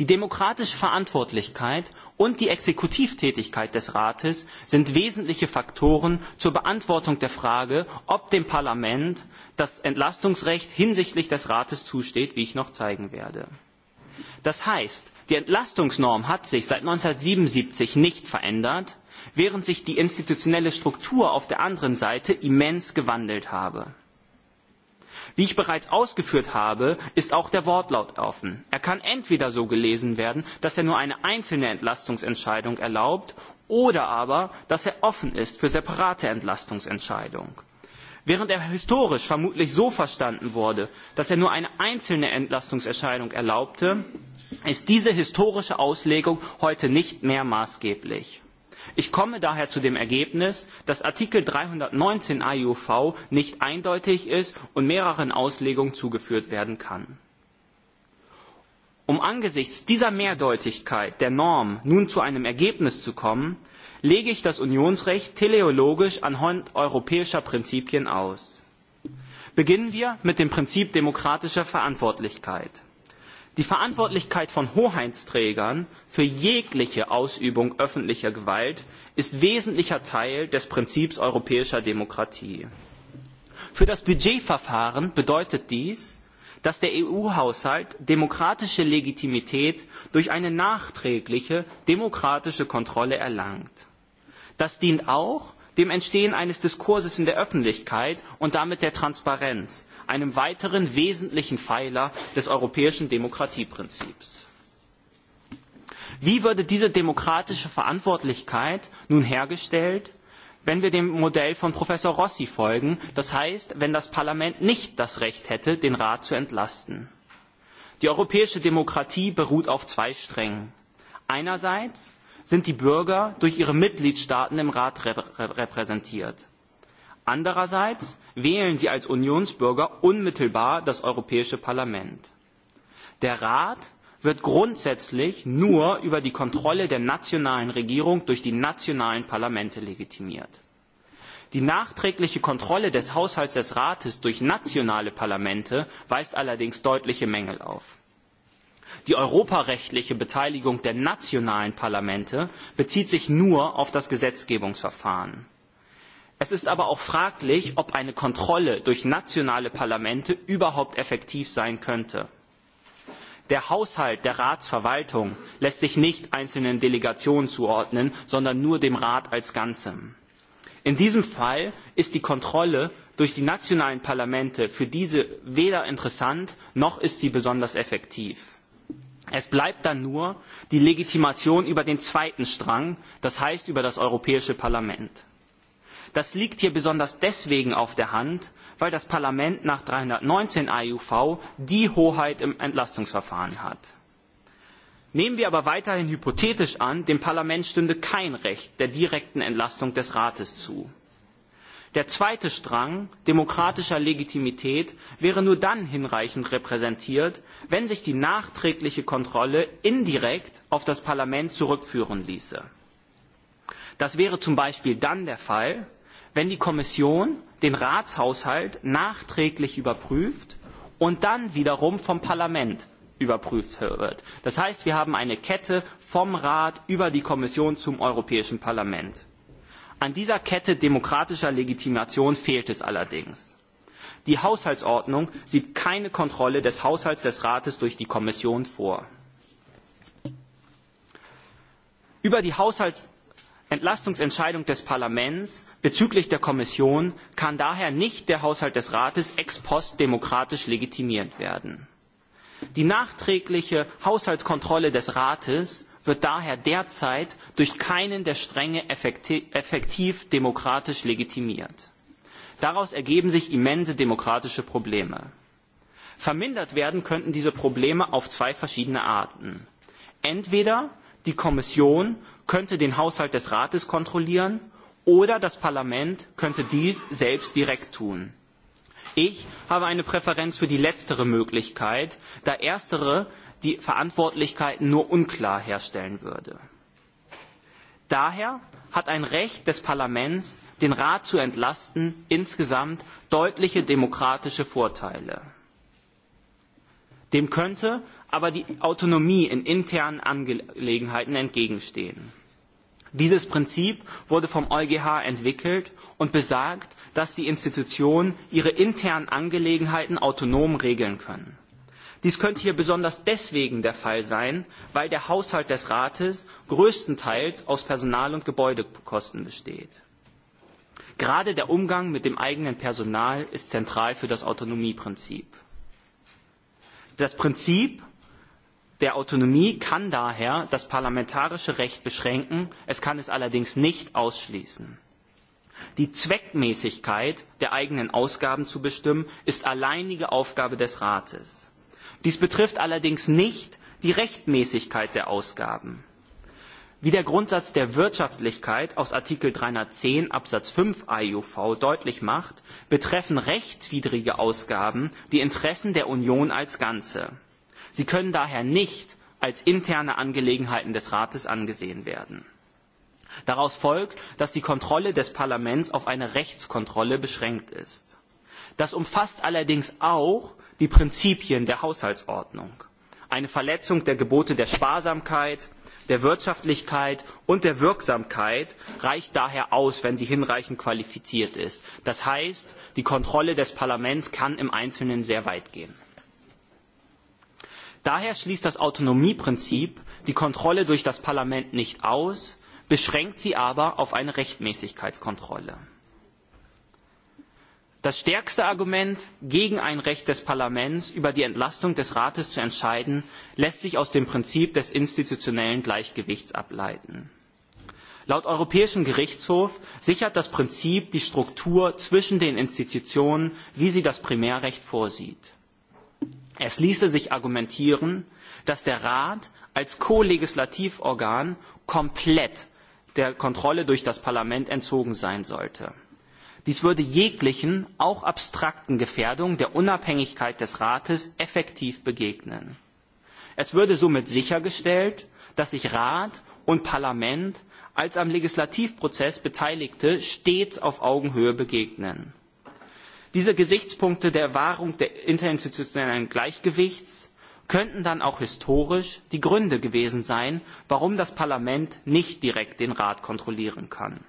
Speaker 9: Die demokratische Verantwortlichkeit und die Exekutivtätigkeit des Rates sind wesentliche Faktoren zur Beantwortung der Frage, ob dem Parlament das Entlastungsrecht hinsichtlich des Rates zusteht, wie ich noch zeigen werde. Das heißt, Die Entlastungsnorm hat sich seit 1977 nicht verändert, während sich die institutionelle Struktur auf der anderen Seite immens gewandelt habe. Wie ich bereits ausgeführt habe, ist auch der Wortlaut offen. Er kann entweder so gelesen werden, dass er nur eine einzelne Entlastungsentscheidung erlaubt, oder aber, dass er offen ist für separate Entlastungsentscheidungen. Während er historisch vermutlich so verstanden wurde, dass er nur eine einzelne Entlastungsentscheidung erlaubte, ist diese historische Auslegung heute nicht mehr maßgeblich. Ich komme daher zu dem Ergebnis, dass Artikel 319 AIUV nicht eindeutig ist und mehreren Auslegungen zugeführt werden kann. Um angesichts dieser Mehrdeutigkeit der Norm nun zu einem Ergebnis zu kommen, lege ich das Unionsrecht teleologisch anhand europäischer Prinzipien aus. Beginnen wir mit dem Prinzip demokratischer Verantwortlichkeit. Die Verantwortlichkeit von Hoheitsträgern für jegliche Ausübung öffentlicher Gewalt ist wesentlicher Teil des Prinzips europäischer Demokratie. Für das Budgetverfahren bedeutet dies, dass der EU-Haushalt demokratische Legitimität durch eine nachträgliche demokratische Kontrolle erlangt. Das dient auch dem Entstehen eines Diskurses in der Öffentlichkeit und damit der Transparenz, einem weiteren wesentlichen Pfeiler des europäischen Demokratieprinzips. Wie würde diese demokratische Verantwortlichkeit nun hergestellt, wenn wir dem Modell von Professor Rossi folgen, das heißt, wenn das Parlament nicht das Recht hätte, den Rat zu entlasten? Die europäische Demokratie beruht auf zwei Strängen. Einerseits sind die Bürger durch ihre Mitgliedstaaten im Rat repräsentiert. Andererseits wählen sie als Unionsbürger unmittelbar das Europäische Parlament. Der Rat wird grundsätzlich nur über die Kontrolle der nationalen Regierung durch die nationalen Parlamente legitimiert. Die nachträgliche Kontrolle des Haushalts des Rates durch nationale Parlamente weist allerdings deutliche Mängel auf. Die europarechtliche Beteiligung der nationalen Parlamente bezieht sich nur auf das Gesetzgebungsverfahren. Es ist aber auch fraglich, ob eine Kontrolle durch nationale Parlamente überhaupt effektiv sein könnte. Der Haushalt der Ratsverwaltung lässt sich nicht einzelnen Delegationen zuordnen, sondern nur dem Rat als Ganzem. In diesem Fall ist die Kontrolle durch die nationalen Parlamente für diese weder interessant noch ist sie besonders effektiv. Es bleibt dann nur die Legitimation über den zweiten Strang, das heißt über das Europäische Parlament. Das liegt hier besonders deswegen auf der Hand, weil das Parlament nach 319 AUV die Hoheit im Entlastungsverfahren hat. Nehmen wir aber weiterhin hypothetisch an, dem Parlament stünde kein Recht der direkten Entlastung des Rates zu. Der zweite Strang demokratischer Legitimität wäre nur dann hinreichend repräsentiert, wenn sich die nachträgliche Kontrolle indirekt auf das Parlament zurückführen ließe. Das wäre zum Beispiel dann der Fall, wenn die Kommission den Ratshaushalt nachträglich überprüft und dann wiederum vom Parlament überprüft wird. Das heißt, wir haben eine Kette vom Rat über die Kommission zum Europäischen Parlament. An dieser Kette demokratischer Legitimation fehlt es allerdings. Die Haushaltsordnung sieht keine Kontrolle des Haushalts des Rates durch die Kommission vor. Über die Haushalts Entlastungsentscheidung des Parlaments Bezüglich der Kommission kann daher nicht der Haushalt des Rates ex post demokratisch legitimiert werden. Die nachträgliche Haushaltskontrolle des Rates wird daher derzeit durch keinen der Stränge effektiv, effektiv demokratisch legitimiert. Daraus ergeben sich immense demokratische Probleme. Vermindert werden könnten diese Probleme auf zwei verschiedene Arten. Entweder die Kommission könnte den Haushalt des Rates kontrollieren oder das Parlament könnte dies selbst direkt tun. Ich habe eine Präferenz für die letztere Möglichkeit, da erstere die Verantwortlichkeiten nur unklar herstellen würde. Daher hat ein Recht des Parlaments, den Rat zu entlasten, insgesamt deutliche demokratische Vorteile. Dem könnte aber die Autonomie in internen Angelegenheiten entgegenstehen. Dieses Prinzip wurde vom EuGH entwickelt und besagt, dass die Institutionen ihre internen Angelegenheiten autonom regeln können. Dies könnte hier besonders deswegen der Fall sein, weil der Haushalt des Rates größtenteils aus Personal- und Gebäudekosten besteht. Gerade der Umgang mit dem eigenen Personal ist zentral für das Autonomieprinzip. Das Prinzip der Autonomie kann daher das parlamentarische Recht beschränken, es kann es allerdings nicht ausschließen. Die Zweckmäßigkeit der eigenen Ausgaben zu bestimmen, ist alleinige Aufgabe des Rates. Dies betrifft allerdings nicht die Rechtmäßigkeit der Ausgaben. Wie der Grundsatz der Wirtschaftlichkeit aus Artikel 310 Absatz 5 AIUV deutlich macht, betreffen rechtswidrige Ausgaben die Interessen der Union als Ganze. Sie können daher nicht als interne Angelegenheiten des Rates angesehen werden. Daraus folgt, dass die Kontrolle des Parlaments auf eine Rechtskontrolle beschränkt ist. Das umfasst allerdings auch die Prinzipien der Haushaltsordnung, eine Verletzung der Gebote der Sparsamkeit, der Wirtschaftlichkeit und der Wirksamkeit reicht daher aus, wenn sie hinreichend qualifiziert ist. Das heißt, die Kontrolle des Parlaments kann im Einzelnen sehr weit gehen. Daher schließt das Autonomieprinzip die Kontrolle durch das Parlament nicht aus, beschränkt sie aber auf eine Rechtmäßigkeitskontrolle. Das stärkste Argument gegen ein Recht des Parlaments über die Entlastung des Rates zu entscheiden, lässt sich aus dem Prinzip des institutionellen Gleichgewichts ableiten. Laut Europäischem Gerichtshof sichert das Prinzip die Struktur zwischen den Institutionen, wie sie das Primärrecht vorsieht. Es ließe sich argumentieren, dass der Rat als Ko-Legislativorgan komplett der Kontrolle durch das Parlament entzogen sein sollte. Dies würde jeglichen, auch abstrakten Gefährdung der Unabhängigkeit des Rates effektiv begegnen. Es würde somit sichergestellt, dass sich Rat und Parlament als am Legislativprozess Beteiligte stets auf Augenhöhe begegnen. Diese Gesichtspunkte der Wahrung des interinstitutionellen Gleichgewichts könnten dann auch historisch die Gründe gewesen sein, warum das Parlament nicht direkt den Rat kontrollieren kann.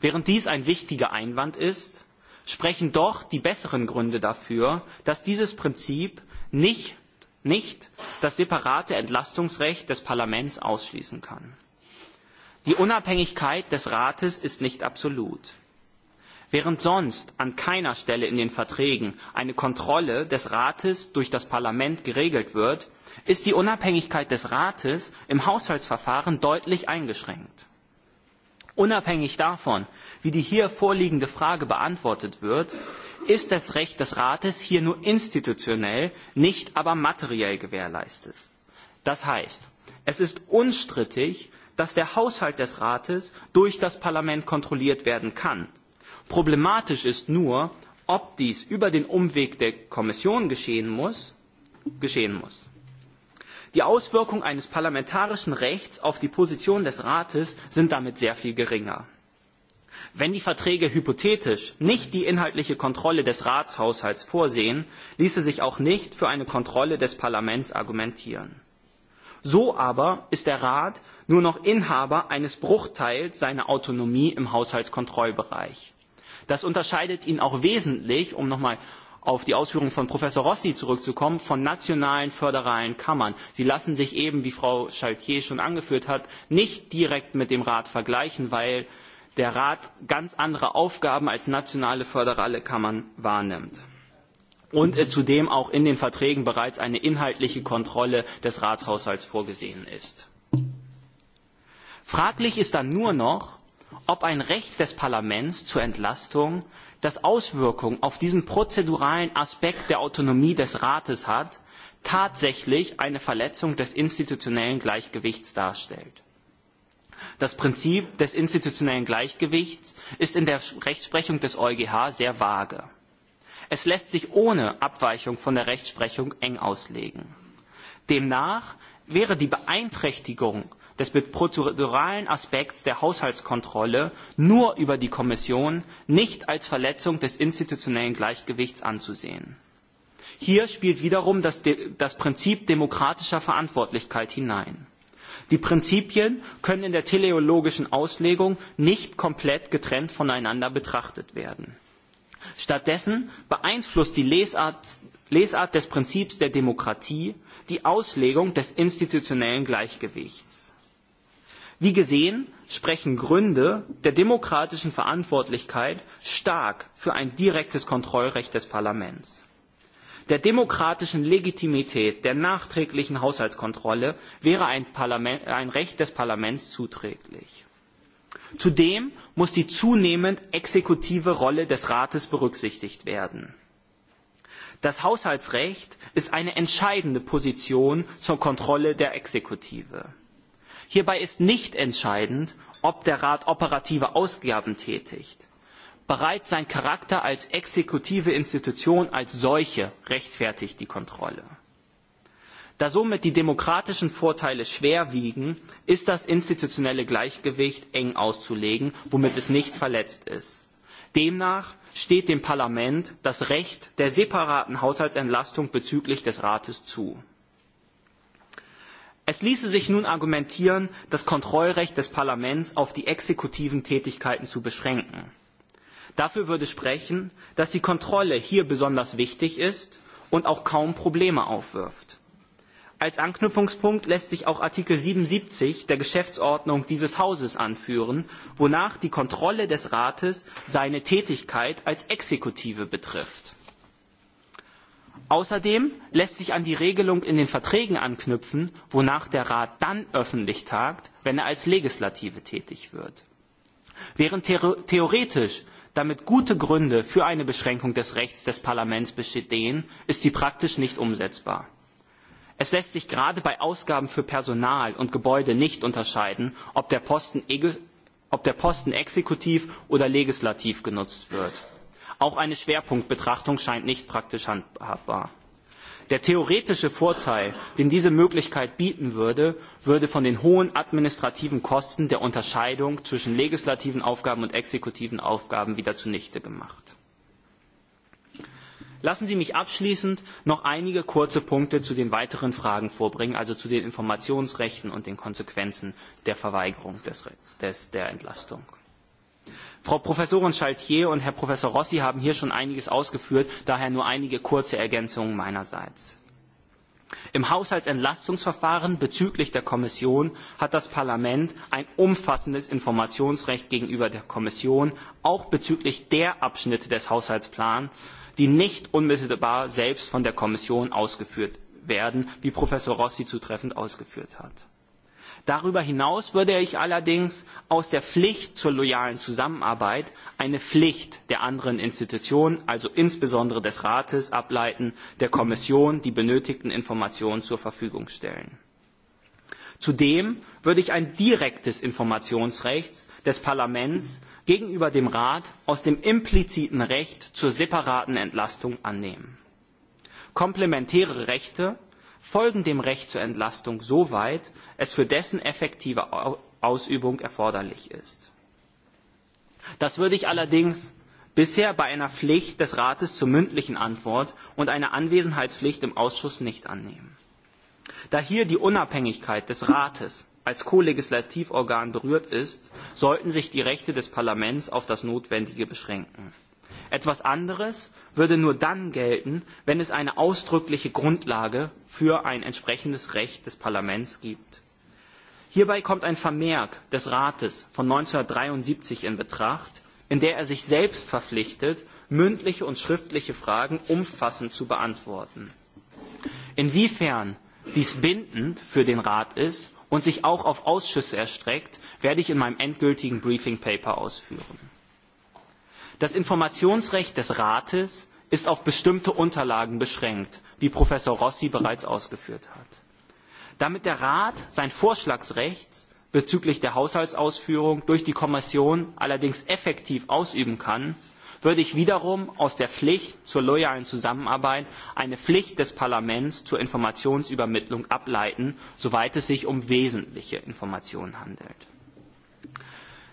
Speaker 9: Während dies ein wichtiger Einwand ist, sprechen doch die besseren Gründe dafür, dass dieses Prinzip nicht, nicht das separate Entlastungsrecht des Parlaments ausschließen kann. Die Unabhängigkeit des Rates ist nicht absolut. Während sonst an keiner Stelle in den Verträgen eine Kontrolle des Rates durch das Parlament geregelt wird, ist die Unabhängigkeit des Rates im Haushaltsverfahren deutlich eingeschränkt. Unabhängig davon, wie die hier vorliegende Frage beantwortet wird, ist das Recht des Rates hier nur institutionell, nicht aber materiell gewährleistet. Das heißt, es ist unstrittig, dass der Haushalt des Rates durch das Parlament kontrolliert werden kann, Problematisch ist nur, ob dies über den Umweg der Kommission geschehen muss, geschehen muss. Die Auswirkungen eines parlamentarischen Rechts auf die Position des Rates sind damit sehr viel geringer. Wenn die Verträge hypothetisch nicht die inhaltliche Kontrolle des Ratshaushalts vorsehen, ließe sich auch nicht für eine Kontrolle des Parlaments argumentieren. So aber ist der Rat nur noch Inhaber eines Bruchteils seiner Autonomie im Haushaltskontrollbereich. Das unterscheidet ihn auch wesentlich, um nochmal auf die Ausführungen von Professor Rossi zurückzukommen, von nationalen föderalen Kammern. Sie lassen sich eben, wie Frau Schaltier schon angeführt hat, nicht direkt mit dem Rat vergleichen, weil der Rat ganz andere Aufgaben als nationale föderale Kammern wahrnimmt und äh, zudem auch in den Verträgen bereits eine inhaltliche Kontrolle des Ratshaushalts vorgesehen ist. Fraglich ist dann nur noch, ob ein Recht des Parlaments zur Entlastung, das Auswirkungen auf diesen prozeduralen Aspekt der Autonomie des Rates hat, tatsächlich eine Verletzung des institutionellen Gleichgewichts darstellt. Das Prinzip des institutionellen Gleichgewichts ist in der Rechtsprechung des EuGH sehr vage. Es lässt sich ohne Abweichung von der Rechtsprechung eng auslegen. Demnach wäre die Beeinträchtigung des prozeduralen Aspekts der Haushaltskontrolle nur über die Kommission nicht als Verletzung des institutionellen Gleichgewichts anzusehen. Hier spielt wiederum das, das Prinzip demokratischer Verantwortlichkeit hinein. Die Prinzipien können in der teleologischen Auslegung nicht komplett getrennt voneinander betrachtet werden. Stattdessen beeinflusst die Lesart, Lesart des Prinzips der Demokratie die Auslegung des institutionellen Gleichgewichts. Wie gesehen sprechen Gründe der demokratischen Verantwortlichkeit stark für ein direktes Kontrollrecht des Parlaments. Der demokratischen Legitimität der nachträglichen Haushaltskontrolle wäre ein, Parlament, ein Recht des Parlaments zuträglich. Zudem muss die zunehmend exekutive Rolle des Rates berücksichtigt werden. Das Haushaltsrecht ist eine entscheidende Position zur Kontrolle der Exekutive. Hierbei ist nicht entscheidend, ob der Rat operative Ausgaben tätigt. Bereits sein Charakter als exekutive Institution als solche rechtfertigt die Kontrolle. Da somit die demokratischen Vorteile schwerwiegen, ist das institutionelle Gleichgewicht eng auszulegen, womit es nicht verletzt ist. Demnach steht dem Parlament das Recht der separaten Haushaltsentlastung bezüglich des Rates zu. Es ließe sich nun argumentieren, das Kontrollrecht des Parlaments auf die exekutiven Tätigkeiten zu beschränken. Dafür würde sprechen, dass die Kontrolle hier besonders wichtig ist und auch kaum Probleme aufwirft. Als Anknüpfungspunkt lässt sich auch Artikel 77 der Geschäftsordnung dieses Hauses anführen, wonach die Kontrolle des Rates seine Tätigkeit als Exekutive betrifft. Außerdem lässt sich an die Regelung in den Verträgen anknüpfen, wonach der Rat dann öffentlich tagt, wenn er als Legislative tätig wird. Während theoretisch damit gute Gründe für eine Beschränkung des Rechts des Parlaments bestehen, ist sie praktisch nicht umsetzbar. Es lässt sich gerade bei Ausgaben für Personal und Gebäude nicht unterscheiden, ob der Posten, ob der Posten exekutiv oder legislativ genutzt wird. Auch eine Schwerpunktbetrachtung scheint nicht praktisch handhabbar. Der theoretische Vorteil, den diese Möglichkeit bieten würde, würde von den hohen administrativen Kosten der Unterscheidung zwischen legislativen Aufgaben und exekutiven Aufgaben wieder zunichte gemacht. Lassen Sie mich abschließend noch einige kurze Punkte zu den weiteren Fragen vorbringen, also zu den Informationsrechten und den Konsequenzen der Verweigerung des, des, der Entlastung. Frau Professorin Chaltier und Herr Professor Rossi haben hier schon einiges ausgeführt, daher nur einige kurze Ergänzungen meinerseits. Im Haushaltsentlastungsverfahren bezüglich der Kommission hat das Parlament ein umfassendes Informationsrecht gegenüber der Kommission, auch bezüglich der Abschnitte des Haushaltsplans, die nicht unmittelbar selbst von der Kommission ausgeführt werden, wie Professor Rossi zutreffend ausgeführt hat. Darüber hinaus würde ich allerdings aus der Pflicht zur loyalen Zusammenarbeit eine Pflicht der anderen Institutionen, also insbesondere des Rates, ableiten, der Kommission die benötigten Informationen zur Verfügung stellen. Zudem würde ich ein direktes Informationsrecht des Parlaments gegenüber dem Rat aus dem impliziten Recht zur separaten Entlastung annehmen. Komplementäre Rechte folgen dem Recht zur Entlastung soweit es für dessen effektive Ausübung erforderlich ist. Das würde ich allerdings bisher bei einer Pflicht des Rates zur mündlichen Antwort und einer Anwesenheitspflicht im Ausschuss nicht annehmen. Da hier die Unabhängigkeit des Rates als Ko-Legislativorgan berührt ist, sollten sich die Rechte des Parlaments auf das Notwendige beschränken. Etwas anderes würde nur dann gelten, wenn es eine ausdrückliche Grundlage für ein entsprechendes Recht des Parlaments gibt. Hierbei kommt ein Vermerk des Rates von 1973 in Betracht, in der er sich selbst verpflichtet, mündliche und schriftliche Fragen umfassend zu beantworten. Inwiefern dies bindend für den Rat ist und sich auch auf Ausschüsse erstreckt, werde ich in meinem endgültigen Briefing Paper ausführen. Das Informationsrecht des Rates ist auf bestimmte Unterlagen beschränkt, wie Professor Rossi bereits ausgeführt hat. Damit der Rat sein Vorschlagsrecht bezüglich der Haushaltsausführung durch die Kommission allerdings effektiv ausüben kann, würde ich wiederum aus der Pflicht zur loyalen Zusammenarbeit eine Pflicht des Parlaments zur Informationsübermittlung ableiten, soweit es sich um wesentliche Informationen handelt.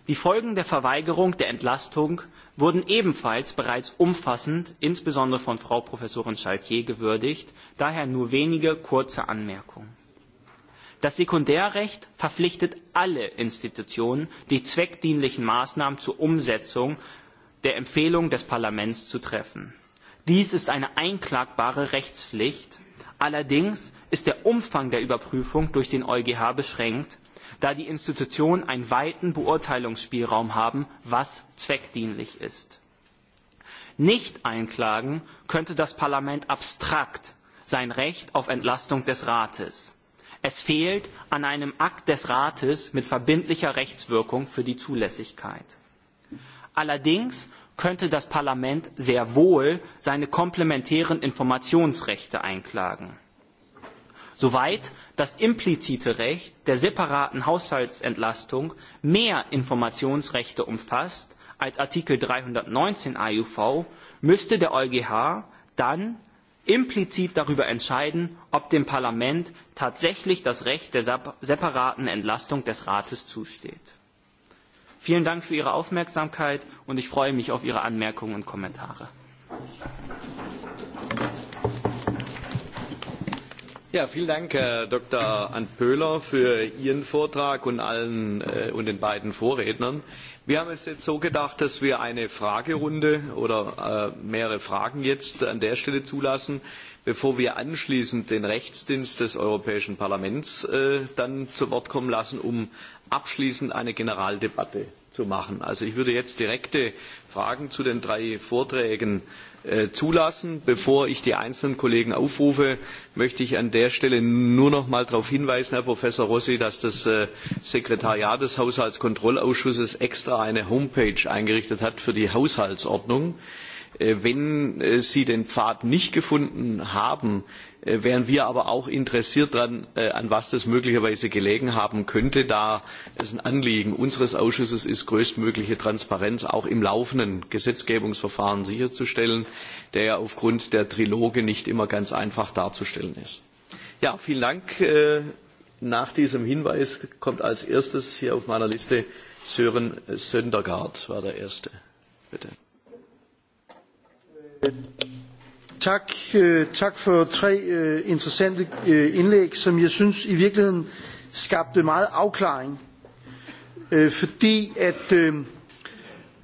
Speaker 9: Die Folgen der Verweigerung der Entlastung wurden ebenfalls bereits umfassend, insbesondere von Frau Professorin Chartier, gewürdigt, daher nur wenige kurze Anmerkungen. Das Sekundärrecht verpflichtet alle Institutionen, die zweckdienlichen Maßnahmen zur Umsetzung der Empfehlung des Parlaments zu treffen. Dies ist eine einklagbare Rechtspflicht. Allerdings ist der Umfang der Überprüfung durch den EuGH beschränkt da die Institutionen einen weiten Beurteilungsspielraum haben, was zweckdienlich ist. Nicht einklagen könnte das Parlament abstrakt sein Recht auf Entlastung des Rates. Es fehlt an einem Akt des Rates mit verbindlicher Rechtswirkung für die Zulässigkeit. Allerdings könnte das Parlament sehr wohl seine komplementären Informationsrechte einklagen. Soweit das implizite Recht der separaten Haushaltsentlastung mehr Informationsrechte umfasst als Artikel 319 AUV, müsste der EuGH dann implizit darüber entscheiden, ob dem Parlament tatsächlich das Recht der separaten Entlastung des Rates zusteht. Vielen Dank für Ihre Aufmerksamkeit und ich freue mich auf Ihre Anmerkungen und Kommentare. Thank you.
Speaker 1: Ja, vielen Dank, Herr Dr. Ant Pöhler, für Ihren Vortrag und allen äh, und den beiden Vorrednern. Wir haben es jetzt so gedacht, dass wir eine Fragerunde oder äh, mehrere Fragen jetzt an der Stelle zulassen, bevor wir anschließend den Rechtsdienst des Europäischen Parlaments äh, dann zu Wort kommen lassen, um abschließend eine Generaldebatte zu machen. Also ich würde jetzt direkte Fragen zu den drei Vorträgen äh, Äh, zulassen. Bevor ich die einzelnen Kollegen aufrufe, möchte ich an der Stelle nur noch mal darauf hinweisen, Herr Professor Rossi, dass das äh, Sekretariat des Haushaltskontrollausschusses extra eine Homepage eingerichtet hat für die Haushaltsordnung. Äh, Äh, wenn äh, Sie den Pfad nicht gefunden haben, äh, wären wir aber auch interessiert daran, an was das möglicherweise gelegen haben könnte, da es ein Anliegen unseres Ausschusses ist, größtmögliche Transparenz auch im laufenden Gesetzgebungsverfahren sicherzustellen, der ja aufgrund der Triloge nicht immer ganz einfach darzustellen ist. Ja, vielen Dank. Nach diesem Hinweis kommt als erstes hier auf meiner Liste Sören Söndergaard, war der Erste. Bitte.
Speaker 10: Tak, øh, tak for tre øh, interessante øh, indlæg, som jeg synes i virkeligheden skabte meget afklaring. Fordi at i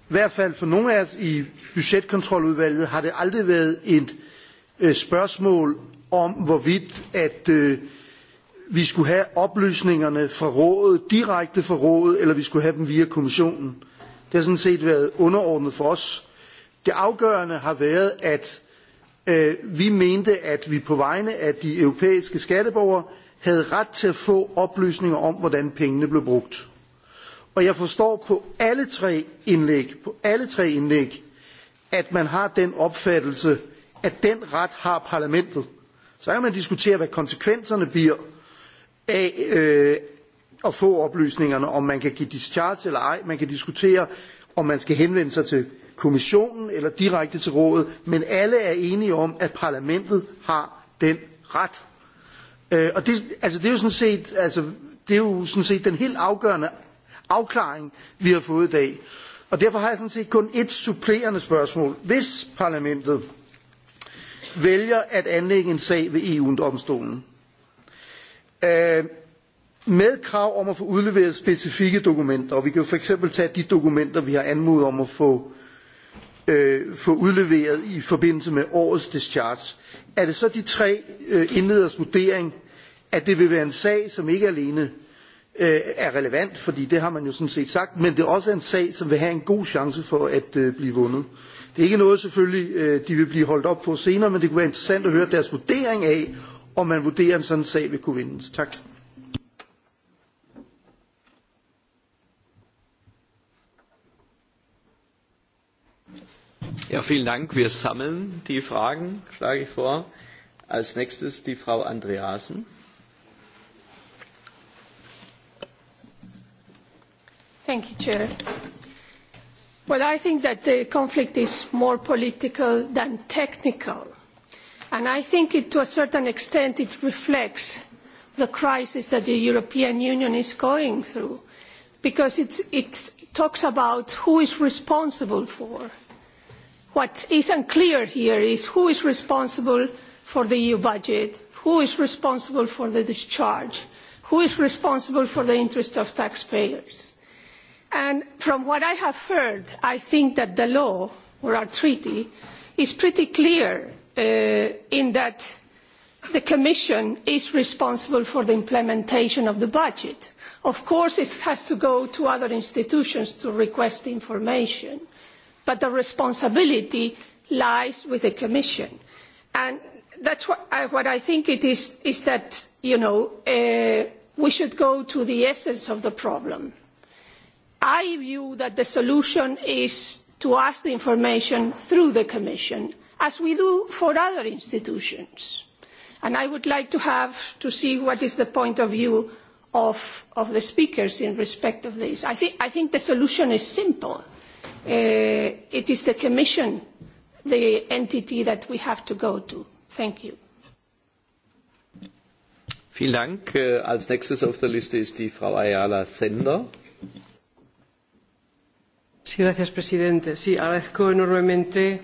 Speaker 10: hvert fald for nogle af os i budgetkontroludvalget har det aldrig været et spørgsmål om, hvorvidt at vi skulle have oplysningerne fra rådet, direkte fra rådet, eller vi skulle have dem via kommissionen. Det har sådan set været underordnet for os. Det afgørende har været, at øh, vi mente, at vi på vegne af de europæiske skatteborgere havde ret til at få oplysninger om, hvordan pengene blev brugt. Og jeg forstår på alle tre indlæg, på alle tre indlæg at man har den opfattelse, at den ret har parlamentet. Så kan man diskutere, hvad konsekvenserne bliver af øh, at få oplysningerne, om man kan give discharge eller ej. Man kan diskutere, om man skal henvende sig til kommissionen eller direkte til rådet, men alle er enige om, at parlamentet har den ret. Øh, og det, altså, det er jo sådan set, altså, det er jo sådan set den helt afgørende afklaring, vi har fået i dag. Og derfor har jeg sådan set kun et supplerende spørgsmål. Hvis parlamentet vælger at anlægge en sag ved EU-domstolen, øh, med krav om at få udleveret specifikke dokumenter, og vi kan jo for eksempel tage de dokumenter, vi har anmodet om at få øh, få udleveret i forbindelse med årets discharge. Er det så de tre øh, indleders vurdering, at det vil være en sag, som ikke alene øh, er relevant, fordi det har man jo sådan set sagt, men det er også er en sag, som vil have en god chance for at øh, blive vundet. Det er ikke noget selvfølgelig, øh, de vil blive holdt op på senere, men det kunne være interessant at høre deres vurdering af, om man vurderer, at en sådan sag vil kunne vindes. Tak.
Speaker 1: Ja, vielen Dank. Wir sammeln die Fragen, schlage ich vor. Als nächstes die Frau Andreasen.
Speaker 11: Thank you, Chair. Well, I think that the conflict is more political than technical. And I think it, to a certain extent it reflects the crisis that the European Union is going through because it's, it talks about who is responsible for What is unclear here is who is responsible for the EU budget, who is responsible for the discharge, who is responsible for the interest of taxpayers. And from what I have heard, I think that the law, or our treaty, is pretty clear uh, in that the Commission is responsible for the implementation of the budget. Of course, it has to go to other institutions to request information but the responsibility lies with the Commission. And that's what I, uh, what I think it is, is that, you know, uh, we should go to the essence of the problem. I view that the solution is to ask the information through the Commission, as we do for other institutions. And I would like to have to see what is the point of view of, of the speakers in respect of this. I, th I think the solution is simple. Uh, Uh, it is the Commission, the entity that we have to go to. Thank you.
Speaker 1: Vielen Dank. Äh, als nächstes auf der Liste ist die Frau Ayala Sender.
Speaker 6: Sí, gracias, presidente. Sí, agradezco enormemente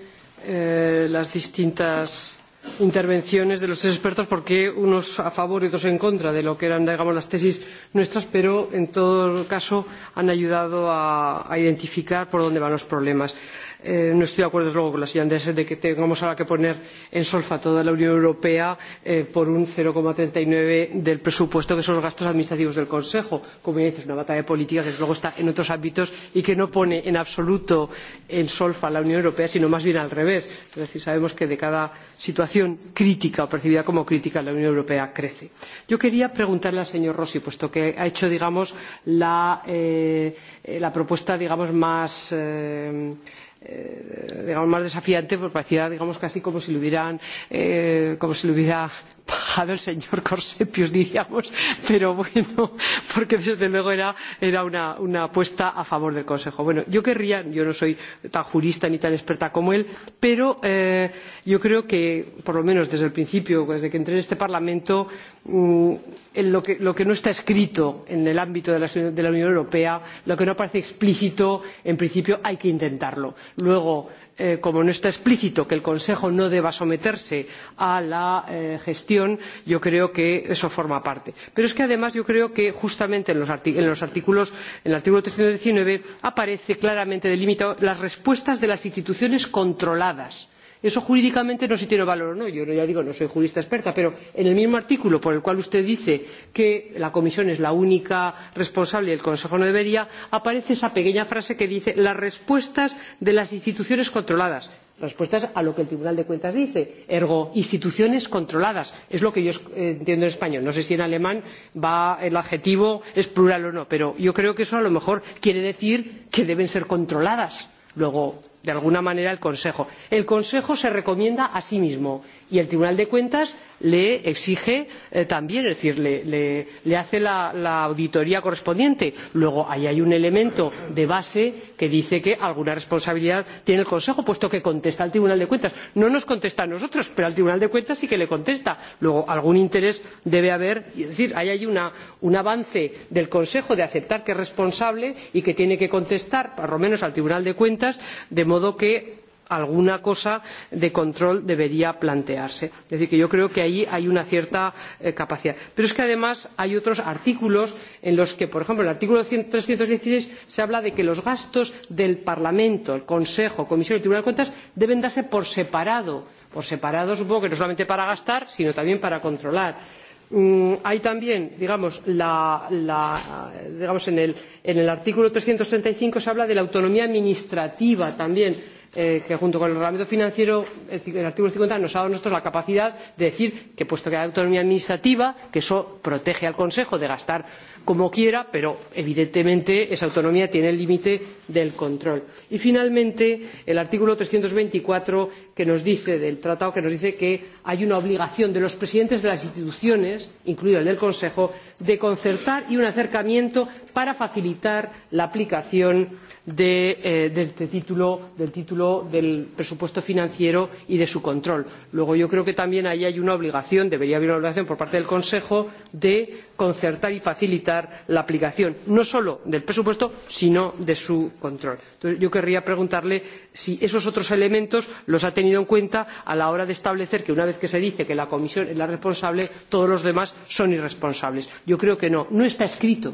Speaker 6: eh, las distintas intervenciones de los tres expertos porque unos a favor y otros en contra de lo que eran digamos, las tesis nuestras, pero en todo caso han ayudado a, a identificar por dónde van los problemas. Eh, eh, no estoy de acuerdo desde luego con la señora Andreasen de que tengamos ahora que poner en solfa a toda la Unión Europea eh, por un 0,39 del presupuesto que son los gastos administrativos del Consejo. Como ya dices, una batalla de política que desde luego está en otros ámbitos y que no pone en absoluto en solfa a la Unión Europea, sino más bien al revés. Es decir, sabemos que de cada situación crítica o percibida como crítica la Unión Europea crece. Yo quería preguntarle al señor Rossi, puesto que ha hecho, digamos, la, eh, eh la propuesta, digamos, más. Eh, eh, digamos más desafiante pues parecía digamos casi como si lo hubieran eh, como si lo hubiera paja del señor Corsepios, diríamos, pero bueno, porque desde luego era, era una, una apuesta a favor del Consejo. Bueno, yo querría, yo no soy tan jurista ni tan experta como él, pero eh, yo creo que, por lo menos desde el principio, desde que entré en este Parlamento, mmm, en lo, que, lo que no está escrito en el ámbito de la, de la Unión Europea, lo que no aparece explícito, en principio hay que intentarlo. Luego, eh, como no está explícito que el consejo no deba someterse a la eh, gestión yo creo que eso forma parte. pero es que además yo creo que justamente en, los en, los artículos, en el artículo trescientos diecinueve aparecen claramente delimitadas las respuestas de las instituciones controladas eso jurídicamente no sé si tiene valor o no yo ya digo no soy jurista experta pero en el mismo artículo por el cual usted dice que la comisión es la única responsable y el consejo no debería aparece esa pequeña frase que dice las respuestas de las instituciones controladas respuestas a lo que el tribunal de cuentas dice ergo instituciones controladas es lo que yo eh, entiendo en español no sé si en alemán va, el adjetivo es plural o no pero yo creo que eso a lo mejor quiere decir que deben ser controladas luego de alguna manera el consejo. el consejo se recomienda a sí mismo y el tribunal de cuentas le exige eh, también es decir le, le, le hace la, la auditoría correspondiente. luego ahí hay un elemento de base que dice que alguna responsabilidad tiene el consejo puesto que contesta al tribunal de cuentas. no nos contesta a nosotros pero al tribunal de cuentas sí que le contesta. luego algún interés debe haber es decir ahí hay una, un avance del consejo de aceptar que es responsable y que tiene que contestar por lo menos al tribunal de cuentas de modo que alguna cosa de control debería plantearse. Es decir, que yo creo que ahí hay una cierta eh, capacidad. Pero es que además hay otros artículos en los que, por ejemplo, en el artículo 316 se habla de que los gastos del Parlamento, el Consejo, Comisión y Tribunal de Cuentas deben darse por separado. Por separado, supongo que no solamente para gastar, sino también para controlar. Mm, hay también digamos, la, la, digamos en, el, en el artículo trescientos treinta y cinco se habla de la autonomía administrativa también eh, que junto con el reglamento financiero, el, el artículo 50, nos ha dado a nosotros la capacidad de decir que puesto que hay autonomía administrativa, que eso protege al Consejo de gastar como quiera, pero evidentemente esa autonomía tiene el límite del control. Y finalmente, el artículo 324 que nos dice del tratado que nos dice que hay una obligación de los presidentes de las instituciones, incluido el del Consejo, de concertar y un acercamiento para facilitar la aplicación de, eh, de este título, del título del presupuesto financiero y de su control. Luego yo creo que también ahí hay una obligación, debería haber una obligación por parte del Consejo de concertar y facilitar la aplicación no solo del presupuesto, sino de su control. Entonces, yo querría preguntarle si esos otros elementos los ha tenido en cuenta a la hora de establecer que una vez que se dice que la Comisión es la responsable, todos los demás son irresponsables. Yo creo que no. No está escrito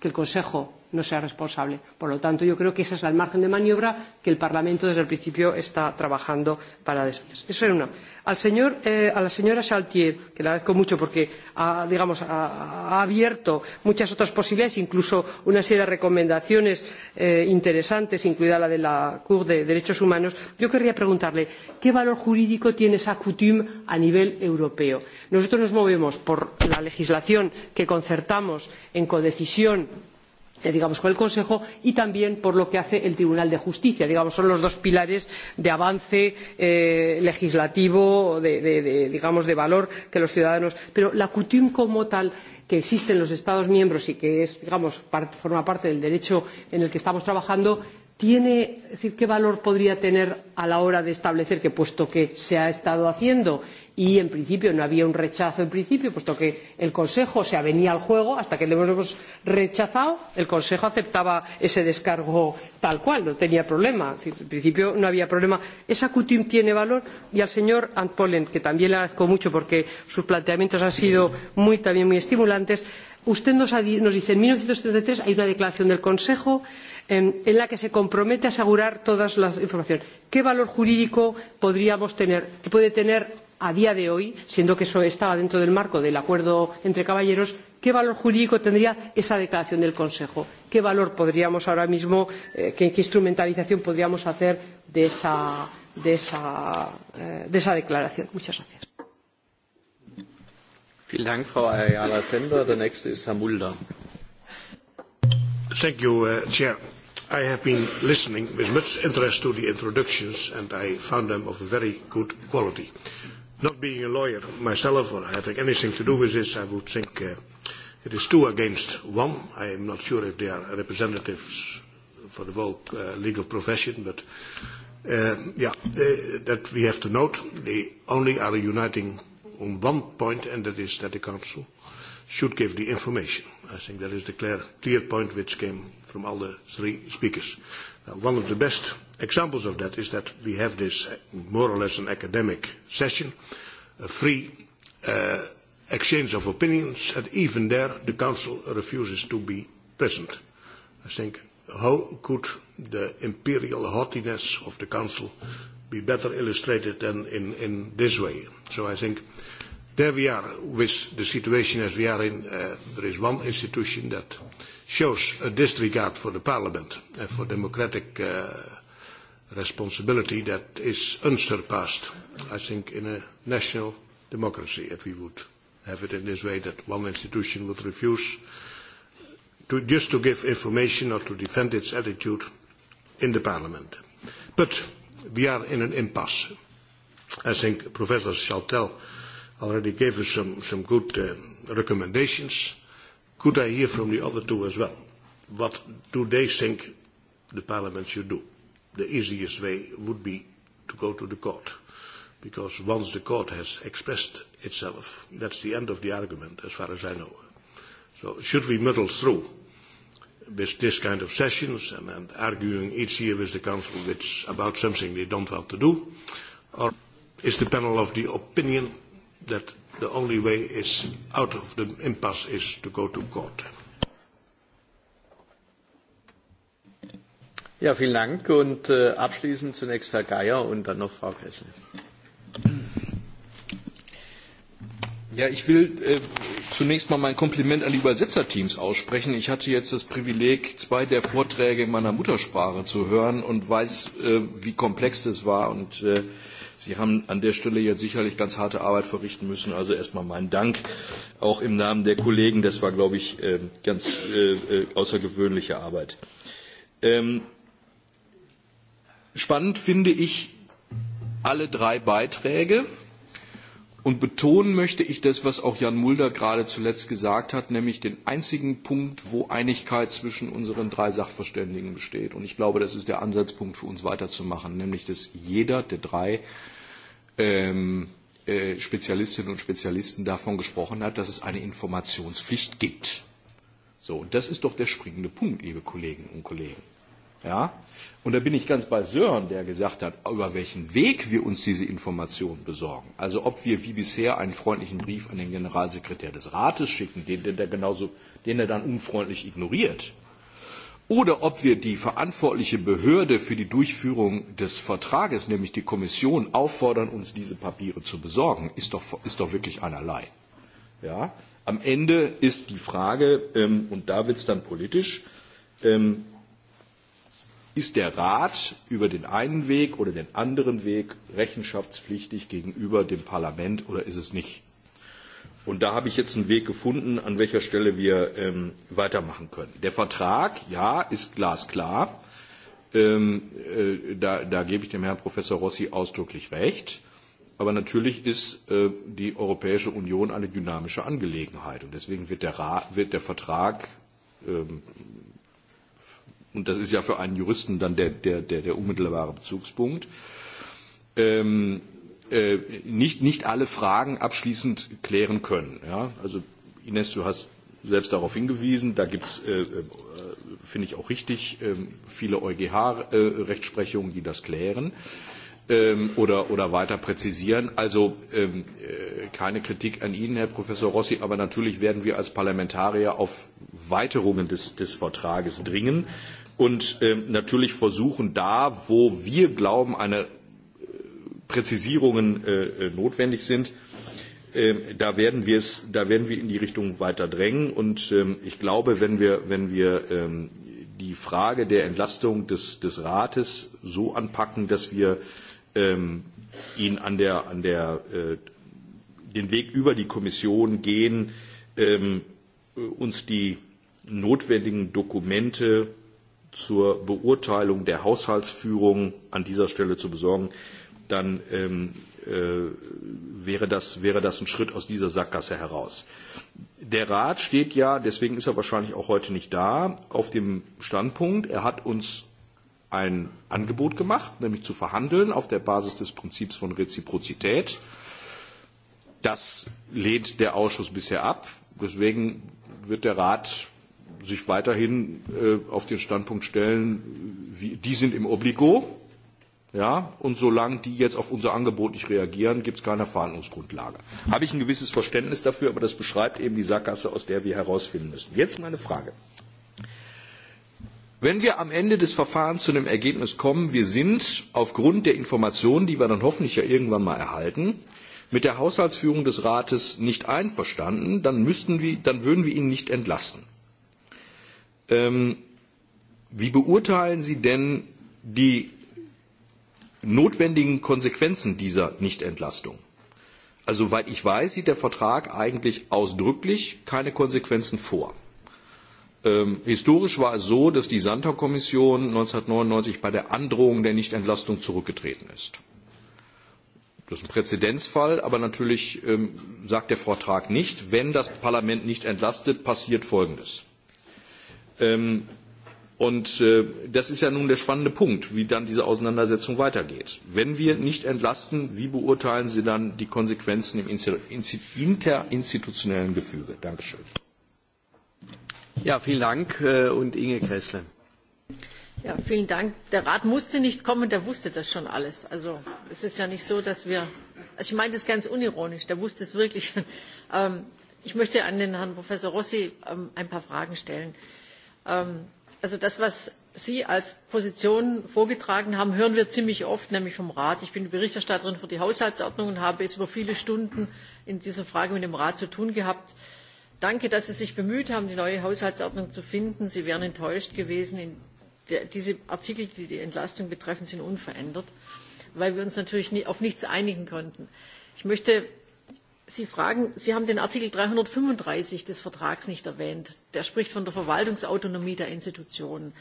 Speaker 6: que el Consejo no sea responsable. Por lo tanto, yo creo que ese es el margen de maniobra que el Parlamento desde el principio está trabajando para después. Eso era una. Al señor, eh, a la señora Chaltier, que le agradezco mucho porque ha, digamos, ha, ha abierto muchas otras posibilidades, incluso una serie de recomendaciones eh, interesantes, incluida la de la Cour de Derechos Humanos, yo querría preguntarle qué valor jurídico tiene esa CUTIM a nivel europeo. Nosotros nos movemos por la legislación que concertamos en codecisión Eh, digamos, con el Consejo y también por lo que hace el Tribunal de Justicia. Digamos, son los dos pilares de avance eh, legislativo, de, de, de, digamos, de valor que los ciudadanos. Pero la CUTIM como tal que existe en los Estados miembros y que es, digamos, part, forma parte del derecho en el que estamos trabajando, tiene, es decir, qué valor podría tener a la hora de establecer que, puesto que se ha estado haciendo y en principio no había un rechazo en principio, puesto que el Consejo se avenía al juego hasta que lo hemos rechazado, el Consejo aceptaba ese descargo tal cual, no tenía problema, es decir, en principio no había problema. Esa cutim tiene valor y al señor Antpolen, que también le agradezco mucho porque sus planteamientos han sido muy, también muy estimulantes, usted nos, ha, nos dice en 1973 hay una declaración del Consejo en, en la que se compromete a asegurar toda la información. ¿Qué valor jurídico podríamos tener, que puede tener a día de hoy, siendo que eso estaba dentro del marco del acuerdo entre caballeros, qué valor jurídico tendría esa declaración del Consejo? ¿Qué valor podríamos ahora mismo, eh, qué, qué instrumentalización podríamos hacer de esa, de esa, eh, de esa declaración? Muchas gracias.
Speaker 1: Vielen Dank, Frau Ayala Sender. Der nächste ist Herr Mulder. Thank you, uh, Chair. I have been listening with
Speaker 12: much interest to the introductions and I found them of a very good quality. Not being a lawyer myself or having anything to do with this, I would think uh, it is two against one. I am not sure if they are representatives for the whole uh, legal profession, but uh, yeah, uh, that we have to note. They only are uniting on one point, and that is that the Council should give the information. I think that is the clear, clear point which came from all the three speakers. Now, one of the best examples of that is that we have this uh, more or less an academic session, a free uh, exchange of opinions, and even there the Council refuses to be present. I think how could the imperial haughtiness of the Council be better illustrated than in, in this way? So I think there we are with the situation as we are in. Uh, there is one institution that uh, shows a disregard for the parliament and for democratic uh, responsibility that is unsurpassed, I think, in a national democracy, if we would have it in this way that one institution would refuse to, just to give information or to defend its attitude in the parliament. But we are in an impasse. I think Professor Chaltel already gave us some, some good uh, recommendations Could I hear from the other two as well? What do they think the parliament should do? The easiest way would be to go to the court, because once the court has expressed itself, that's the end of the argument, as far as I know. So should we muddle through with this kind of sessions and, and arguing each year with the council which about something they don't want to do, or is the panel of the opinion that the only way is out of the impasse is to go to court.
Speaker 1: Ja, vielen Dank. Und äh, abschließend zunächst Herr Geier und dann noch Frau Kessel.
Speaker 5: Ja, ich will äh, zunächst mal mein Kompliment an die Übersetzerteams aussprechen. Ich hatte jetzt das Privileg, zwei der Vorträge in meiner Muttersprache zu hören und weiß, äh, wie komplex das war und äh, Sie haben an der Stelle jetzt sicherlich ganz harte Arbeit verrichten müssen. Also erstmal meinen Dank, auch im Namen der Kollegen. Das war, glaube ich, äh, ganz äh, äh, außergewöhnliche Arbeit. Ähm, spannend finde ich alle drei Beiträge. Und betonen möchte ich das, was auch Jan Mulder gerade zuletzt gesagt hat, nämlich den einzigen Punkt, wo Einigkeit zwischen unseren drei Sachverständigen besteht. Und ich glaube, das ist der Ansatzpunkt für uns weiterzumachen, nämlich dass jeder der drei ähm, äh, Spezialistinnen und Spezialisten davon gesprochen hat, dass es eine Informationspflicht gibt. So, und das ist doch der springende Punkt, liebe Kolleginnen und Kollegen. Ja? Und da bin ich ganz bei Sören, der gesagt hat, über welchen Weg wir uns diese Informationen besorgen. Also ob wir wie bisher einen freundlichen Brief an den Generalsekretär des Rates schicken, den, den, der genauso, den er dann unfreundlich ignoriert oder ob wir die verantwortliche Behörde für die Durchführung des Vertrages, nämlich die Kommission, auffordern, uns diese Papiere zu besorgen, ist doch, ist doch wirklich einerlei. Ja? Am Ende ist die Frage, ähm, und da wird es dann politisch, ähm, ist der Rat über den einen Weg oder den anderen Weg rechenschaftspflichtig gegenüber dem Parlament oder ist es nicht? Und da habe ich jetzt einen Weg gefunden, an welcher Stelle wir ähm, weitermachen können. Der Vertrag, ja, ist glasklar. Ähm, äh, da, da gebe ich dem Herrn Professor Rossi ausdrücklich recht. Aber natürlich ist äh, die Europäische Union eine dynamische Angelegenheit. Und deswegen wird der, Ra wird der Vertrag, ähm, und das ist ja für einen Juristen dann der, der, der, der unmittelbare Bezugspunkt, ähm, äh, nicht, nicht alle Fragen abschließend klären können. Ja? Also Ines, du hast selbst darauf hingewiesen, da gibt es, äh, äh, finde ich auch richtig, ähm, e äh, viele EuGH-Rechtsprechungen, äh, die das klären ähm, oder, oder weiter präzisieren. Also ähm, äh, keine Kritik an Ihnen, Herr Professor Rossi, aber natürlich werden wir als Parlamentarier auf Weiterungen des, des Vertrages dringen und ähm, natürlich versuchen, da, wo wir glauben, eine Präzisierungen äh, äh, notwendig sind. Äh, da werden wir es, da werden wir in die Richtung weiter drängen. Und ähm, ich glaube, wenn wir, wenn wir ähm, die Frage der Entlastung des, des Rates so anpacken, dass wir ähm, ihn an der, an der, äh, den Weg über die Kommission gehen, ähm, uns die notwendigen Dokumente zur Beurteilung der Haushaltsführung an dieser Stelle zu besorgen, dann ähm, äh, wäre, das, wäre das ein Schritt aus dieser Sackgasse heraus. Der Rat steht ja, deswegen ist er wahrscheinlich auch heute nicht da, auf dem Standpunkt, er hat uns ein Angebot gemacht, nämlich zu verhandeln auf der Basis des Prinzips von Reziprozität. Das lehnt der Ausschuss bisher ab. Deswegen wird der Rat sich weiterhin äh, auf den Standpunkt stellen, wie, die sind im Obligo, Ja, und solange die jetzt auf unser Angebot nicht reagieren, gibt es keine Verhandlungsgrundlage. Habe ich ein gewisses Verständnis dafür, aber das beschreibt eben die Sackgasse, aus der wir herausfinden müssen. Jetzt meine Frage. Wenn wir am Ende des Verfahrens zu dem Ergebnis kommen, wir sind aufgrund der Informationen, die wir dann hoffentlich ja irgendwann mal erhalten, mit der Haushaltsführung des Rates nicht einverstanden, dann, müssten wir, dann würden wir ihn nicht entlassen. Ähm, wie beurteilen Sie denn die notwendigen Konsequenzen dieser Nichtentlastung. Also, soweit ich weiß, sieht der Vertrag eigentlich ausdrücklich keine Konsequenzen vor. Ähm, historisch war es so, dass die Santer-Kommission 1999 bei der Androhung der Nichtentlastung zurückgetreten ist. Das ist ein Präzedenzfall, aber natürlich ähm, sagt der Vertrag nicht, wenn das Parlament nicht entlastet, passiert Folgendes. Ähm, Und äh, das ist ja nun der spannende Punkt, wie dann diese Auseinandersetzung weitergeht. Wenn wir nicht entlasten, wie beurteilen Sie dann die Konsequenzen
Speaker 1: im interinstitutionellen Gefüge? Dankeschön. Ja, vielen Dank äh, und Inge Kressle.
Speaker 3: Ja, vielen Dank. Der Rat musste nicht kommen, der wusste das schon alles. Also es ist ja nicht so, dass wir, also ich meine das ganz unironisch, der wusste es wirklich. ähm, ich möchte an den Herrn Professor Rossi ähm, ein paar Fragen stellen. Ähm, also das, was Sie als Position vorgetragen haben, hören wir ziemlich oft, nämlich vom Rat. Ich bin Berichterstatterin für die Haushaltsordnung und habe es über viele Stunden in dieser Frage mit dem Rat zu tun gehabt. Danke, dass Sie sich bemüht haben, die neue Haushaltsordnung zu finden. Sie wären enttäuscht gewesen. In der, diese Artikel, die die Entlastung betreffen, sind unverändert, weil wir uns natürlich nie, auf nichts einigen konnten. Ich möchte Sie fragen, Sie haben den Artikel 335 des Vertrags nicht erwähnt. Der spricht von der Verwaltungsautonomie der Institutionen.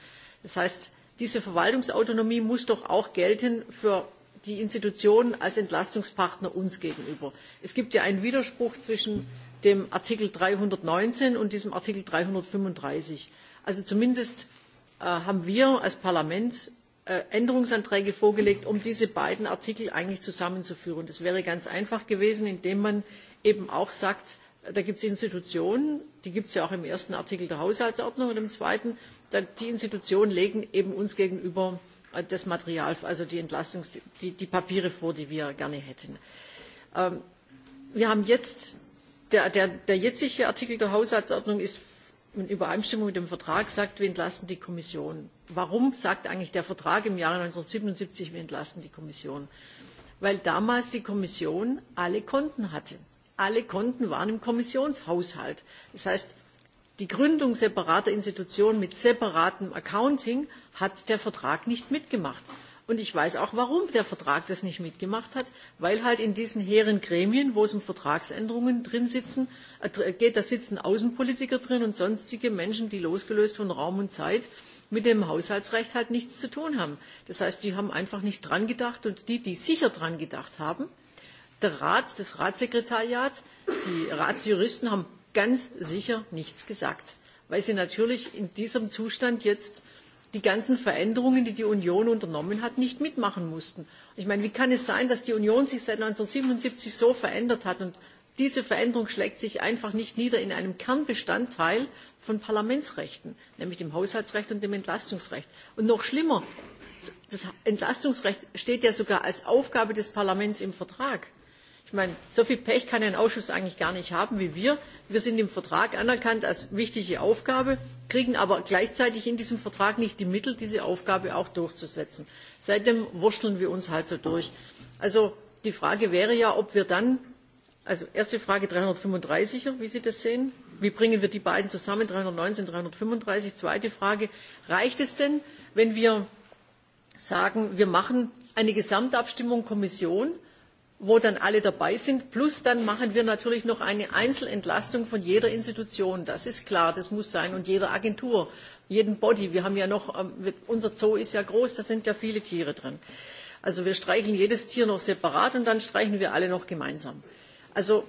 Speaker 3: Das heißt, diese Verwaltungsautonomie muss doch auch gelten für die Institutionen als Entlastungspartner uns gegenüber. Es gibt ja einen Widerspruch zwischen dem Artikel 319 und diesem Artikel 335. Also zumindest äh, haben wir als Parlament Äh, Änderungsanträge vorgelegt, um diese beiden Artikel eigentlich zusammenzuführen. Das wäre ganz einfach gewesen, indem man eben auch sagt, da gibt es Institutionen, die gibt es ja auch im ersten Artikel der Haushaltsordnung und im zweiten, die Institutionen legen eben uns gegenüber äh, das Material, also die Entlastungs, die, die Papiere vor, die wir gerne hätten. Ähm, wir haben jetzt, der, der, der jetzige Artikel der Haushaltsordnung ist in Übereinstimmung mit dem Vertrag, sagt, wir entlasten die Kommission warum sagt eigentlich der Vertrag im Jahre 1977, wir entlassen die Kommission? Weil damals die Kommission alle Konten hatte. Alle Konten waren im Kommissionshaushalt. Das heißt, die Gründung separater Institutionen mit separatem Accounting hat der Vertrag nicht mitgemacht. Und ich weiß auch, warum der Vertrag das nicht mitgemacht hat, weil halt in diesen hehren Gremien, wo es um Vertragsänderungen drin sitzen, äh, geht, da sitzen Außenpolitiker drin und sonstige Menschen, die losgelöst von Raum und Zeit äh, mit dem Haushaltsrecht halt nichts zu tun haben. Das heißt, die haben einfach nicht dran gedacht und die, die sicher dran gedacht haben, der Rat, das Ratssekretariat, die Ratsjuristen haben ganz sicher nichts gesagt, weil sie natürlich in diesem Zustand jetzt die ganzen Veränderungen, die die Union unternommen hat, nicht mitmachen mussten. Ich meine, wie kann es sein, dass die Union sich seit 1977 so verändert hat und diese veränderung schlägt sich einfach nicht nieder in einem kernbestandteil von parlamentsrechten nämlich dem haushaltsrecht und dem entlastungsrecht. und noch schlimmer das entlastungsrecht steht ja sogar als aufgabe des parlaments im vertrag. ich meine so viel pech kann ein ausschuss eigentlich gar nicht haben wie wir. wir sind im vertrag anerkannt als wichtige aufgabe kriegen aber gleichzeitig in diesem vertrag nicht die mittel diese aufgabe auch durchzusetzen. seitdem wursteln wir uns halt so durch. also die frage wäre ja ob wir dann Also erste Frage 335er, wie Sie das sehen. Wie bringen wir die beiden zusammen, 319, 335? Zweite Frage, reicht es denn, wenn wir sagen, wir machen eine Gesamtabstimmung Kommission, wo dann alle dabei sind, plus dann machen wir natürlich noch eine Einzelentlastung von jeder Institution. Das ist klar, das muss sein. Und jeder Agentur, jeden Body. Wir haben ja noch, ähm, unser Zoo ist ja groß, da sind ja viele Tiere drin. Also wir streichen jedes Tier noch separat und dann streichen wir alle noch gemeinsam. Äh, Also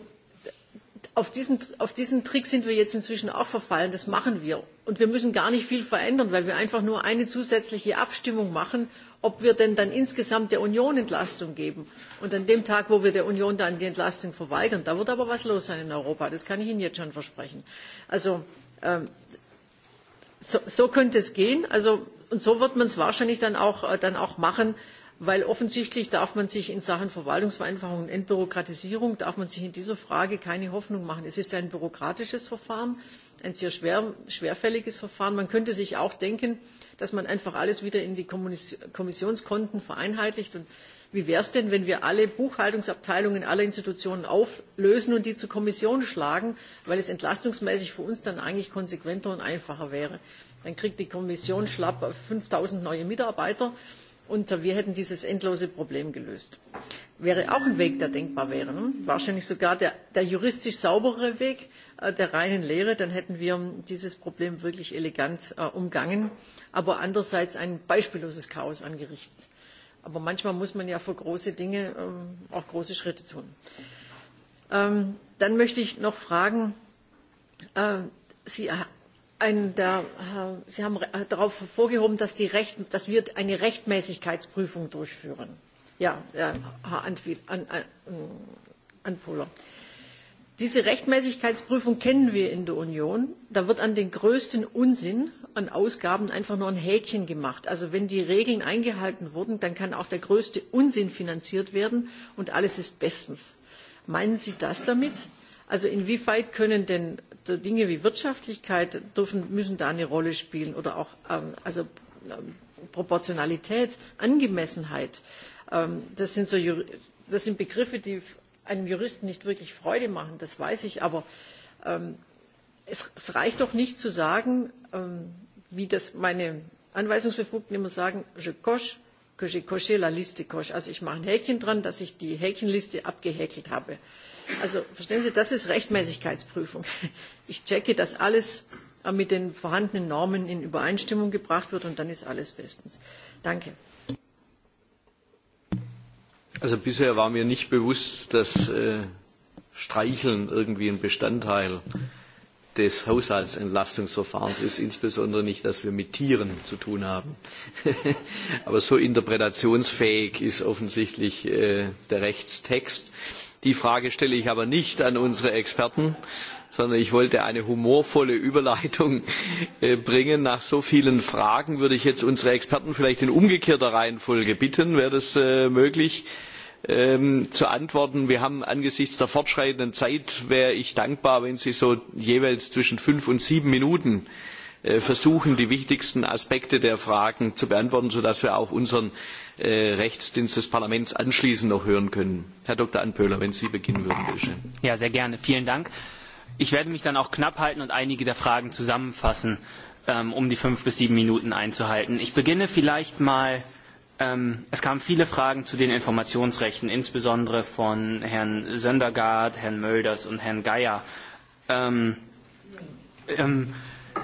Speaker 3: auf diesen, auf diesen Trick sind wir jetzt inzwischen auch verfallen. Das machen wir. Und wir müssen gar nicht viel verändern, weil wir einfach nur eine zusätzliche Abstimmung machen, ob wir denn dann insgesamt der Union Entlastung geben. Und an dem Tag, wo wir der Union dann die Entlastung verweigern, da wird aber was los sein in Europa. Das kann ich Ihnen jetzt schon versprechen. Also ähm, so, so könnte es gehen. Also, und so wird man es wahrscheinlich dann auch, äh, dann auch machen. Äh, weil offensichtlich darf man sich in Sachen Verwaltungsvereinfachung und Entbürokratisierung darf man sich in dieser Frage keine Hoffnung machen. Es ist ein bürokratisches Verfahren, ein sehr schwer, schwerfälliges Verfahren. Man könnte sich auch denken, dass man einfach alles wieder in die Kommissionskonten vereinheitlicht. Und wie wäre es denn, wenn wir alle Buchhaltungsabteilungen aller Institutionen auflösen und die zur Kommission schlagen, weil es entlastungsmäßig für uns dann eigentlich konsequenter und einfacher wäre? Dann kriegt die Kommission schlapp 5000 neue Mitarbeiter. Äh, unter wir hätten dieses endlose Problem gelöst. Wäre auch ein Weg, der denkbar wäre. Ne? Wahrscheinlich sogar der, der juristisch saubere Weg äh, der reinen Lehre. Dann hätten wir ähm, dieses Problem wirklich elegant äh, umgangen, aber andererseits ein beispielloses Chaos angerichtet. Aber manchmal muss man ja für große Dinge ähm, auch große Schritte tun. Ähm, dann möchte ich noch fragen, äh, Sie äh, ein, da, äh, Sie haben äh, darauf hervorgehoben, dass, die Recht, dass wir eine Rechtmäßigkeitsprüfung durchführen. Ja, ja äh, Herr Antwil, an, an, Anpoler. Diese Rechtmäßigkeitsprüfung kennen wir in der Union. Da wird an den größten Unsinn an Ausgaben einfach nur ein Häkchen gemacht. Also wenn die Regeln eingehalten wurden, dann kann auch der größte Unsinn finanziert werden und alles ist bestens. Meinen Sie das damit? Also inwieweit können denn Äh, Dinge wie Wirtschaftlichkeit dürfen, müssen da eine Rolle spielen oder auch ähm, also, ähm, Proportionalität, Angemessenheit. Ähm, das, sind so, das sind Begriffe, die einem Juristen nicht wirklich Freude machen, das weiß ich, aber ähm, es, es reicht doch nicht zu sagen, ähm, wie das meine Anweisungsbefugten immer sagen, je coche, que j'ai coché la liste coche. Also ich mache ein Häkchen dran, dass ich die Häkchenliste abgehäkelt habe. Äh, Also verstehen Sie, das ist Rechtmäßigkeitsprüfung. Ich checke, dass alles mit den vorhandenen Normen in Übereinstimmung gebracht wird und dann ist alles bestens. Danke.
Speaker 1: Also bisher war mir nicht bewusst, dass äh, Streicheln irgendwie ein Bestandteil des Haushaltsentlastungsverfahrens ist, insbesondere nicht, dass wir mit Tieren zu tun haben. Aber so interpretationsfähig ist offensichtlich äh, der Rechtstext. Äh, Die Frage stelle ich aber nicht an unsere Experten, sondern ich wollte eine humorvolle Überleitung äh, bringen. Nach so vielen Fragen würde ich jetzt unsere Experten vielleicht in umgekehrter Reihenfolge bitten. Wäre das äh, möglich? Ähm, zu antworten. Wir haben angesichts der fortschreitenden Zeit wäre ich dankbar, wenn Sie so jeweils zwischen fünf und sieben Minuten äh, Äh, versuchen, die wichtigsten Aspekte der Fragen zu beantworten, sodass wir auch unseren äh, Rechtsdienst des Parlaments anschließend noch hören können. Herr Dr. Anpöhler, wenn Sie beginnen würden, bitte schön.
Speaker 9: Ja, sehr gerne. Vielen Dank. Ich werde mich dann auch knapp halten und einige der Fragen zusammenfassen, ähm, um die fünf bis sieben Minuten einzuhalten. Ich beginne vielleicht mal Ähm, es kamen viele Fragen zu den Informationsrechten, insbesondere von Herrn Söndergaard, Herrn Mölders und Herrn Geier. Ähm, ähm,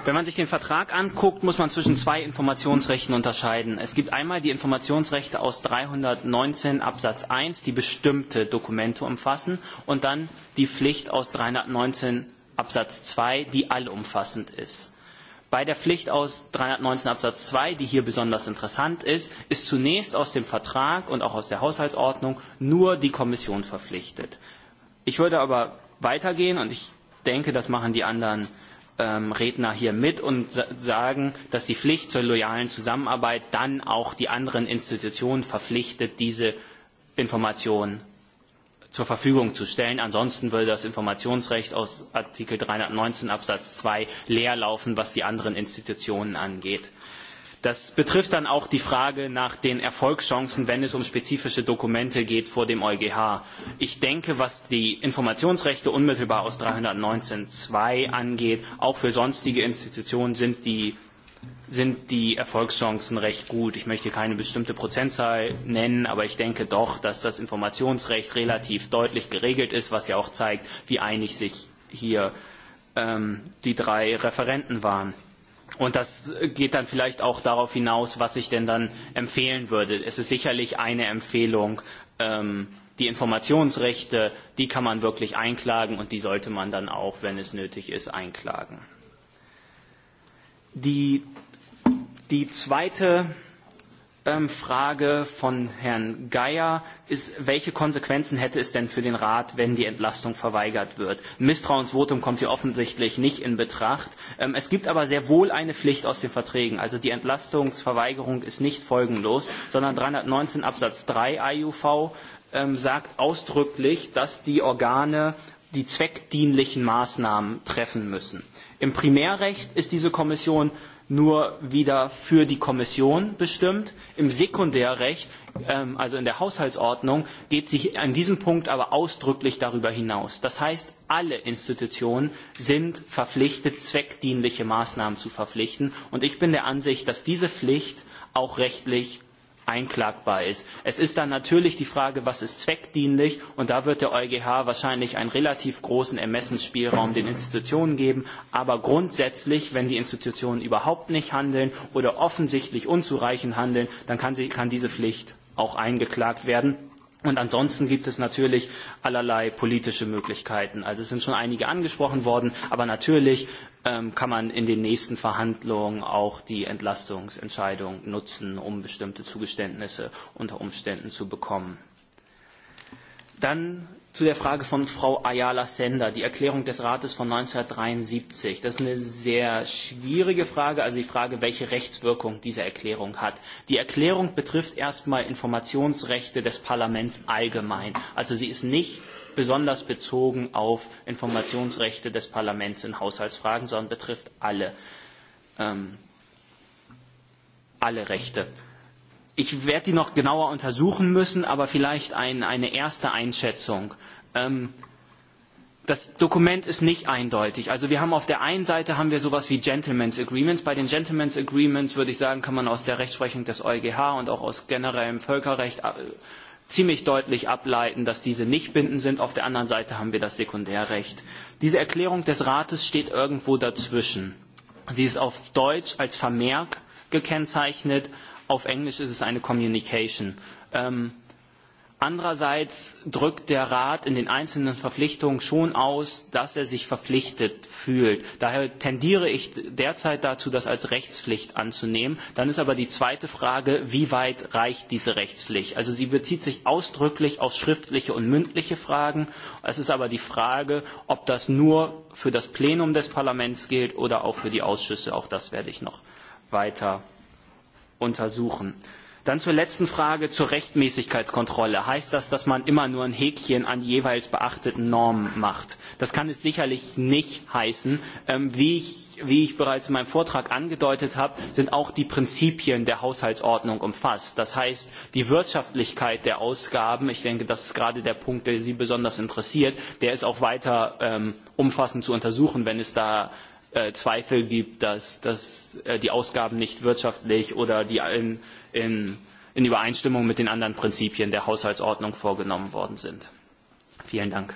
Speaker 9: Wenn man sich den Vertrag anguckt, muss man zwischen zwei Informationsrechten unterscheiden. Es gibt einmal die Informationsrechte aus 319 Absatz 1, die bestimmte Dokumente umfassen, und dann die Pflicht aus 319 Absatz 2, die allumfassend ist. Bei der Pflicht aus 319 Absatz 2, die hier besonders interessant ist, ist zunächst aus dem Vertrag und auch aus der Haushaltsordnung nur die Kommission verpflichtet. Ich würde aber weitergehen und ich denke, das machen die anderen äh, ähm, Redner hier mit und sa sagen, dass die Pflicht zur loyalen Zusammenarbeit dann auch die anderen Institutionen verpflichtet, diese Informationen zur Verfügung zu stellen. Ansonsten würde das Informationsrecht aus Artikel 319 Absatz 2 leer laufen, was die anderen Institutionen angeht. Das betrifft dann auch die Frage nach den Erfolgschancen, wenn es um spezifische Dokumente geht vor dem EuGH. Ich denke, was die Informationsrechte unmittelbar aus 319.2 angeht, auch für sonstige Institutionen sind die sind die Erfolgschancen recht gut. Ich möchte keine bestimmte Prozentzahl nennen, aber ich denke doch, dass das Informationsrecht relativ deutlich geregelt ist, was ja auch zeigt, wie einig sich hier ähm, die drei Referenten waren. Und das geht dann vielleicht auch darauf hinaus, was ich denn dann empfehlen würde. Es ist sicherlich eine Empfehlung, ähm, die Informationsrechte, die kann man wirklich einklagen und die sollte man dann auch, wenn es nötig ist, einklagen. Die, die zweite ähm, Frage von Herrn Geier ist, welche Konsequenzen hätte es denn für den Rat, wenn die Entlastung verweigert wird? Ein Misstrauensvotum kommt hier offensichtlich nicht in Betracht. Ähm, es gibt aber sehr wohl eine Pflicht aus den Verträgen. Also die Entlastungsverweigerung ist nicht folgenlos, sondern 319 Absatz 3 IUV ähm, sagt ausdrücklich, dass die Organe die zweckdienlichen Maßnahmen treffen müssen. Im Primärrecht ist diese Kommission nur wieder für die Kommission bestimmt. Im Sekundärrecht, ähm, also in der Haushaltsordnung, geht sich an diesem Punkt aber ausdrücklich darüber hinaus. Das heißt, alle Institutionen sind verpflichtet, zweckdienliche Maßnahmen zu verpflichten. Und ich bin der Ansicht, dass diese Pflicht auch rechtlich einklagbar ist. Es ist dann natürlich die Frage, was ist zweckdienlich und da wird der EuGH wahrscheinlich einen relativ großen Ermessensspielraum den Institutionen geben. Aber grundsätzlich, wenn die Institutionen überhaupt nicht handeln oder offensichtlich unzureichend handeln, dann kann, sie, kann diese Pflicht auch eingeklagt werden. Und ansonsten gibt es natürlich allerlei politische Möglichkeiten. Also es sind schon einige angesprochen worden, aber natürlich ähm, kann man in den nächsten Verhandlungen auch die Entlastungsentscheidung nutzen, um bestimmte Zugeständnisse unter Umständen zu bekommen. Dann zu der Frage von Frau Ayala Sender, die Erklärung des Rates von 1973. Das ist eine sehr schwierige Frage, also die Frage, welche Rechtswirkung diese Erklärung hat. Die Erklärung betrifft erstmal Informationsrechte des Parlaments allgemein. Also sie ist nicht besonders bezogen auf Informationsrechte des Parlaments in Haushaltsfragen, sondern betrifft alle, ähm, alle Rechte. Mhm ich werde die noch genauer untersuchen müssen, aber vielleicht ein, eine erste Einschätzung. Ähm, das Dokument ist nicht eindeutig. Also wir haben auf der einen Seite haben wir sowas wie Gentleman's Agreements. Bei den Gentleman's Agreements würde ich sagen, kann man aus der Rechtsprechung des EuGH und auch aus generellem Völkerrecht äh, ziemlich deutlich ableiten, dass diese nicht bindend sind. Auf der anderen Seite haben wir das Sekundärrecht. Diese Erklärung des Rates steht irgendwo dazwischen. Sie ist auf Deutsch als Vermerk gekennzeichnet Auf Englisch ist es eine Communication. Ähm, Andererseits drückt der Rat in den einzelnen Verpflichtungen schon aus, dass er sich verpflichtet fühlt. Daher tendiere ich derzeit dazu, das als Rechtspflicht anzunehmen. Dann ist aber die zweite Frage, wie weit reicht diese Rechtspflicht? Also sie bezieht sich ausdrücklich auf schriftliche und mündliche Fragen. Es ist aber die Frage, ob das nur für das Plenum des Parlaments gilt oder auch für die Ausschüsse. Auch das werde ich noch weiter untersuchen. Dann zur letzten Frage zur Rechtmäßigkeitskontrolle. Heißt das, dass man immer nur ein Häkchen an die jeweils beachteten Normen macht? Das kann es sicherlich nicht heißen. Ähm, wie ich wie ich bereits in meinem Vortrag angedeutet habe, sind auch die Prinzipien der Haushaltsordnung umfasst. Das heißt, die Wirtschaftlichkeit der Ausgaben, ich denke, das ist gerade der Punkt, der Sie besonders interessiert, der ist auch weiter ähm, umfassend zu untersuchen, wenn es da äh, Zweifel gibt, dass, dass äh, die Ausgaben nicht wirtschaftlich oder die in, in, in Übereinstimmung mit den anderen Prinzipien der Haushaltsordnung vorgenommen worden sind. Vielen Dank.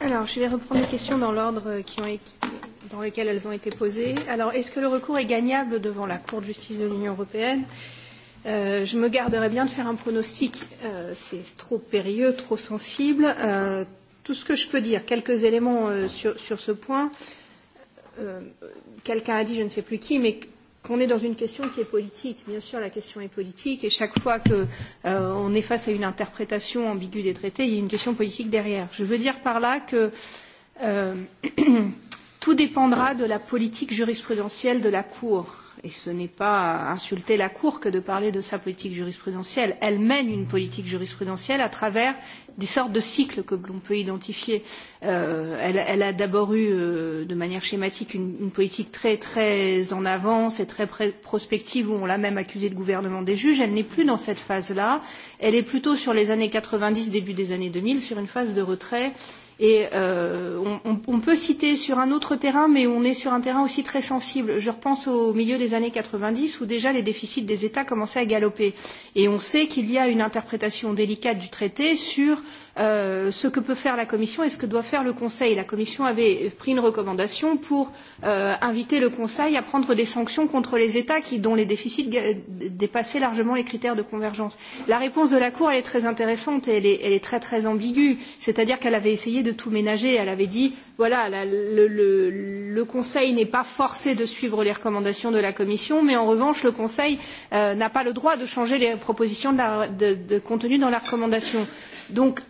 Speaker 8: Alors, je vais reprendre les questions dans l'ordre qui ont été, dans lequel elles ont été posées. Alors, est-ce que le recours est gagnable devant la Cour de justice de l'Union européenne euh, Euh, je me garderais bien de faire un pronostic. Euh, C'est trop périlleux, trop sensible. Euh, tout ce que je peux dire, quelques éléments euh, sur, sur ce point. Euh, Quelqu'un a dit, je ne sais plus qui, mais qu'on est dans une question qui est politique. Bien sûr, la question est politique, et chaque fois qu'on euh, est face à une interprétation ambiguë des traités, il y a une question politique derrière. Je veux dire par là que euh, tout dépendra de la politique jurisprudentielle de la Cour. Euh, et ce n'est pas insulter la Cour que de parler de sa politique jurisprudentielle. Elle mène une politique jurisprudentielle à travers des sortes de cycles que l'on peut identifier. Euh, elle, elle a d'abord eu, euh, de manière schématique, une, une politique très très en avance et très prospective où on l'a même accusée de gouvernement des juges. Elle n'est plus dans cette phase-là. Elle est plutôt sur les années 90, début des années 2000, sur une phase de retrait euh, Et euh, on, on peut citer sur un autre terrain, mais on est sur un terrain aussi très sensible. Je repense au milieu des années 90 où déjà les déficits des États commençaient à galoper. Et on sait qu'il y a une interprétation délicate du traité sur euh, euh, ce que peut faire la Commission et ce que doit faire le Conseil. La Commission avait pris une recommandation pour euh, inviter le Conseil à prendre des sanctions contre les États qui, dont les déficits dépassaient largement les critères de convergence. La réponse de la Cour, elle est très intéressante et elle est, elle est très très ambiguë. C'est-à-dire qu'elle avait essayé de tout ménager. Elle avait dit, voilà, la, le, le, le Conseil n'est pas forcé de suivre les recommandations de la Commission, mais en revanche, le Conseil euh, n'a pas le droit de changer les propositions de la, de, de contenu dans la recommandation. Donc,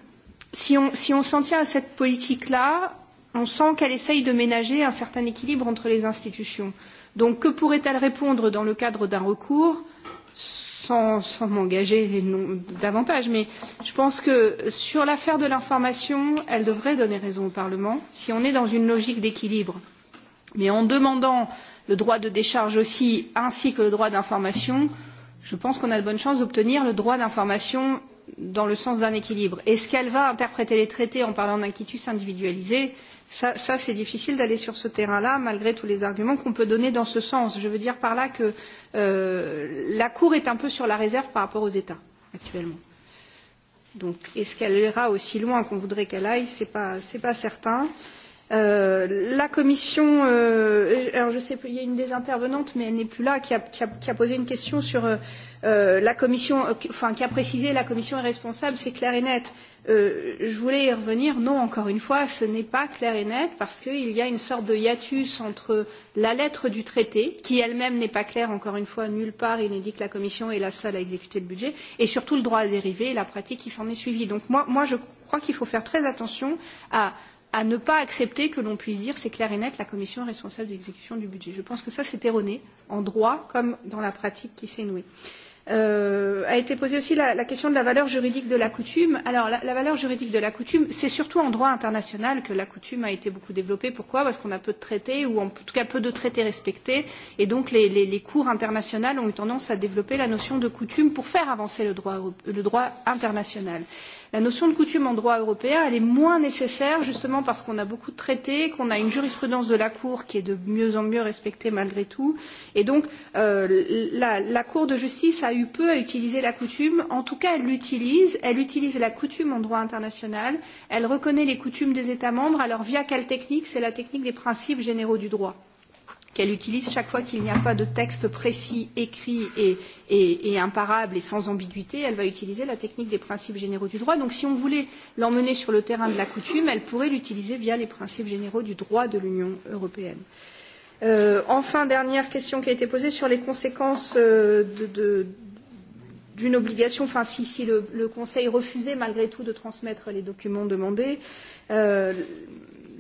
Speaker 8: si on si on s'en tient à cette politique là, on sent qu'elle essaye de ménager un certain équilibre entre les institutions. Donc que pourrait-elle répondre dans le cadre d'un recours sans, sans m'engager davantage, mais je pense que sur l'affaire de l'information, elle devrait donner raison au Parlement si on est dans une logique d'équilibre. Mais en demandant le droit de décharge aussi, ainsi que le droit d'information, je pense qu'on a de bonnes chances d'obtenir le droit d'information dans le sens d'un équilibre. Est-ce qu'elle va interpréter les traités en parlant d'un quitus individualisé ça, ça c'est difficile d'aller sur ce terrain-là, malgré tous les arguments qu'on peut donner dans ce sens. Je veux dire par là que euh, la Cour est un peu sur la réserve par rapport aux États, actuellement. Donc, est-ce qu'elle ira aussi loin qu'on voudrait qu'elle aille C'est pas, pas certain. Euh, Euh, la commission, euh, alors je sais plus, il y a une des intervenantes, mais elle n'est plus là, qui a, qui a, qui a posé une question sur euh, euh la commission, euh, enfin qui a précisé la commission est responsable, c'est clair et net. Euh, je voulais y revenir. Non, encore une fois, ce n'est pas clair et net parce qu'il y a une sorte de hiatus entre la lettre du traité, qui elle-même n'est pas claire, encore une fois, nulle part, il n'est dit que la Commission est la seule à exécuter le budget, et surtout le droit à dériver et la pratique qui s'en est suivie. Donc moi, moi je crois qu'il faut faire très attention à à ne pas accepter que l'on puisse dire c'est clair et net la commission est responsable de l'exécution du budget. Je pense que ça c'est erroné en droit comme dans la pratique qui s'est nouée. Euh, a été posée aussi la, la question de la valeur juridique de la coutume. Alors la, la valeur juridique de la coutume, c'est surtout en droit international que la coutume a été beaucoup développée. Pourquoi Parce qu'on a peu de traités ou en tout cas peu de traités respectés et donc les, les, les cours internationales ont eu tendance à développer la notion de coutume pour faire avancer le droit, le droit international. Euh, La notion de coutume en droit européen, elle est moins nécessaire justement parce qu'on a beaucoup de traités, qu'on a une jurisprudence de la Cour qui est de mieux en mieux respectée malgré tout. Et donc, euh, la, la Cour de justice a eu peu à utiliser la coutume. En tout cas, elle l'utilise. Elle utilise la coutume en droit international. Elle reconnaît les coutumes des États membres. Alors, via quelle technique C'est la technique des principes généraux du droit. Euh, qu'elle utilise chaque fois qu'il n'y a pas de texte précis, écrit et, et, et imparable et sans ambiguïté, elle va utiliser la technique des principes généraux du droit. Donc si on voulait l'emmener sur le terrain de la coutume, elle pourrait l'utiliser via les principes généraux du droit de l'Union européenne. Euh, enfin, dernière question qui a été posée sur les conséquences euh, de, de, d'une obligation, enfin si, si le, le Conseil refusait malgré tout de transmettre les documents demandés, euh,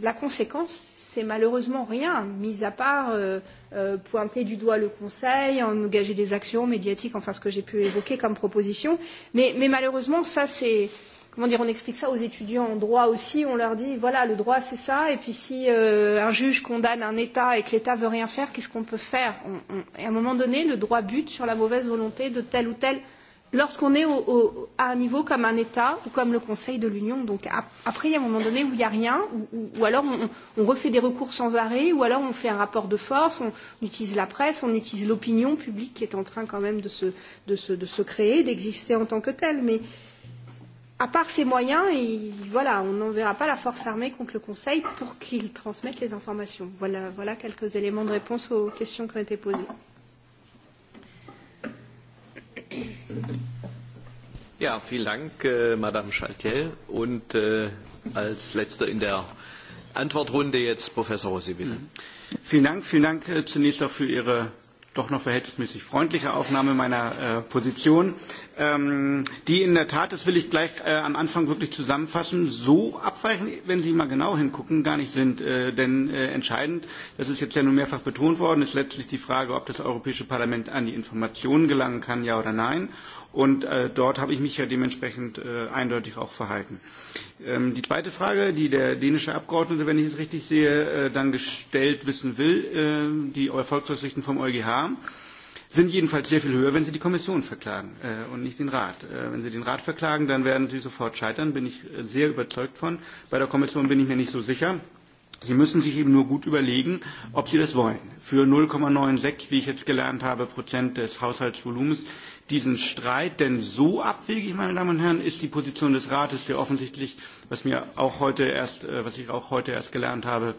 Speaker 8: la conséquence, c'est malheureusement rien, mis à part euh, euh, pointer du doigt le Conseil, engager des actions médiatiques, enfin ce que j'ai pu évoquer comme proposition. Mais, mais malheureusement, ça c'est comment dire, on explique ça aux étudiants en droit aussi, on leur dit voilà le droit c'est ça, et puis si euh, un juge condamne un État et que l'État veut rien faire, qu'est-ce qu'on peut faire on, on, Et à un moment donné, le droit bute sur la mauvaise volonté de tel ou tel lorsqu'on est au, au, à un niveau comme un État ou comme le Conseil de l'Union, donc ap, après, il y a un moment donné où il n'y a rien, ou, ou, ou alors on, on refait des recours sans arrêt, ou alors on fait un rapport de force, on, on utilise la presse, on utilise l'opinion publique qui est en train quand même de se, de se, de se créer, d'exister en tant que telle. Mais à part ces moyens, et, voilà, on n'enverra pas la force armée contre le Conseil pour qu'il transmette les informations. Voilà, voilà quelques éléments de réponse aux questions qui ont été posées.
Speaker 1: Ja, vielen Dank, äh, Madame Chaltiel. Und äh, als letzter in der Antwortrunde jetzt Professor Rossi, bitte. Vielen Dank, vielen Dank äh, zunächst auch für Ihre
Speaker 7: doch noch verhältnismäßig freundliche Aufnahme meiner äh, Position, ähm, die in der Tat, das will ich gleich äh, am Anfang wirklich zusammenfassen, so abweichend, wenn Sie mal genau hingucken, gar nicht sind. Äh, denn äh, entscheidend, das ist jetzt ja nun mehrfach betont worden, ist letztlich die Frage, ob das Europäische Parlament an die Informationen gelangen kann, ja oder nein. Und äh, dort habe ich mich ja dementsprechend äh, eindeutig auch verhalten. Ähm, die zweite Frage, die der dänische Abgeordnete, wenn ich es richtig sehe, äh, dann gestellt wissen will, äh, die Erfolgsaussichten vom EuGH, sind jedenfalls sehr viel höher, wenn Sie die Kommission verklagen äh, und nicht den Rat. Äh, wenn Sie den Rat verklagen, dann werden Sie sofort scheitern, bin ich äh, sehr überzeugt von. Bei der Kommission bin ich mir nicht so sicher. Sie müssen sich eben nur gut überlegen, ob Sie das wollen. Für 0,96, wie ich jetzt gelernt habe, Prozent des Haushaltsvolumens diesen Streit, denn so abwegig, meine Damen und Herren, ist die Position des Rates, der offensichtlich, was mir auch heute erst, äh, was ich auch heute erst gelernt habe,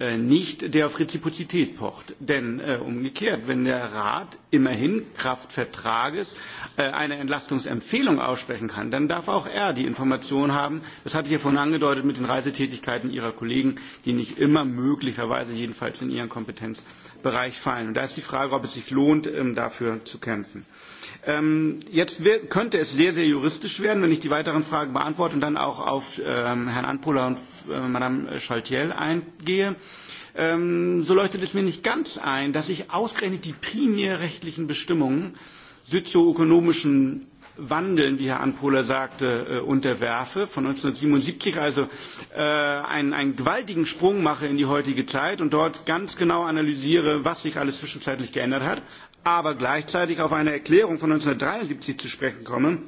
Speaker 7: äh, nicht der auf Reziprozität pocht. Denn äh, umgekehrt, wenn der Rat immerhin Kraft Vertrages äh, eine Entlastungsempfehlung aussprechen kann, dann darf auch er die Information haben, das hatte ich ja vorhin angedeutet mit den Reisetätigkeiten Ihrer Kollegen, die nicht immer möglicherweise jedenfalls in Ihren Kompetenzbereich fallen. Und da ist die Frage, ob es sich lohnt, ähm, dafür zu kämpfen. Äh, Ähm, jetzt wird, könnte es sehr, sehr juristisch werden, wenn ich die weiteren Fragen beantworte und dann auch auf ähm, Herrn Anpola und äh, Madame Schaltiel eingehe. Ähm, so leuchtet es mir nicht ganz ein, dass ich ausgerechnet die primärrechtlichen Bestimmungen sozioökonomischen Wandeln, wie Herr Anpohler sagte, äh, unterwerfe, von 1977 also äh, einen, einen gewaltigen Sprung mache in die heutige Zeit und dort ganz genau analysiere, was sich alles zwischenzeitlich geändert hat, aber gleichzeitig auf eine Erklärung von 1973 zu sprechen komme,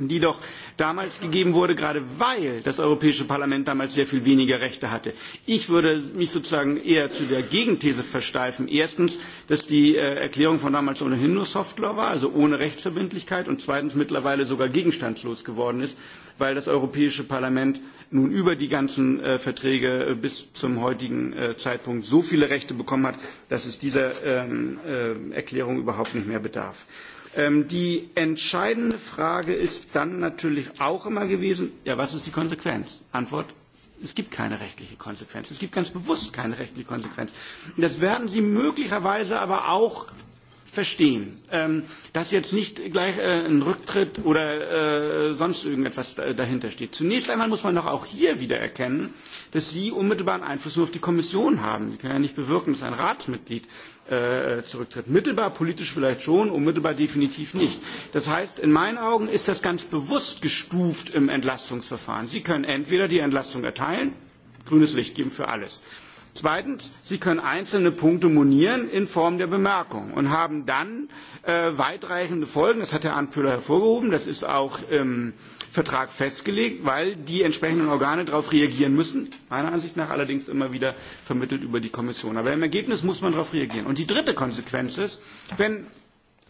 Speaker 7: die doch damals gegeben wurde, gerade weil das Europäische Parlament damals sehr viel weniger Rechte hatte. Ich würde mich sozusagen eher zu der Gegenthese versteifen. Erstens, dass die äh, Erklärung von damals ohnehin nur Softlaw war, also ohne Rechtsverbindlichkeit, und zweitens mittlerweile sogar gegenstandslos geworden ist weil das Europäische Parlament nun über die ganzen äh, Verträge äh, bis zum heutigen äh, Zeitpunkt so viele Rechte bekommen hat, dass es dieser ähm, äh, Erklärung überhaupt nicht mehr bedarf. Ähm, die entscheidende Frage ist dann natürlich auch immer gewesen, ja, was ist die Konsequenz? Antwort, es gibt keine rechtliche Konsequenz. Es gibt ganz bewusst keine rechtliche Konsequenz. Das werden Sie möglicherweise aber auch verstehen, ähm, dass jetzt nicht gleich äh, ein Rücktritt oder äh, sonst irgendetwas da, dahinter steht. Zunächst einmal muss man doch auch hier wieder erkennen, dass Sie unmittelbaren Einfluss nur auf die Kommission haben. Sie können ja nicht bewirken, dass ein Ratsmitglied äh, zurücktritt. Mittelbar politisch vielleicht schon, unmittelbar definitiv nicht. Das heißt, in meinen Augen ist das ganz bewusst gestuft im Entlastungsverfahren. Sie können entweder die Entlastung erteilen, grünes Licht geben für alles. Äh, Zweitens, Sie können einzelne Punkte monieren in Form der Bemerkung und haben dann äh, weitreichende Folgen. Das hat Herr Anpüller hervorgehoben. Das ist auch im Vertrag festgelegt, weil die entsprechenden Organe darauf reagieren müssen. Meiner Ansicht nach allerdings immer wieder vermittelt über die Kommission. Aber im Ergebnis muss man darauf reagieren. Und die dritte Konsequenz ist, wenn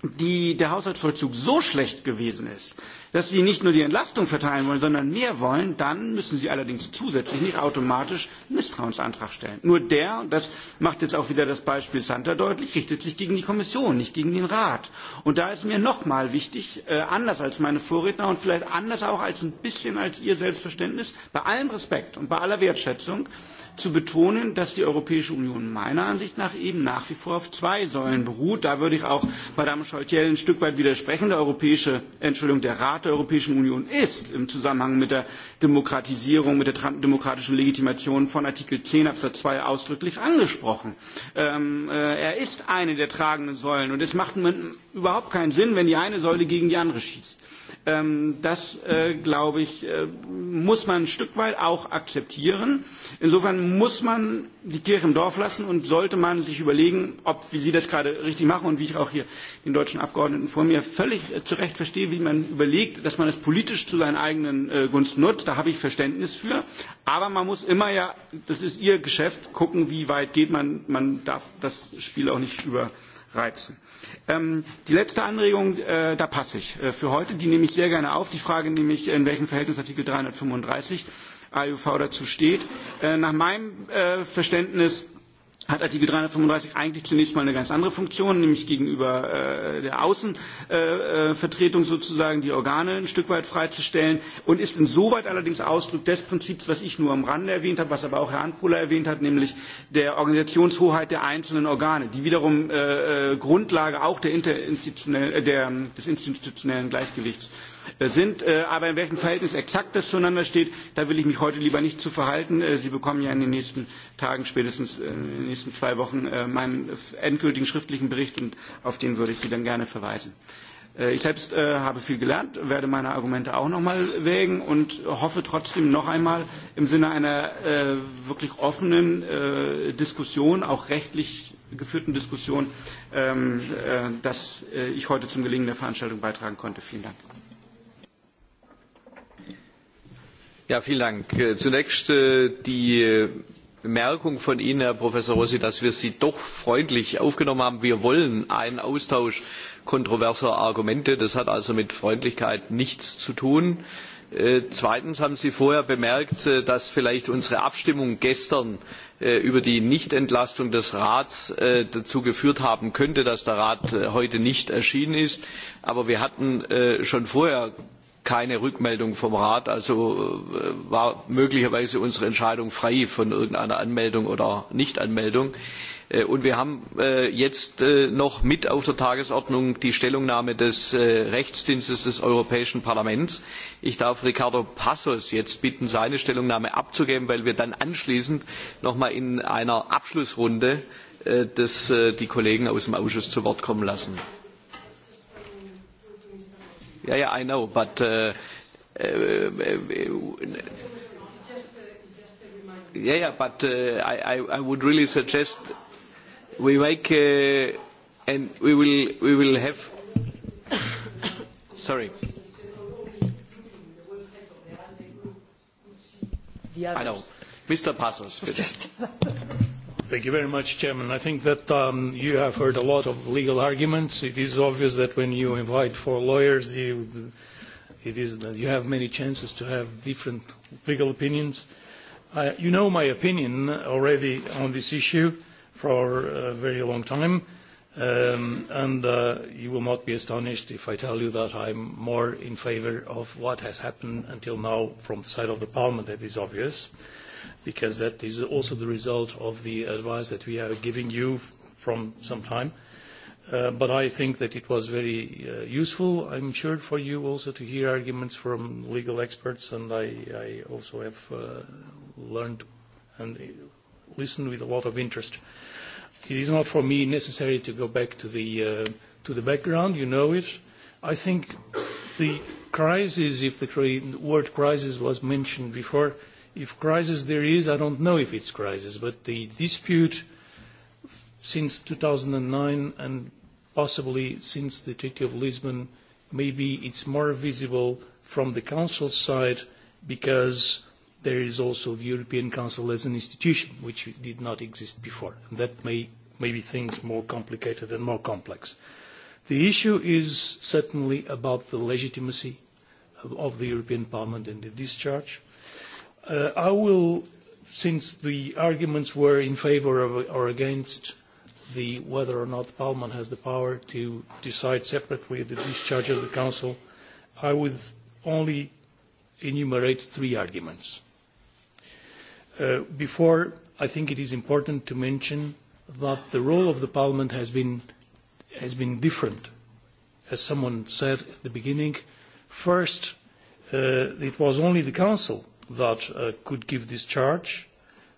Speaker 7: die, der Haushaltsvollzug so schlecht gewesen ist, dass Sie nicht nur die Entlastung verteilen wollen, sondern mehr wollen, dann müssen Sie allerdings zusätzlich nicht automatisch einen Misstrauensantrag stellen. Nur der, und das macht jetzt auch wieder das Beispiel Santa deutlich, richtet sich gegen die Kommission, nicht gegen den Rat. Und da ist mir nochmal wichtig, äh, anders als meine Vorredner und vielleicht anders auch als ein bisschen als Ihr Selbstverständnis, bei allem Respekt und bei aller Wertschätzung, äh, zu betonen, dass die Europäische Union meiner Ansicht nach eben nach wie vor auf zwei Säulen beruht. Da würde ich auch Madame Scholtiel ein Stück weit widersprechen. Der Europäische, Entschuldigung, der Rat der Europäischen Union ist im Zusammenhang mit der Demokratisierung, mit der demokratischen Legitimation von Artikel 10 Absatz 2 ausdrücklich angesprochen. Ähm, äh, er ist eine der tragenden Säulen und es macht überhaupt keinen Sinn, wenn die eine Säule gegen die andere schießt. Äh, Ähm, das, äh, glaube ich, äh, muss man ein Stück weit auch akzeptieren. Insofern muss man die Kirche im Dorf lassen und sollte man sich überlegen, ob, wie Sie das gerade richtig machen und wie ich auch hier den deutschen Abgeordneten vor mir völlig äh, zu Recht verstehe, wie man überlegt, dass man das politisch zu seinen eigenen Gunsten nutzt. Da habe ich Verständnis für. Aber man muss immer ja, das ist Ihr Geschäft, gucken, wie weit geht man. Man darf das Spiel auch nicht überreizen. Ähm, die letzte Anregung, äh, da passe ich äh, für heute. Die nehme ich sehr gerne auf. Die Frage nämlich, in welchem Verhältnis Artikel 335 AUV e dazu steht. Äh, nach meinem äh, Verständnis hat Artikel 335 eigentlich zunächst mal eine ganz andere Funktion, nämlich gegenüber äh, der Außenvertretung äh, sozusagen die Organe ein Stück weit freizustellen und ist insoweit allerdings Ausdruck des Prinzips, was ich nur am Rande erwähnt habe, was aber auch Herr Anpola erwähnt hat, nämlich der Organisationshoheit der einzelnen Organe, die wiederum äh, äh Grundlage auch der, interinstitutionellen, äh, der, des institutionellen Gleichgewichts Äh, sind. Äh, aber in welchem Verhältnis exakt das zueinander steht, da will ich mich heute lieber nicht zu verhalten. Äh, Sie bekommen ja in den nächsten Tagen, spätestens in den nächsten zwei Wochen, meinen endgültigen schriftlichen Bericht und auf den würde ich Sie dann gerne verweisen. Ich selbst äh, habe viel gelernt, werde meine Argumente auch nochmal wägen und hoffe trotzdem noch einmal im Sinne einer äh, wirklich offenen äh, Diskussion, auch rechtlich geführten Diskussion, ähm, äh, dass äh, ich heute zum Gelingen der Veranstaltung beitragen konnte. Vielen Dank.
Speaker 1: Ja, vielen Dank. Äh, zunächst äh, die äh, Bemerkung von Ihnen, Herr Professor Rossi, dass wir Sie doch freundlich aufgenommen haben. Wir wollen einen Austausch kontroverser Argumente. Das hat also mit Freundlichkeit nichts zu tun. Äh, zweitens haben Sie vorher bemerkt, äh, dass vielleicht unsere Abstimmung gestern äh, über die Nichtentlastung des Rats äh, dazu geführt haben könnte, dass der Rat äh, heute nicht erschienen ist. Aber wir hatten äh, schon vorher keine Rückmeldung vom Rat. Also äh, war möglicherweise unsere Entscheidung frei von irgendeiner Anmeldung oder Nichtanmeldung. Äh, und wir haben äh, jetzt äh, noch mit auf der Tagesordnung die Stellungnahme des äh, Rechtsdienstes des Europäischen Parlaments. Ich darf Ricardo Passos jetzt bitten, seine Stellungnahme abzugeben, weil wir dann anschließend nochmal in einer Abschlussrunde äh, das, äh, die Kollegen aus dem Ausschuss zu Wort kommen lassen. Yeah, yeah, I know, but. Uh, uh, yeah, yeah, but uh, I, I, I would really suggest we make uh, and we will we will have. Sorry. I know, Mr. Passos, bitte.
Speaker 13: Thank you very much, Chairman. I think that um, you have heard a lot of legal arguments. It is obvious that when you invite four lawyers, you, it is that you have many chances to have different legal opinions. Uh, you know my opinion already on this issue for a very long time, um, and uh, you will not be astonished if I tell you that I'm more in favour of what has happened until now from the side of the Parliament. That is obvious. Uh, because that is also the result of the advice that we are giving you from some time. Uh, but I think that it was very uh, useful, I'm sure, for you also to hear arguments from legal experts, and I, I also have uh, learned and uh, listened with a lot of interest. It is not for me necessary to go back to the, uh, to the background, you know it. I think the crisis, if the word crisis was mentioned before, uh, if crisis there is, I don't know if it's crisis, but the dispute since 2009 and possibly since the Treaty of Lisbon, maybe it's more visible from the Council side because there is also the European Council as an institution, which did not exist before. And that may, maybe things more complicated and more complex. The issue is certainly about the legitimacy of, of the European Parliament and the discharge. Uh, I will, since the arguments were in favor of or against the whether or not Parliament has the power to decide separately the discharge of the Council, I would only enumerate three arguments. Uh, before, I think it is important to mention that the role of the Parliament has been, has been different, as someone said at the beginning. First, uh, it was only the Council that uh, could give discharge.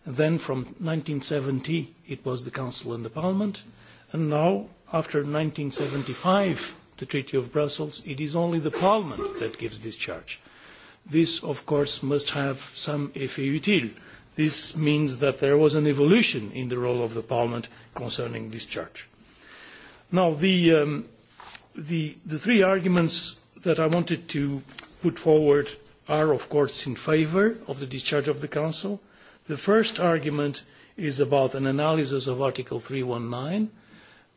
Speaker 13: And then from 1970, it was the Council and the Parliament. And now, after 1975, the Treaty of Brussels, it is only the Parliament that gives discharge. This, of course, must have some effet utile. This means that there was an evolution in the role of the Parliament concerning discharge. Now, the, um, the, the three arguments that I wanted to put forward are, of course, in favour of the discharge of the Council. The first argument is about an analysis of Article 319,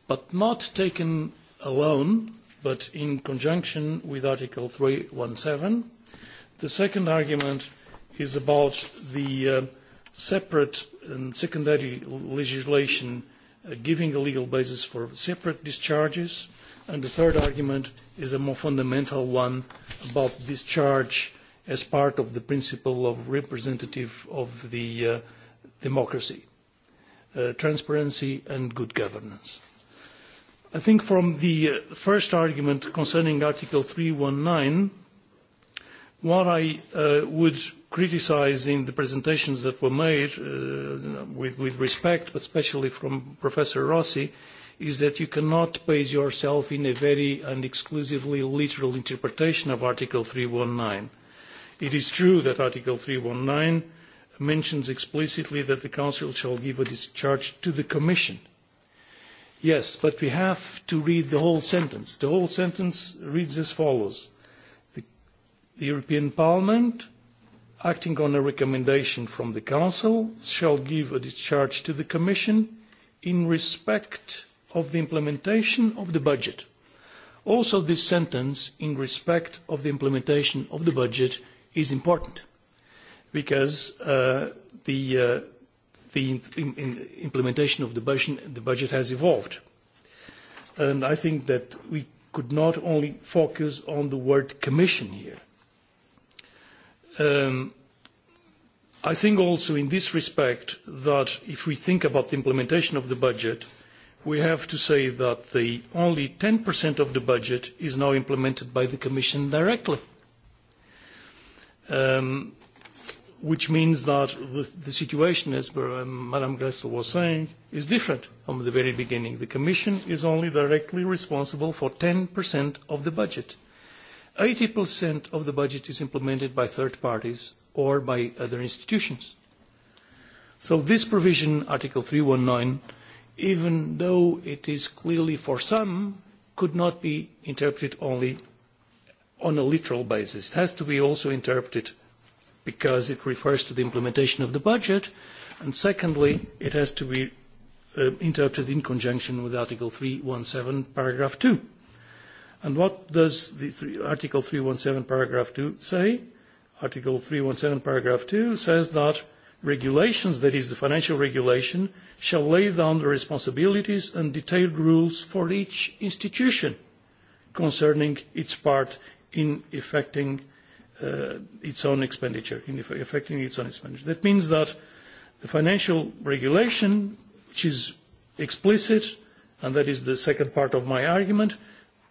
Speaker 13: but not taken alone, but in conjunction with Article 317. The second argument is about the uh, separate and secondary legislation uh, giving a legal basis for separate discharges. And the third argument is a more fundamental one about discharge as part of the principle of representative of the uh, democracy, uh, transparency and good governance. I think from the uh, first argument concerning Article 319, what I uh, would criticize in the presentations that were made uh, with, with respect, but especially from Professor Rossi, is that you cannot base yourself in a very and exclusively literal interpretation of Article 319 It is true that Article 319 mentions explicitly that the Council shall give a discharge to the Commission. Yes, but we have to read the whole sentence. The whole sentence reads as follows. The, the European Parliament, acting on a recommendation from the Council, shall give a discharge to the Commission in respect of the implementation of the budget. Also, this sentence, in respect of the implementation of the budget, is important because uh, the, uh, the in, in implementation of the budget, the budget has evolved. And I think that we could not only focus on the word commission here. Um, I think also in this respect that if we think about the implementation of the budget, we have to say that the only 10% of the budget is now implemented by the Commission directly. Uh, um, which means that the, the situation, as um, Madame Gressel was saying, is different from the very beginning. The Commission is only directly responsible for 10% of the budget. 80% of the budget is implemented by third parties or by other institutions. So this provision, Article 319, even though it is clearly for some, could not be interpreted only on a literal basis. It has to be also interpreted because it refers to the implementation of the budget, and secondly, it has to be uh, interpreted in conjunction with Article 317, paragraph 2. And what does the three, Article 317, paragraph 2 say? Article 317, paragraph 2 says that regulations, that is the financial regulation, shall lay down the responsibilities and detailed rules for each institution concerning its part in effecting uh, its own expenditure, in effecting its own expenditure. That means that the financial regulation, which is explicit, and that is the second part of my argument,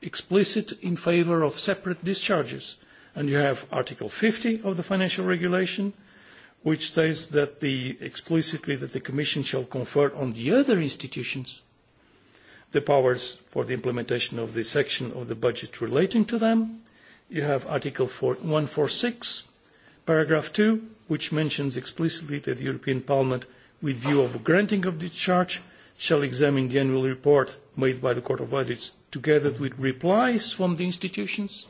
Speaker 13: explicit in favour of separate discharges. And you have Article 50 of the financial regulation, which states that the, explicitly that the Commission shall confer on the other institutions the powers for the implementation of the section of the budget relating to them you have Article 4, 146, paragraph 2, which mentions explicitly that the European Parliament, with view of granting of discharge, shall examine the annual report made by the Court of Audits together with replies from the institutions.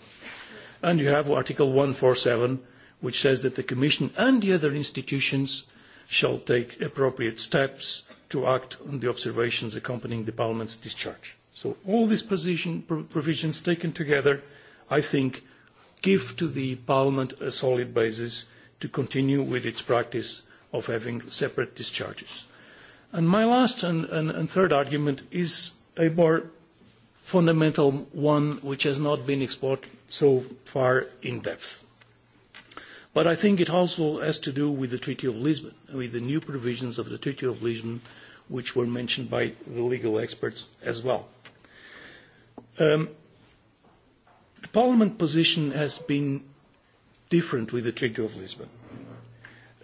Speaker 13: And you have Article 147, which says that the Commission and the other institutions shall take appropriate steps to act on the observations accompanying the Parliament's discharge. So all these position, pro provisions taken together, I think, give to the Parliament a solid basis to continue with its practice of having separate discharges. And my last and, and, and third argument is a more fundamental one which has not been explored so far in depth. But I think it also has to do with the Treaty of Lisbon, with the new provisions of the Treaty of Lisbon, which were mentioned by the legal experts as well. Um, The Parliament position has been different with the Treaty of Lisbon.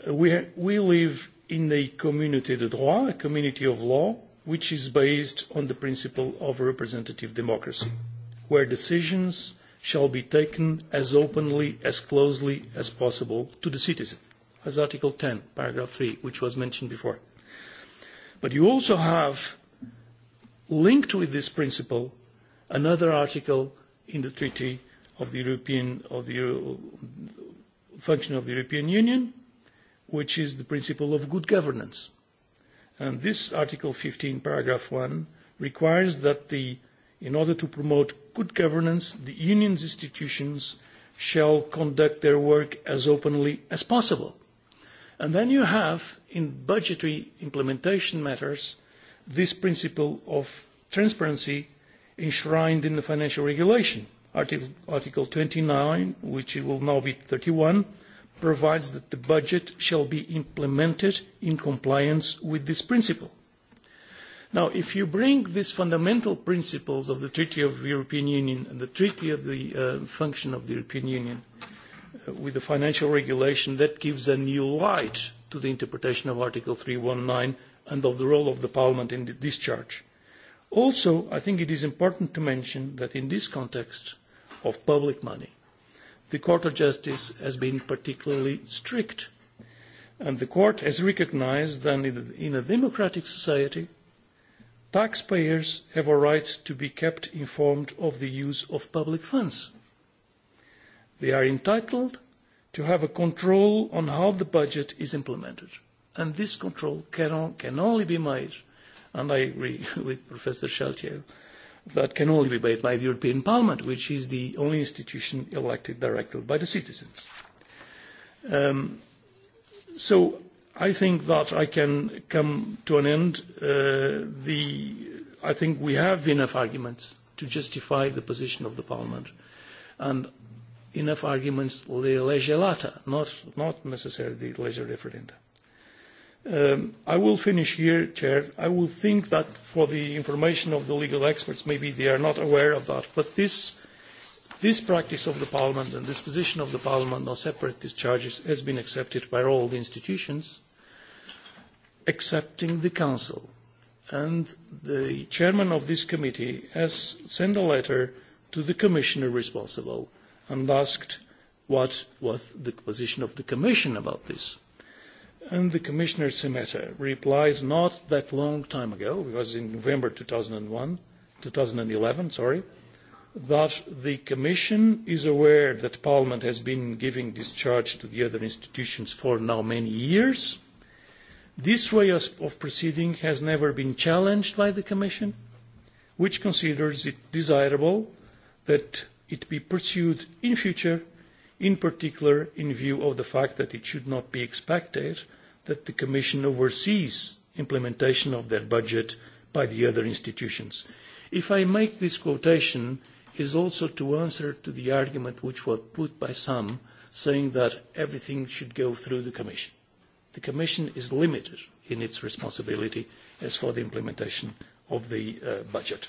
Speaker 13: Uh, we, we live in a community de droit, a community of law, which is based on the principle of representative democracy, where decisions shall be taken as openly, as closely as possible to the citizen, as Article 10, paragraph 3, which was mentioned before. But you also have, linked with this principle, another article in the Treaty of the European of the Euro, function of the European Union, which is the principle of good governance. And this Article 15, paragraph 1, requires that the, in order to promote good governance, the Union's institutions shall conduct their work as openly as possible. And then you have, in budgetary implementation matters, this principle of transparency enshrined in the financial regulation. Article, Article 29, which will now be 31, provides that the budget shall be implemented in compliance with this principle. Now, if you bring these fundamental principles of the Treaty of the European Union and the Treaty of the uh, Function of the European Union uh, with the financial regulation, that gives a new light to the interpretation of Article 319 and of the role of the Parliament in the discharge. Also, I think it is important to mention that in this context of public money, the Court of Justice has been particularly strict, and the Court has recognized that in a democratic society, taxpayers have a right to be kept informed of the use of public funds. They are entitled to have a control on how the budget is implemented, and this control can, can only be made And I agree with Professor Sheltier that can only be made by the European Parliament, which is the only institution elected directly by the citizens. Um, so I think that I can come to an end. Uh, the, I think we have enough arguments to justify the position of the Parliament and enough arguments le lege lata, not, not necessarily the lege referenda. Um, I will finish here, Chair. I will think that for the information of the legal experts, maybe they are not aware of that, but this, this practice of the Parliament and this position of the Parliament on separate discharges has been accepted by all the institutions, excepting the Council. And the chairman of this committee has sent a letter to the commissioner responsible and asked what was the position of the Commission about this And the Commissioner Semeta replied not that long time ago, because in November 2001, 2011, sorry, that the Commission is aware that Parliament has been giving discharge to the other institutions for now many years. This way of proceeding has never been challenged by the Commission, which considers it desirable that it be pursued in future, in particular in view of the fact that it should not be expected that the Commission oversees implementation of their budget by the other institutions. If I make this quotation, is also to answer to the argument which was put by some saying that everything should go through the Commission. The Commission is limited in its responsibility as for the implementation of the uh, budget.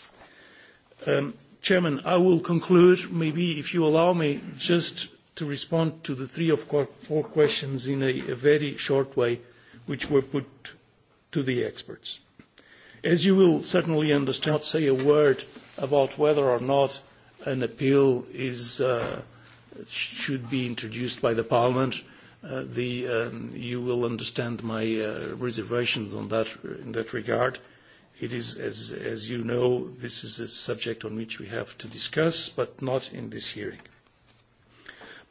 Speaker 13: Um, Chairman, I will conclude, maybe if you allow me, just to respond to the three or four questions in a, a very short way, which were put to the experts. As you will certainly understand, not say a word about whether or not an appeal is, uh, should be introduced by the Parliament. Uh, the, um, you will understand my uh, reservations on that, in that regard. It is, as, as you know, this is a subject on which we have to discuss, but not in this hearing. Uh,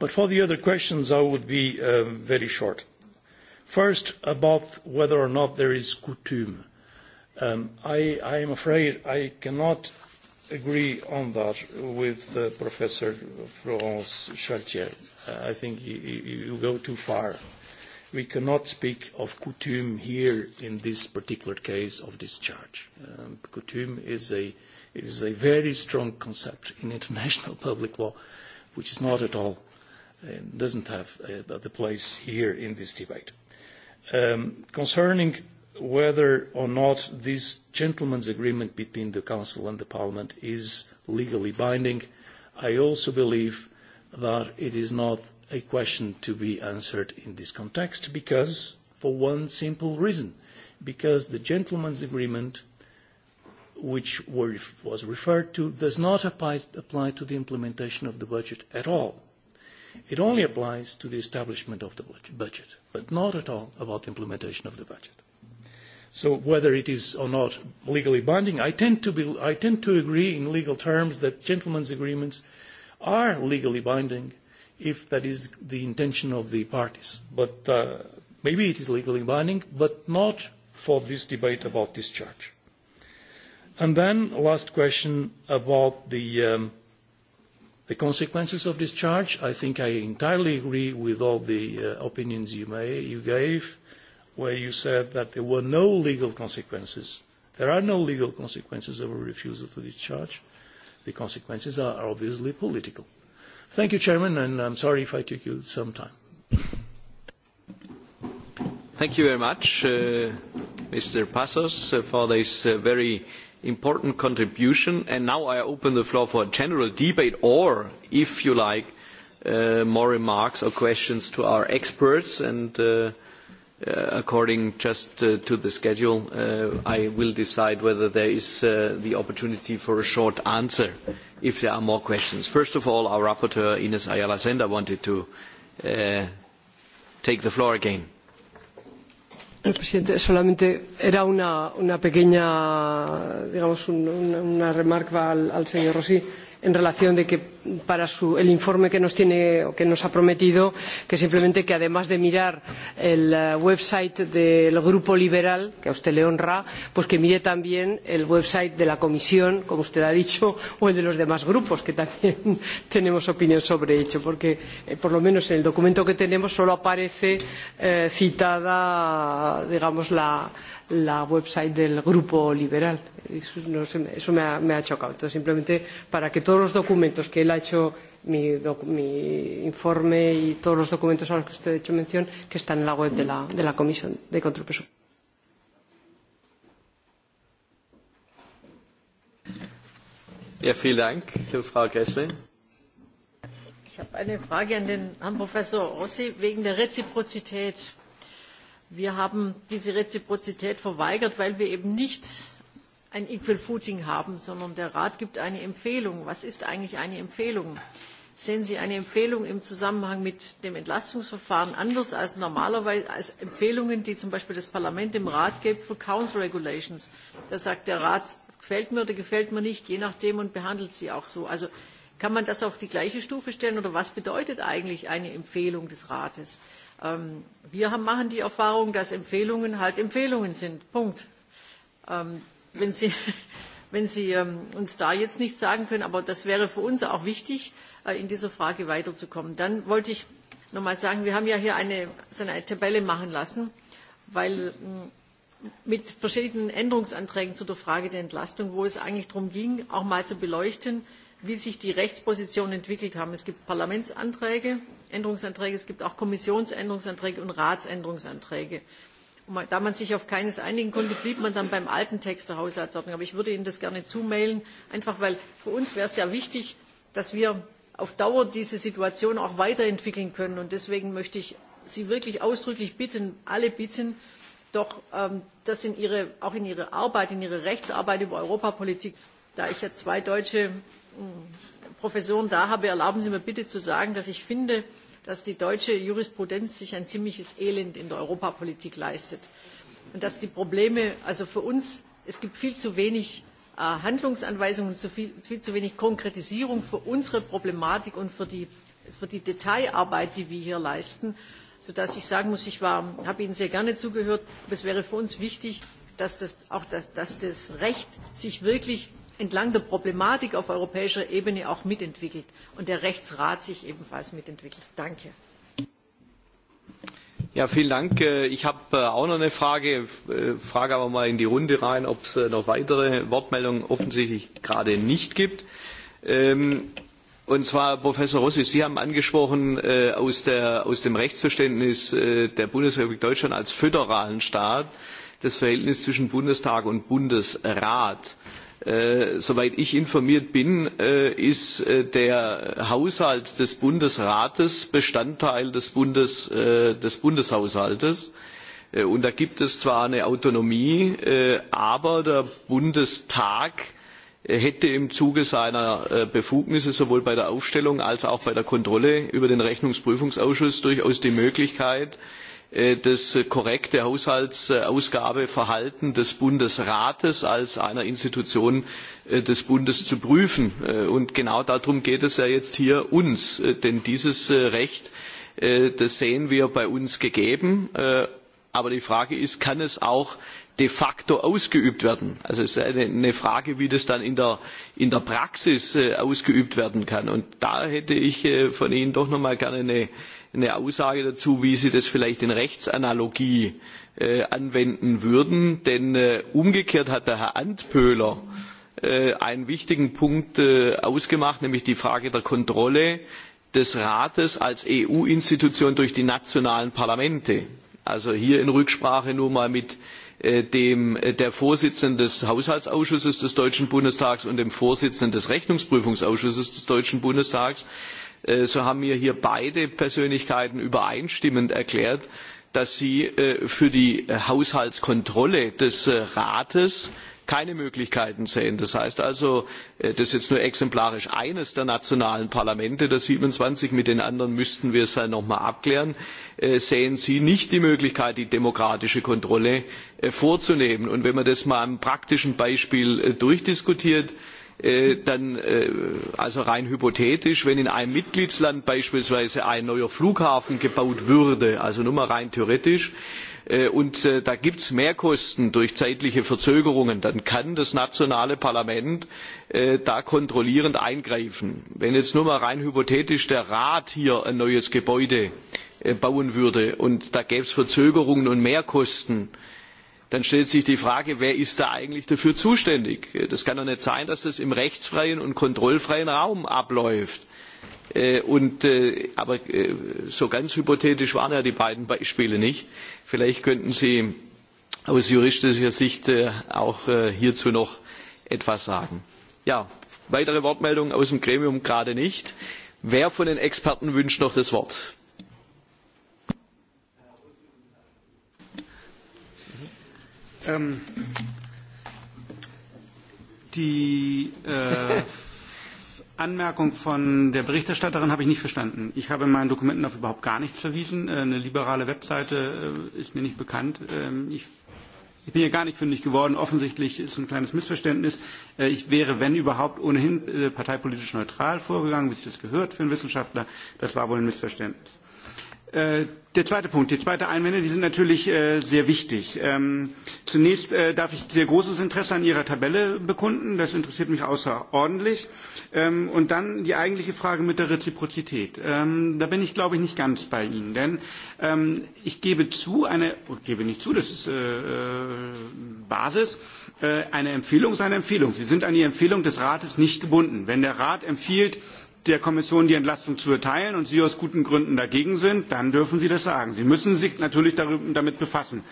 Speaker 13: But for the other questions, I would be uh, very short. First, about whether or not there is coutume. Um, I, I am afraid I cannot agree on that with uh, Professor Florence Chartier. Uh, I think you, you go too far. We cannot speak of coutume here in this particular case of discharge. Um, coutume is a, is a very strong concept in international public law, which is not at all and doesn't have uh, the place here in this debate. Um, concerning whether or not this gentleman's agreement between the Council and the Parliament is legally binding, I also believe that it is not a question to be answered in this context because, for one simple reason, because the gentleman's agreement which were, was referred to does not apply, apply to the implementation of the budget at all It only applies to the establishment of the budget, but not at all about implementation of the budget. So whether it is or not legally binding, I tend to, be, I tend to agree in legal terms that gentlemen's agreements are legally binding if that is the intention of the parties. But uh, maybe it is legally binding, but not for this debate about discharge. And then last question about the um, The consequences of this charge, I think I entirely agree with all the uh, opinions you, may, you gave, where you said that there were no legal consequences. There are no legal consequences of a refusal to discharge. The consequences are obviously political. Thank you, Chairman, and I'm sorry if I took you some time.
Speaker 1: Thank you very much, uh, Mr. Passos, uh, for this uh, very important contribution. And now I open the floor for a general debate or, if you like, uh, more remarks or questions to our experts. And uh, uh, according just uh, to the schedule, uh, I will decide whether there is uh, the opportunity for a short answer if there are more questions. First of all, our rapporteur, Ines Ayala-Sender, wanted to uh, take the floor again.
Speaker 6: Señor presidente, solamente era una, una pequeña, digamos, un, una, una remarca al, al señor Rossi. Eh, en relación de que para su, el informe que nos, tiene, que nos ha prometido que simplemente que además de mirar el eh, website del grupo liberal que a usted le honra pues que mire también el website de la comisión como usted ha dicho o el de los demás grupos que también tenemos opinión sobre ello porque eh, por lo menos en el documento que tenemos solo aparece eh, citada digamos la, la website del grupo liberal Eso, no, eso me, ha, me ha chocado. Entonces, simplemente para que todos los documentos que él ha hecho, mi, doc, mi informe y todos los documentos a los que usted ha hecho mención, que están en la web de la, de la Comisión de Control Presupuestario.
Speaker 1: Ja, vielen Dank, Frau Gessle.
Speaker 3: Ich habe eine Frage an den Herrn Professor Rossi wegen der Reziprozität. Wir haben diese Reziprozität verweigert, weil wir eben nicht ein Equal Footing haben, sondern der Rat gibt eine Empfehlung. Was ist eigentlich eine Empfehlung? Sehen Sie eine Empfehlung im Zusammenhang mit dem Entlastungsverfahren anders als normalerweise als Empfehlungen, die zum Beispiel das Parlament dem Rat gibt für Council Regulations? Da sagt der Rat, gefällt mir oder gefällt mir nicht, je nachdem und behandelt sie auch so. Also kann man das auf die gleiche Stufe stellen oder was bedeutet eigentlich eine Empfehlung des Rates? Ähm, wir haben, machen die Erfahrung, dass Empfehlungen halt Empfehlungen sind. Punkt. Ähm, wenn Sie, wenn Sie ähm, uns da jetzt nichts sagen können, aber das wäre für uns auch wichtig, äh, in dieser Frage weiterzukommen. Dann wollte ich nochmal sagen, wir haben ja hier eine, so eine Tabelle machen lassen, weil ähm, mit verschiedenen Änderungsanträgen zu der Frage der Entlastung, wo es eigentlich darum ging, auch mal zu beleuchten, wie sich die Rechtspositionen entwickelt haben. Es gibt Parlamentsanträge, Änderungsanträge, es gibt auch Kommissionsänderungsanträge und Ratsänderungsanträge da man sich auf keines einigen konnte, blieb man dann beim alten Text der Haushaltsordnung. Aber ich würde Ihnen das gerne zumailen, einfach weil für uns wäre es ja wichtig, dass wir auf Dauer diese Situation auch weiterentwickeln können. Und deswegen möchte ich Sie wirklich ausdrücklich bitten, alle bitten, doch ähm, das in ihre, auch in Ihre Arbeit, in Ihre Rechtsarbeit über Europapolitik, da ich ja zwei deutsche mh, hm, Professoren da habe, erlauben Sie mir bitte zu sagen, dass ich finde, dass die deutsche Jurisprudenz sich ein ziemliches Elend in der Europapolitik leistet. Und dass die Probleme, also für uns, es gibt viel zu wenig äh, Handlungsanweisungen, zu viel, viel zu wenig Konkretisierung für unsere Problematik und für die, für die Detailarbeit, die wir hier leisten, sodass ich sagen muss, ich habe Ihnen sehr gerne zugehört, aber es wäre für uns wichtig, dass das, auch das, dass das Recht sich wirklich entlang der Problematik auf europäischer Ebene auch mitentwickelt und der Rechtsrat sich ebenfalls mitentwickelt. Danke.
Speaker 1: Ja, vielen Dank. Äh, ich habe äh, auch noch eine Frage, äh, frage aber mal in die Runde rein, ob es noch weitere Wortmeldungen offensichtlich gerade nicht gibt. Ähm, und zwar, Professor Rossi, Sie haben angesprochen, aus, der, aus dem Rechtsverständnis der Bundesrepublik Deutschland als föderalen Staat das Verhältnis zwischen Bundestag und Bundesrat. Äh, soweit ich informiert bin, äh, ist äh, der Haushalt des Bundesrates Bestandteil des, Bundes, äh, des Bundeshaushaltes. Äh, und da gibt es zwar eine Autonomie, äh, aber der Bundestag äh, hätte im Zuge seiner äh, Befugnisse sowohl bei der Aufstellung als auch bei der Kontrolle über den Rechnungsprüfungsausschuss durchaus die Möglichkeit, äh, Äh, das äh, korrekte Haushaltsausgabeverhalten des Bundesrates als einer Institution äh, des Bundes zu prüfen. Und genau darum geht es ja jetzt hier uns. Denn dieses Recht, das sehen wir bei uns gegeben. Aber die Frage ist, kann es auch de facto ausgeübt werden. Also es ist eine, eine Frage, wie das dann in der, in der Praxis äh, ausgeübt werden kann. Und da hätte ich äh, von Ihnen doch noch mal gerne eine eine Aussage dazu, wie Sie das vielleicht in Rechtsanalogie äh, anwenden würden. Denn äh, umgekehrt hat der Herr Antpöhler äh, einen wichtigen Punkt äh, ausgemacht, nämlich die Frage der Kontrolle des Rates als EU-Institution durch die nationalen Parlamente. Also hier in Rücksprache nur mal mit äh, dem, äh, der Vorsitzenden des Haushaltsausschusses des Deutschen Bundestags und dem Vorsitzenden des Rechnungsprüfungsausschusses des Deutschen Bundestags, Äh, so haben mir hier beide Persönlichkeiten übereinstimmend erklärt, dass sie äh, für die äh, Haushaltskontrolle des Rates keine Möglichkeiten sehen. Das heißt also, das ist jetzt nur exemplarisch eines der nationalen Parlamente, der 27, mit den anderen müssten wir es dann nochmal abklären, sehen Sie nicht die Möglichkeit, die demokratische Kontrolle vorzunehmen. Und wenn man das mal am praktischen Beispiel durchdiskutiert, Äh, dann äh, also rein hypothetisch, wenn in einem Mitgliedsland beispielsweise ein neuer Flughafen gebaut würde, also nur mal rein theoretisch, äh, und da gibt es mehrkosten durch zeitliche verzögerungen dann kann das nationale parlament da kontrollierend eingreifen. wenn jetzt nur mal rein hypothetisch der rat hier ein neues gebäude bauen würde und da gäbe es verzögerungen und mehrkosten dann stellt sich die Frage, wer ist da eigentlich dafür zuständig? Das kann doch nicht sein, dass das im rechtsfreien und kontrollfreien Raum abläuft. Äh, und, äh, aber äh, so ganz hypothetisch waren ja die beiden Beispiele nicht. Vielleicht könnten Sie aus juristischer Sicht auch hierzu noch etwas sagen. Ja, weitere Wortmeldungen aus dem Gremium gerade nicht. Wer von den Experten wünscht noch das Wort?
Speaker 7: Ähm, die äh, Anmerkung von der Berichterstatterin habe ich nicht verstanden. Ich habe in meinen Dokumenten auf überhaupt gar nichts verwiesen. Äh, eine liberale Webseite äh, ist mir nicht bekannt. Ähm, ich Ich bin hier gar nicht fündig geworden. Offensichtlich ist ein kleines Missverständnis. Äh, ich wäre, wenn überhaupt, ohnehin äh, parteipolitisch neutral vorgegangen, wie sich das gehört für einen Wissenschaftler. Das war wohl ein Missverständnis. Äh, der zweite Punkt, die zweite Einwände, die sind natürlich äh, sehr wichtig. Ähm, zunächst äh, darf ich sehr großes Interesse an Ihrer Tabelle bekunden. Das interessiert mich außerordentlich. Ähm, und dann die eigentliche Frage mit der Reziprozität. Ähm, da bin ich, glaube ich, nicht ganz bei Ihnen. Denn ähm, ich gebe zu, eine, ich gebe nicht zu, das ist äh, äh, Basis, äh, eine Empfehlung ist eine Empfehlung. Sie sind an die Empfehlung des Rates nicht gebunden. Wenn der Rat empfiehlt, äh, der Kommission die Entlastung zu erteilen und Sie aus guten Gründen dagegen sind, dann dürfen Sie das sagen. Sie müssen sich natürlich darüber, damit befassen.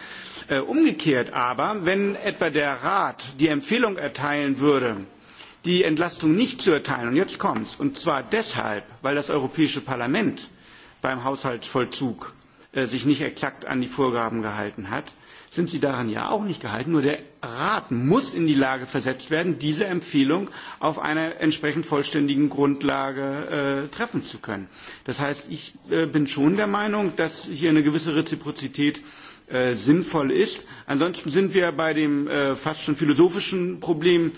Speaker 7: Äh, umgekehrt aber, wenn etwa der Rat die Empfehlung erteilen würde, die Entlastung nicht zu erteilen, und jetzt kommt's, und zwar deshalb, weil das Europäische Parlament beim Haushaltsvollzug äh, sich nicht exakt an die Vorgaben gehalten hat, sind sie daran ja auch nicht gehalten. Nur der Rat muss in die Lage versetzt werden, diese Empfehlung auf einer entsprechend vollständigen Grundlage äh, treffen zu können. Das heißt, ich äh, bin schon der Meinung, dass hier eine gewisse Reziprozität äh, sinnvoll ist. Ansonsten sind wir bei dem äh, fast schon philosophischen Problem,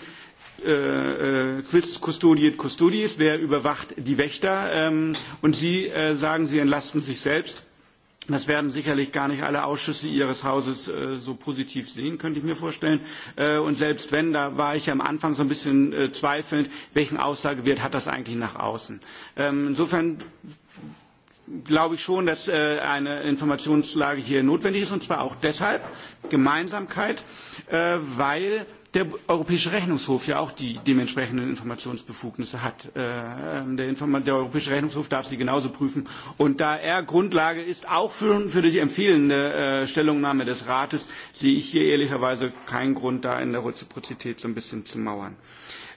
Speaker 7: äh, Quiz äh, Custodiet Custodies, wer überwacht die Wächter ähm, und Sie äh, sagen, Sie entlasten sich selbst Das werden sicherlich gar nicht alle Ausschüsse Ihres Hauses äh, so positiv sehen, könnte ich mir vorstellen. Äh, und selbst wenn, da war ich ja am Anfang so ein bisschen äh, zweifelnd, welchen Aussagewert hat das eigentlich nach außen. Ähm, insofern glaube ich schon, dass äh, eine Informationslage hier notwendig ist, und zwar auch deshalb Gemeinsamkeit, äh, weil der Europäische Rechnungshof ja auch die dementsprechenden Informationsbefugnisse hat. Äh, ähm, der, Inform der Europäische Rechnungshof darf sie genauso prüfen. Und da er Grundlage ist, auch für, für die empfehlende äh, Stellungnahme des Rates, sehe ich hier ehrlicherweise keinen Grund, da in der Reziprozität so ein bisschen zu mauern.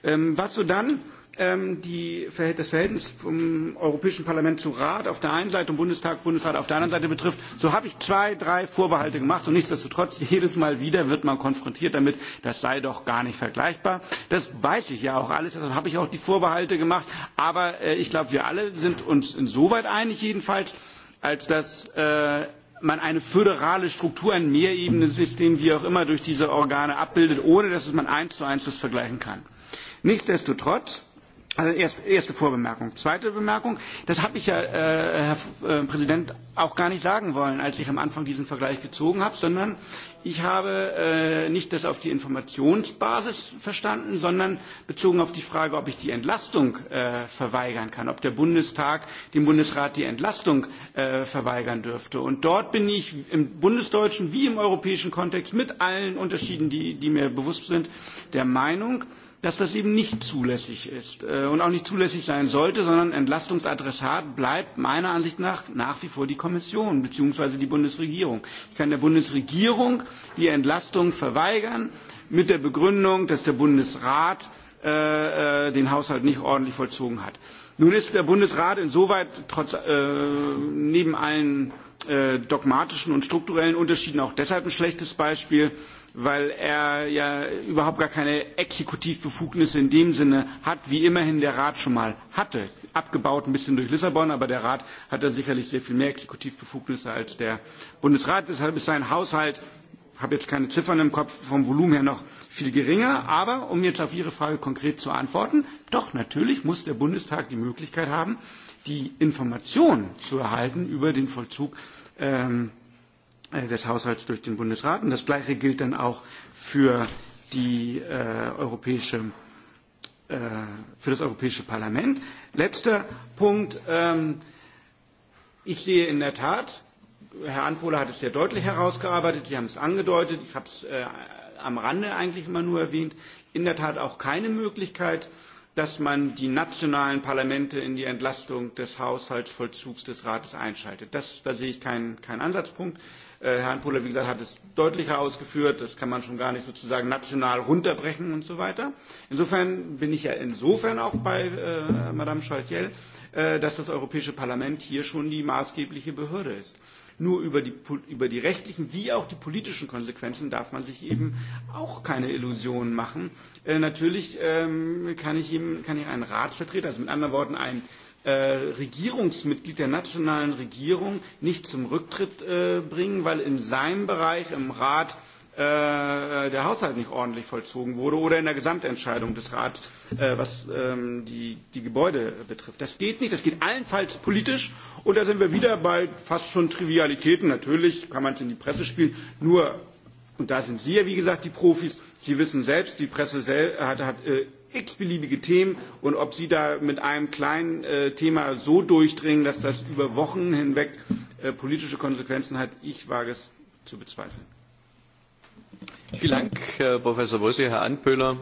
Speaker 7: Ähm, was so dann ähm, die, das Verhältnis vom Europäischen Parlament zu Rat auf der einen Seite und Bundestag, Bundesrat auf der anderen Seite betrifft, so habe ich zwei, drei Vorbehalte gemacht und nichtsdestotrotz jedes Mal wieder wird man konfrontiert damit, das sei doch gar nicht vergleichbar. Das weiß ich ja auch alles, deshalb habe ich auch die Vorbehalte gemacht, aber äh, ich glaube, wir alle sind uns insoweit einig jedenfalls, als dass äh, man eine föderale Struktur, ein Mehrebenensystem, wie auch immer, durch diese Organe abbildet, ohne dass man eins zu eins das vergleichen kann. Nichtsdestotrotz Also erst, erste Vorbemerkung. Zweite Bemerkung, das habe ich ja, äh, Herr äh, Präsident, auch gar nicht sagen wollen, als ich am Anfang diesen Vergleich gezogen habe, sondern ich habe äh, nicht das auf die Informationsbasis verstanden, sondern bezogen auf die Frage, ob ich die Entlastung äh, verweigern kann, ob der Bundestag dem Bundesrat die Entlastung äh, verweigern dürfte. Und dort bin ich im bundesdeutschen wie im europäischen Kontext mit allen Unterschieden, die, die mir bewusst sind, der Meinung, äh, dass das eben nicht zulässig ist äh, und auch nicht zulässig sein sollte, sondern Entlastungsadressat bleibt meiner Ansicht nach nach wie vor die Kommission bzw. die Bundesregierung. Ich kann der Bundesregierung die Entlastung verweigern mit der Begründung, dass der Bundesrat äh, äh den Haushalt nicht ordentlich vollzogen hat. Nun ist der Bundesrat insoweit trotz, äh, neben allen äh, äh, dogmatischen und strukturellen Unterschieden auch deshalb ein schlechtes Beispiel, weil er ja überhaupt gar keine Exekutivbefugnisse in dem Sinne hat, wie immerhin der Rat schon mal hatte. Abgebaut ein bisschen durch Lissabon, aber der Rat hat da sicherlich sehr viel mehr Exekutivbefugnisse als der Bundesrat. Deshalb ist sein Haushalt habe jetzt keine Ziffern im Kopf, vom Volumen her noch viel geringer. Aber um jetzt auf Ihre Frage konkret zu antworten, doch, natürlich muss der Bundestag die Möglichkeit haben, die Information zu erhalten über den Vollzug ähm, äh, des Haushalts durch den Bundesrat. Und das Gleiche gilt dann auch für, die, äh, europäische, äh, für das Europäische Parlament. Letzter Punkt. Ähm, ich sehe in der Tat, Herr Anpola hat es sehr deutlich herausgearbeitet, Sie haben es angedeutet, ich habe es äh, am Rande eigentlich immer nur erwähnt, in der Tat auch keine Möglichkeit, äh, dass man die nationalen Parlamente in die Entlastung des Haushaltsvollzugs des Rates einschaltet. Das, da sehe ich keinen, keinen Ansatzpunkt. Äh, Herr Puller, wie gesagt, hat es deutlicher ausgeführt. Das kann man schon gar nicht sozusagen national runterbrechen und so weiter. Insofern bin ich ja insofern auch bei äh, Madame Schaltiel, äh, dass das Europäische Parlament hier schon die maßgebliche Behörde ist. Nur über die, über die rechtlichen wie auch die politischen Konsequenzen darf man sich eben auch keine Illusionen machen. Äh, natürlich ähm, kann, ich ihm, kann ich einen Ratsvertreter, also mit anderen Worten einen äh, Regierungsmitglied der nationalen Regierung nicht zum Rücktritt äh, bringen, weil in seinem Bereich im Rat äh, Äh, der Haushalt nicht ordentlich vollzogen wurde oder in der Gesamtentscheidung des Rats, äh, was ähm, die, die Gebäude betrifft. Das geht nicht, das geht allenfalls politisch und da sind wir wieder bei fast schon Trivialitäten. Natürlich kann man es in die Presse spielen, nur, und da sind Sie ja wie gesagt die Profis, Sie wissen selbst, die Presse sel hat, hat äh, x-beliebige Themen und ob Sie da mit einem kleinen äh, Thema so durchdringen, dass das über Wochen hinweg äh, politische Konsequenzen hat, ich wage es zu bezweifeln.
Speaker 1: Vielen Dank, Herr
Speaker 9: Professor Brüssel, Herr Anpöhler.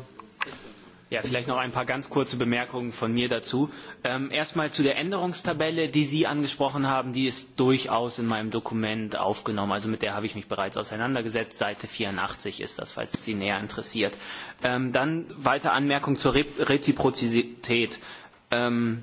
Speaker 9: Ja, vielleicht noch ein paar ganz kurze Bemerkungen von mir dazu. Ähm, erstmal zu der Änderungstabelle, die Sie angesprochen haben, die ist durchaus in meinem Dokument aufgenommen. Also mit der habe ich mich bereits auseinandergesetzt. Seite 84 ist das, falls es Sie näher interessiert. Ähm, dann weiter Anmerkung zur Re Reziprozität. Ähm,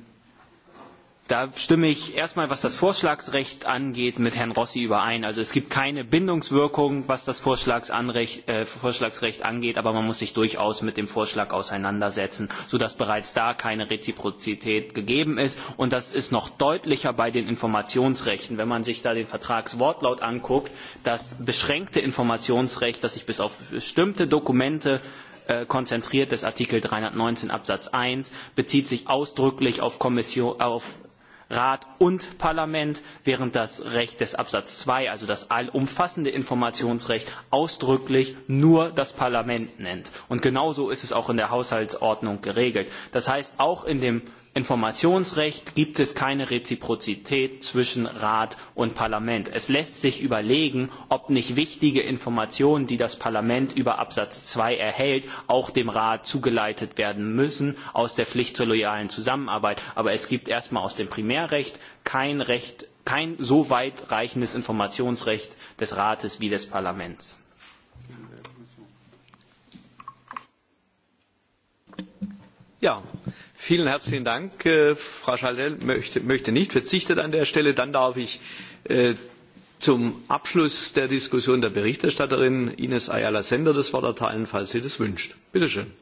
Speaker 9: Da stimme ich erstmal, was das Vorschlagsrecht angeht, mit Herrn Rossi überein. Also es gibt keine Bindungswirkung, was das Vorschlagsanrecht, äh, Vorschlagsrecht angeht, aber man muss sich durchaus mit dem Vorschlag auseinandersetzen, sodass bereits da keine Reziprozität gegeben ist. Und das ist noch deutlicher bei den Informationsrechten. Wenn man sich da den Vertragswortlaut anguckt, das beschränkte Informationsrecht, das sich bis auf bestimmte Dokumente äh, konzentriert des Artikel 319 Absatz 1 bezieht sich ausdrücklich auf, Kommission, auf Rat und Parlament, während das Recht des Absatz 2, also das allumfassende Informationsrecht, ausdrücklich nur das Parlament nennt. Und genauso ist es auch in der Haushaltsordnung geregelt. Das heißt, auch in dem Informationsrecht gibt es keine Reziprozität zwischen Rat und Parlament. Es lässt sich überlegen, ob nicht wichtige Informationen, die das Parlament über Absatz 2 erhält, auch dem Rat zugeleitet werden müssen aus der Pflicht zur loyalen Zusammenarbeit. Aber es gibt erstmal aus dem Primärrecht kein, Recht, kein so weit reichendes Informationsrecht des Rates wie des Parlaments.
Speaker 1: Ja, Vielen herzlichen Dank. Äh, Frau Schaldell möchte, möchte nicht, verzichtet an der Stelle. Dann darf ich äh, zum Abschluss der Diskussion der Berichterstatterin Ines Ayala-Sender das Wort erteilen, falls sie das wünscht. Bitte schön.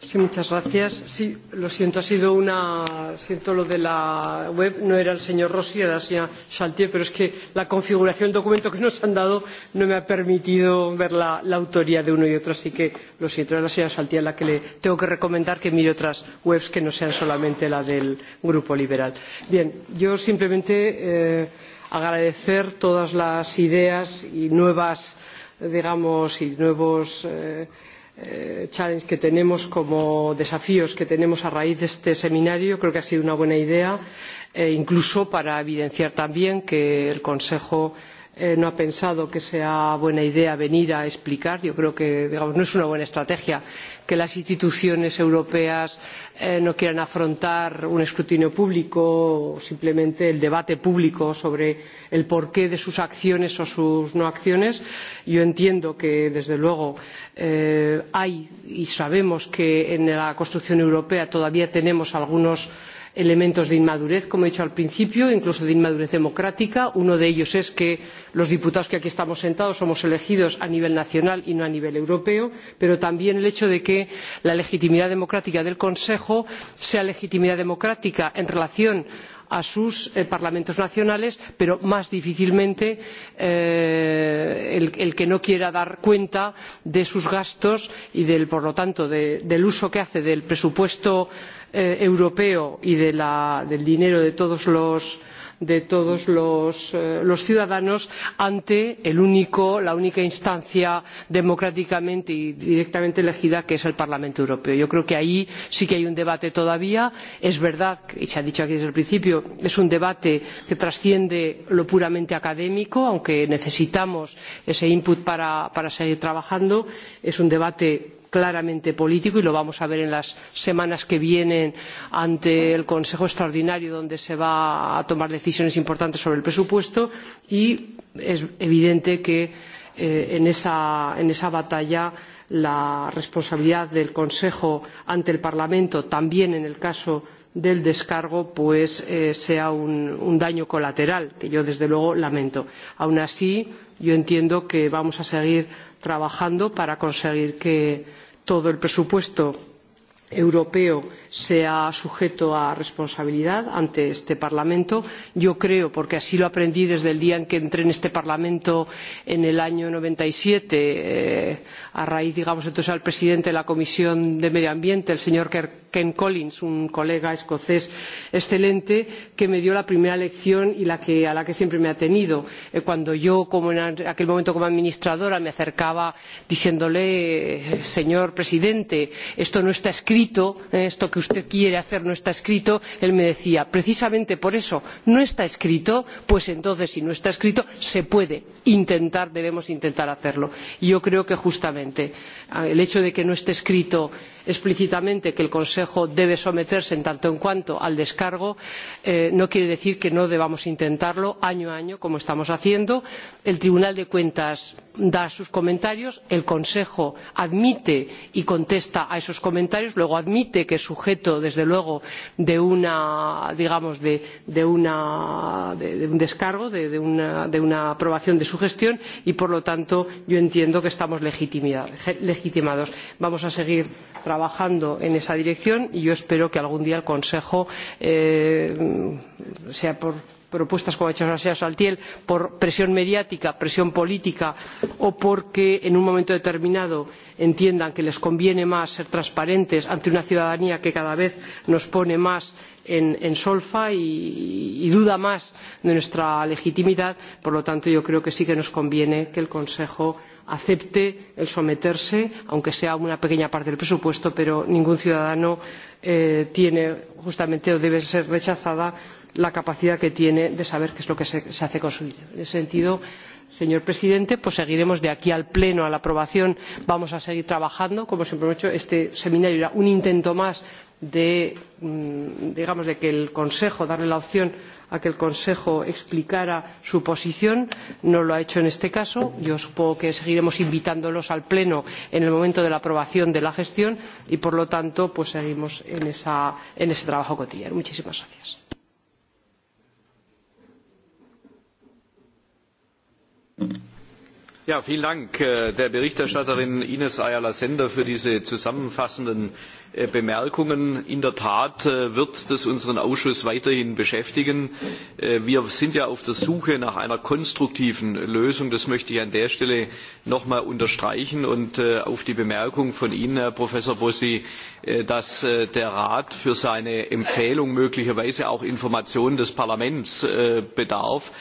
Speaker 6: Sí, muchas gracias. Sí, lo siento, ha sido una. Siento lo de la web, no era el señor Rossi, era la señora Chaltier, pero es que la configuración del documento que nos han dado no me ha permitido ver la, la autoría de uno y otro, así que lo siento, era la señora Chaltier la que le tengo que recomendar que mire otras webs que no sean solamente la del Grupo Liberal. Bien, yo simplemente eh, agradecer todas las ideas y nuevas, digamos, y nuevos. Eh, eh, challenge que tenemos como desafíos que tenemos a raíz de este seminario creo que ha sido una buena idea e incluso para evidenciar también que el Consejo eh, eh, no ha pensado que sea buena idea venir a explicar. Yo creo que digamos, no es una buena estrategia que las instituciones europeas eh, no quieran afrontar un escrutinio público o simplemente el debate público sobre el porqué de sus acciones o sus no acciones. Yo entiendo que, desde luego, eh, hay y sabemos que en la construcción europea todavía tenemos algunos elementos de inmadurez, como he dicho al principio, incluso de inmadurez democrática. Uno de ellos es que los diputados que aquí estamos sentados somos elegidos a nivel nacional y no a nivel europeo, pero también el hecho de que la legitimidad democrática del Consejo sea legitimidad democrática en relación a sus eh, parlamentos nacionales pero más difícilmente eh, el, el que no quiera dar cuenta de sus gastos y del, por lo tanto de, del uso que hace del presupuesto eh, eh, europeo y de la, del dinero de todos los de todos los, eh, los ciudadanos ante el único, la única instancia democráticamente y directamente elegida que es el Parlamento Europeo. Yo creo que ahí sí que hay un debate todavía. Es verdad, y se ha dicho aquí desde el principio, es un debate que trasciende lo puramente académico, aunque necesitamos ese input para, para seguir trabajando. Es un debate claramente político y lo vamos a ver en las semanas que vienen ante el consejo extraordinario donde se van a tomar decisiones importantes sobre el presupuesto y es evidente que eh, en, esa, en esa batalla la responsabilidad del consejo ante el parlamento también en el caso de del descargo pues, eh, sea un, un daño colateral, que yo desde luego lamento. Aún así, yo entiendo que vamos a seguir trabajando para conseguir que todo el presupuesto europeo sea sujeto a responsabilidad ante este Parlamento. Yo creo, porque así lo aprendí desde el día en que entré en este Parlamento en el año 97, eh, a raíz, digamos, entonces al presidente de la Comisión de Medio Ambiente, el señor Ken Collins, un colega escocés excelente, que me dio la primera lección y la que, a la que siempre me ha tenido. Eh, cuando yo, como en aquel momento como administradora, me acercaba diciéndole, eh, señor presidente, esto no está escrito, eh, esto que que usted quiere hacer no está escrito él me decía precisamente por eso no está escrito pues entonces si no está escrito se puede intentar debemos intentar hacerlo. y yo creo que justamente ah, el hecho de que no esté escrito explícitamente que el consejo debe someterse en tanto en cuanto al descargo eh, no quiere decir que no debamos intentarlo año a año como estamos haciendo. el tribunal de cuentas da sus comentarios el consejo admite y contesta a esos comentarios luego admite que es sujeto desde luego de una digamos de, de, una, de, de un descargo de una, de una aprobación de su gestión y por lo tanto yo entiendo que estamos legitimados. vamos a seguir trabajando trabajando en esa dirección y yo espero que algún día el Consejo eh, sea por propuestas como ha hecho la señora Saltiel por presión mediática, presión política o porque en un momento determinado entiendan que les conviene más ser transparentes ante una ciudadanía que cada vez nos pone más en, en solfa y, y duda más de nuestra legitimidad. Por lo tanto, yo creo que sí que nos conviene que el Consejo acepte el someterse, aunque sea una pequeña parte del presupuesto, pero ningún ciudadano eh, tiene justamente o debe ser rechazada la capacidad que tiene de saber qué es lo que se, se hace con su dinero. En ese sentido, señor presidente pues seguiremos de aquí al pleno a la aprobación vamos a seguir trabajando como siempre hemos hecho este seminario era un intento más de mm, digamos de que el consejo darle la opción a a que el Consejo explicara su posición. No lo ha hecho en este caso. Yo supongo que seguiremos invitándolos al Pleno en el momento de la aprobación de la gestión y, por lo tanto, pues seguimos en, esa, en ese trabajo cotidiano. Muchísimas gracias.
Speaker 1: Ja, vielen Dank äh, der Berichterstatterin Ines Ayala Sender für diese zusammenfassenden Äh, Bemerkungen. In der Tat äh, wird das unseren Ausschuss weiterhin beschäftigen. Äh, wir sind ja auf der Suche nach einer konstruktiven Lösung. Das möchte ich an der Stelle noch mal unterstreichen und auf die Bemerkung von Ihnen, Herr Professor Bossi, dass der Rat für seine Empfehlung möglicherweise auch Informationen des Parlaments bedarf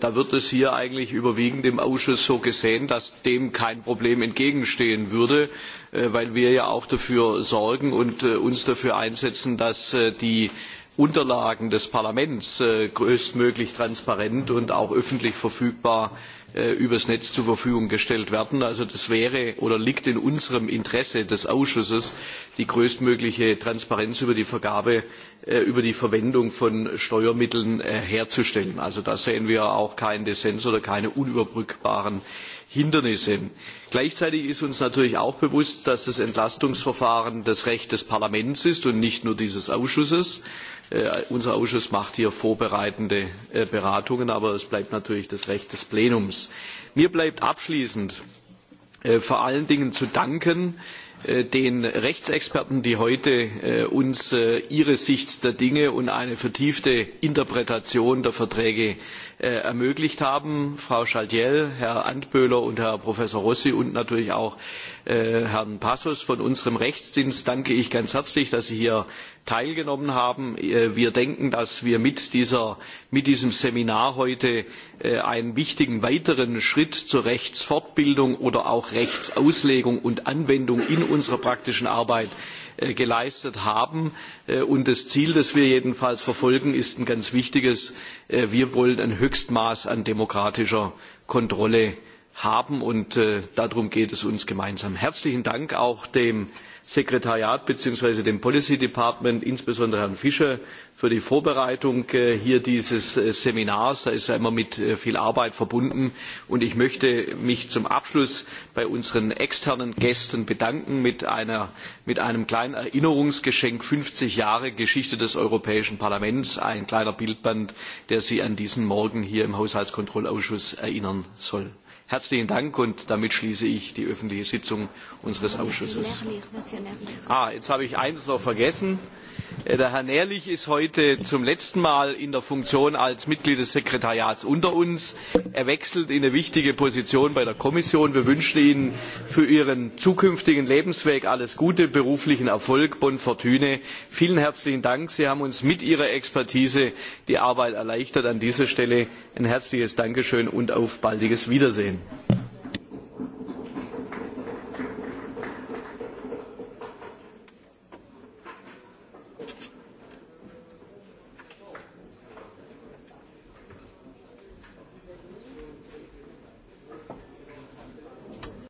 Speaker 1: da wird es hier eigentlich überwiegend im Ausschuss so gesehen, dass dem kein Problem entgegenstehen würde. Äh, weil wir ja auch dafür sorgen und äh, uns dafür einsetzen, dass äh, die Unterlagen des Parlaments größtmöglich transparent und auch öffentlich verfügbar übers Netz zur Verfügung gestellt werden. Also das wäre oder liegt in unserem Interesse des Ausschusses, die größtmögliche Transparenz über die Vergabe, über die Verwendung von Steuermitteln herzustellen. Also da sehen wir auch keinen Dissens oder keine unüberbrückbaren äh, Hindernisse. Gleichzeitig ist uns natürlich auch bewusst, dass das Entlastungsverfahren das Recht des Parlaments ist und nicht nur dieses Ausschusses. Äh, unser Ausschuss macht hier vorbereitende äh, Beratungen, aber es bleibt natürlich das Recht des Plenums. Mir bleibt abschließend äh, vor allen Dingen zu danken, äh, den Rechtsexperten, die heute äh, uns äh, ihre Sicht der Dinge und eine vertiefte Interpretation der Verträge Äh, ermöglicht haben, Frau Schaltiel, Herr Antböhler und Herr Professor Rossi und natürlich auch äh, Herrn Passus von unserem Rechtsdienst danke ich ganz herzlich, dass Sie hier teilgenommen haben. Äh, wir denken, dass wir mit, dieser, mit diesem Seminar heute einen wichtigen weiteren Schritt zur Rechtsfortbildung oder auch Rechtsauslegung und Anwendung in unserer praktischen Arbeit Äh, geleistet haben. Äh, und das Ziel, das wir jedenfalls verfolgen, ist ein ganz wichtiges. Äh, wir wollen ein Höchstmaß an demokratischer Kontrolle haben und darum geht es uns gemeinsam. Herzlichen Dank auch dem Sekretariat bzw. dem Policy Department, insbesondere Herrn Fischer, für die Vorbereitung äh, hier dieses äh, Seminars. Da ist ja immer mit äh, viel Arbeit verbunden. Und ich möchte mich zum Abschluss bei unseren externen Gästen bedanken mit, einer, mit einem kleinen Erinnerungsgeschenk 50 Jahre Geschichte des Europäischen Parlaments, ein kleiner Bildband, der Sie an diesen Morgen hier im Haushaltskontrollausschuss erinnern soll. Herzlichen Dank und damit schließe ich die öffentliche Sitzung unseres Ausschusses. Ah, jetzt habe ich eins noch vergessen. Äh, der herr nährlich ist heute zum letzten mal in der funktion als mitglied des sekretariats unter uns. er wechselt in eine wichtige position bei der kommission. wir wünschen ihnen für ihren zukünftigen lebensweg alles gute beruflichen erfolg bonne fortune. vielen herzlichen dank sie haben uns mit ihrer expertise die arbeit erleichtert. an dieser stelle ein herzliches dankeschön und auf baldiges wiedersehen!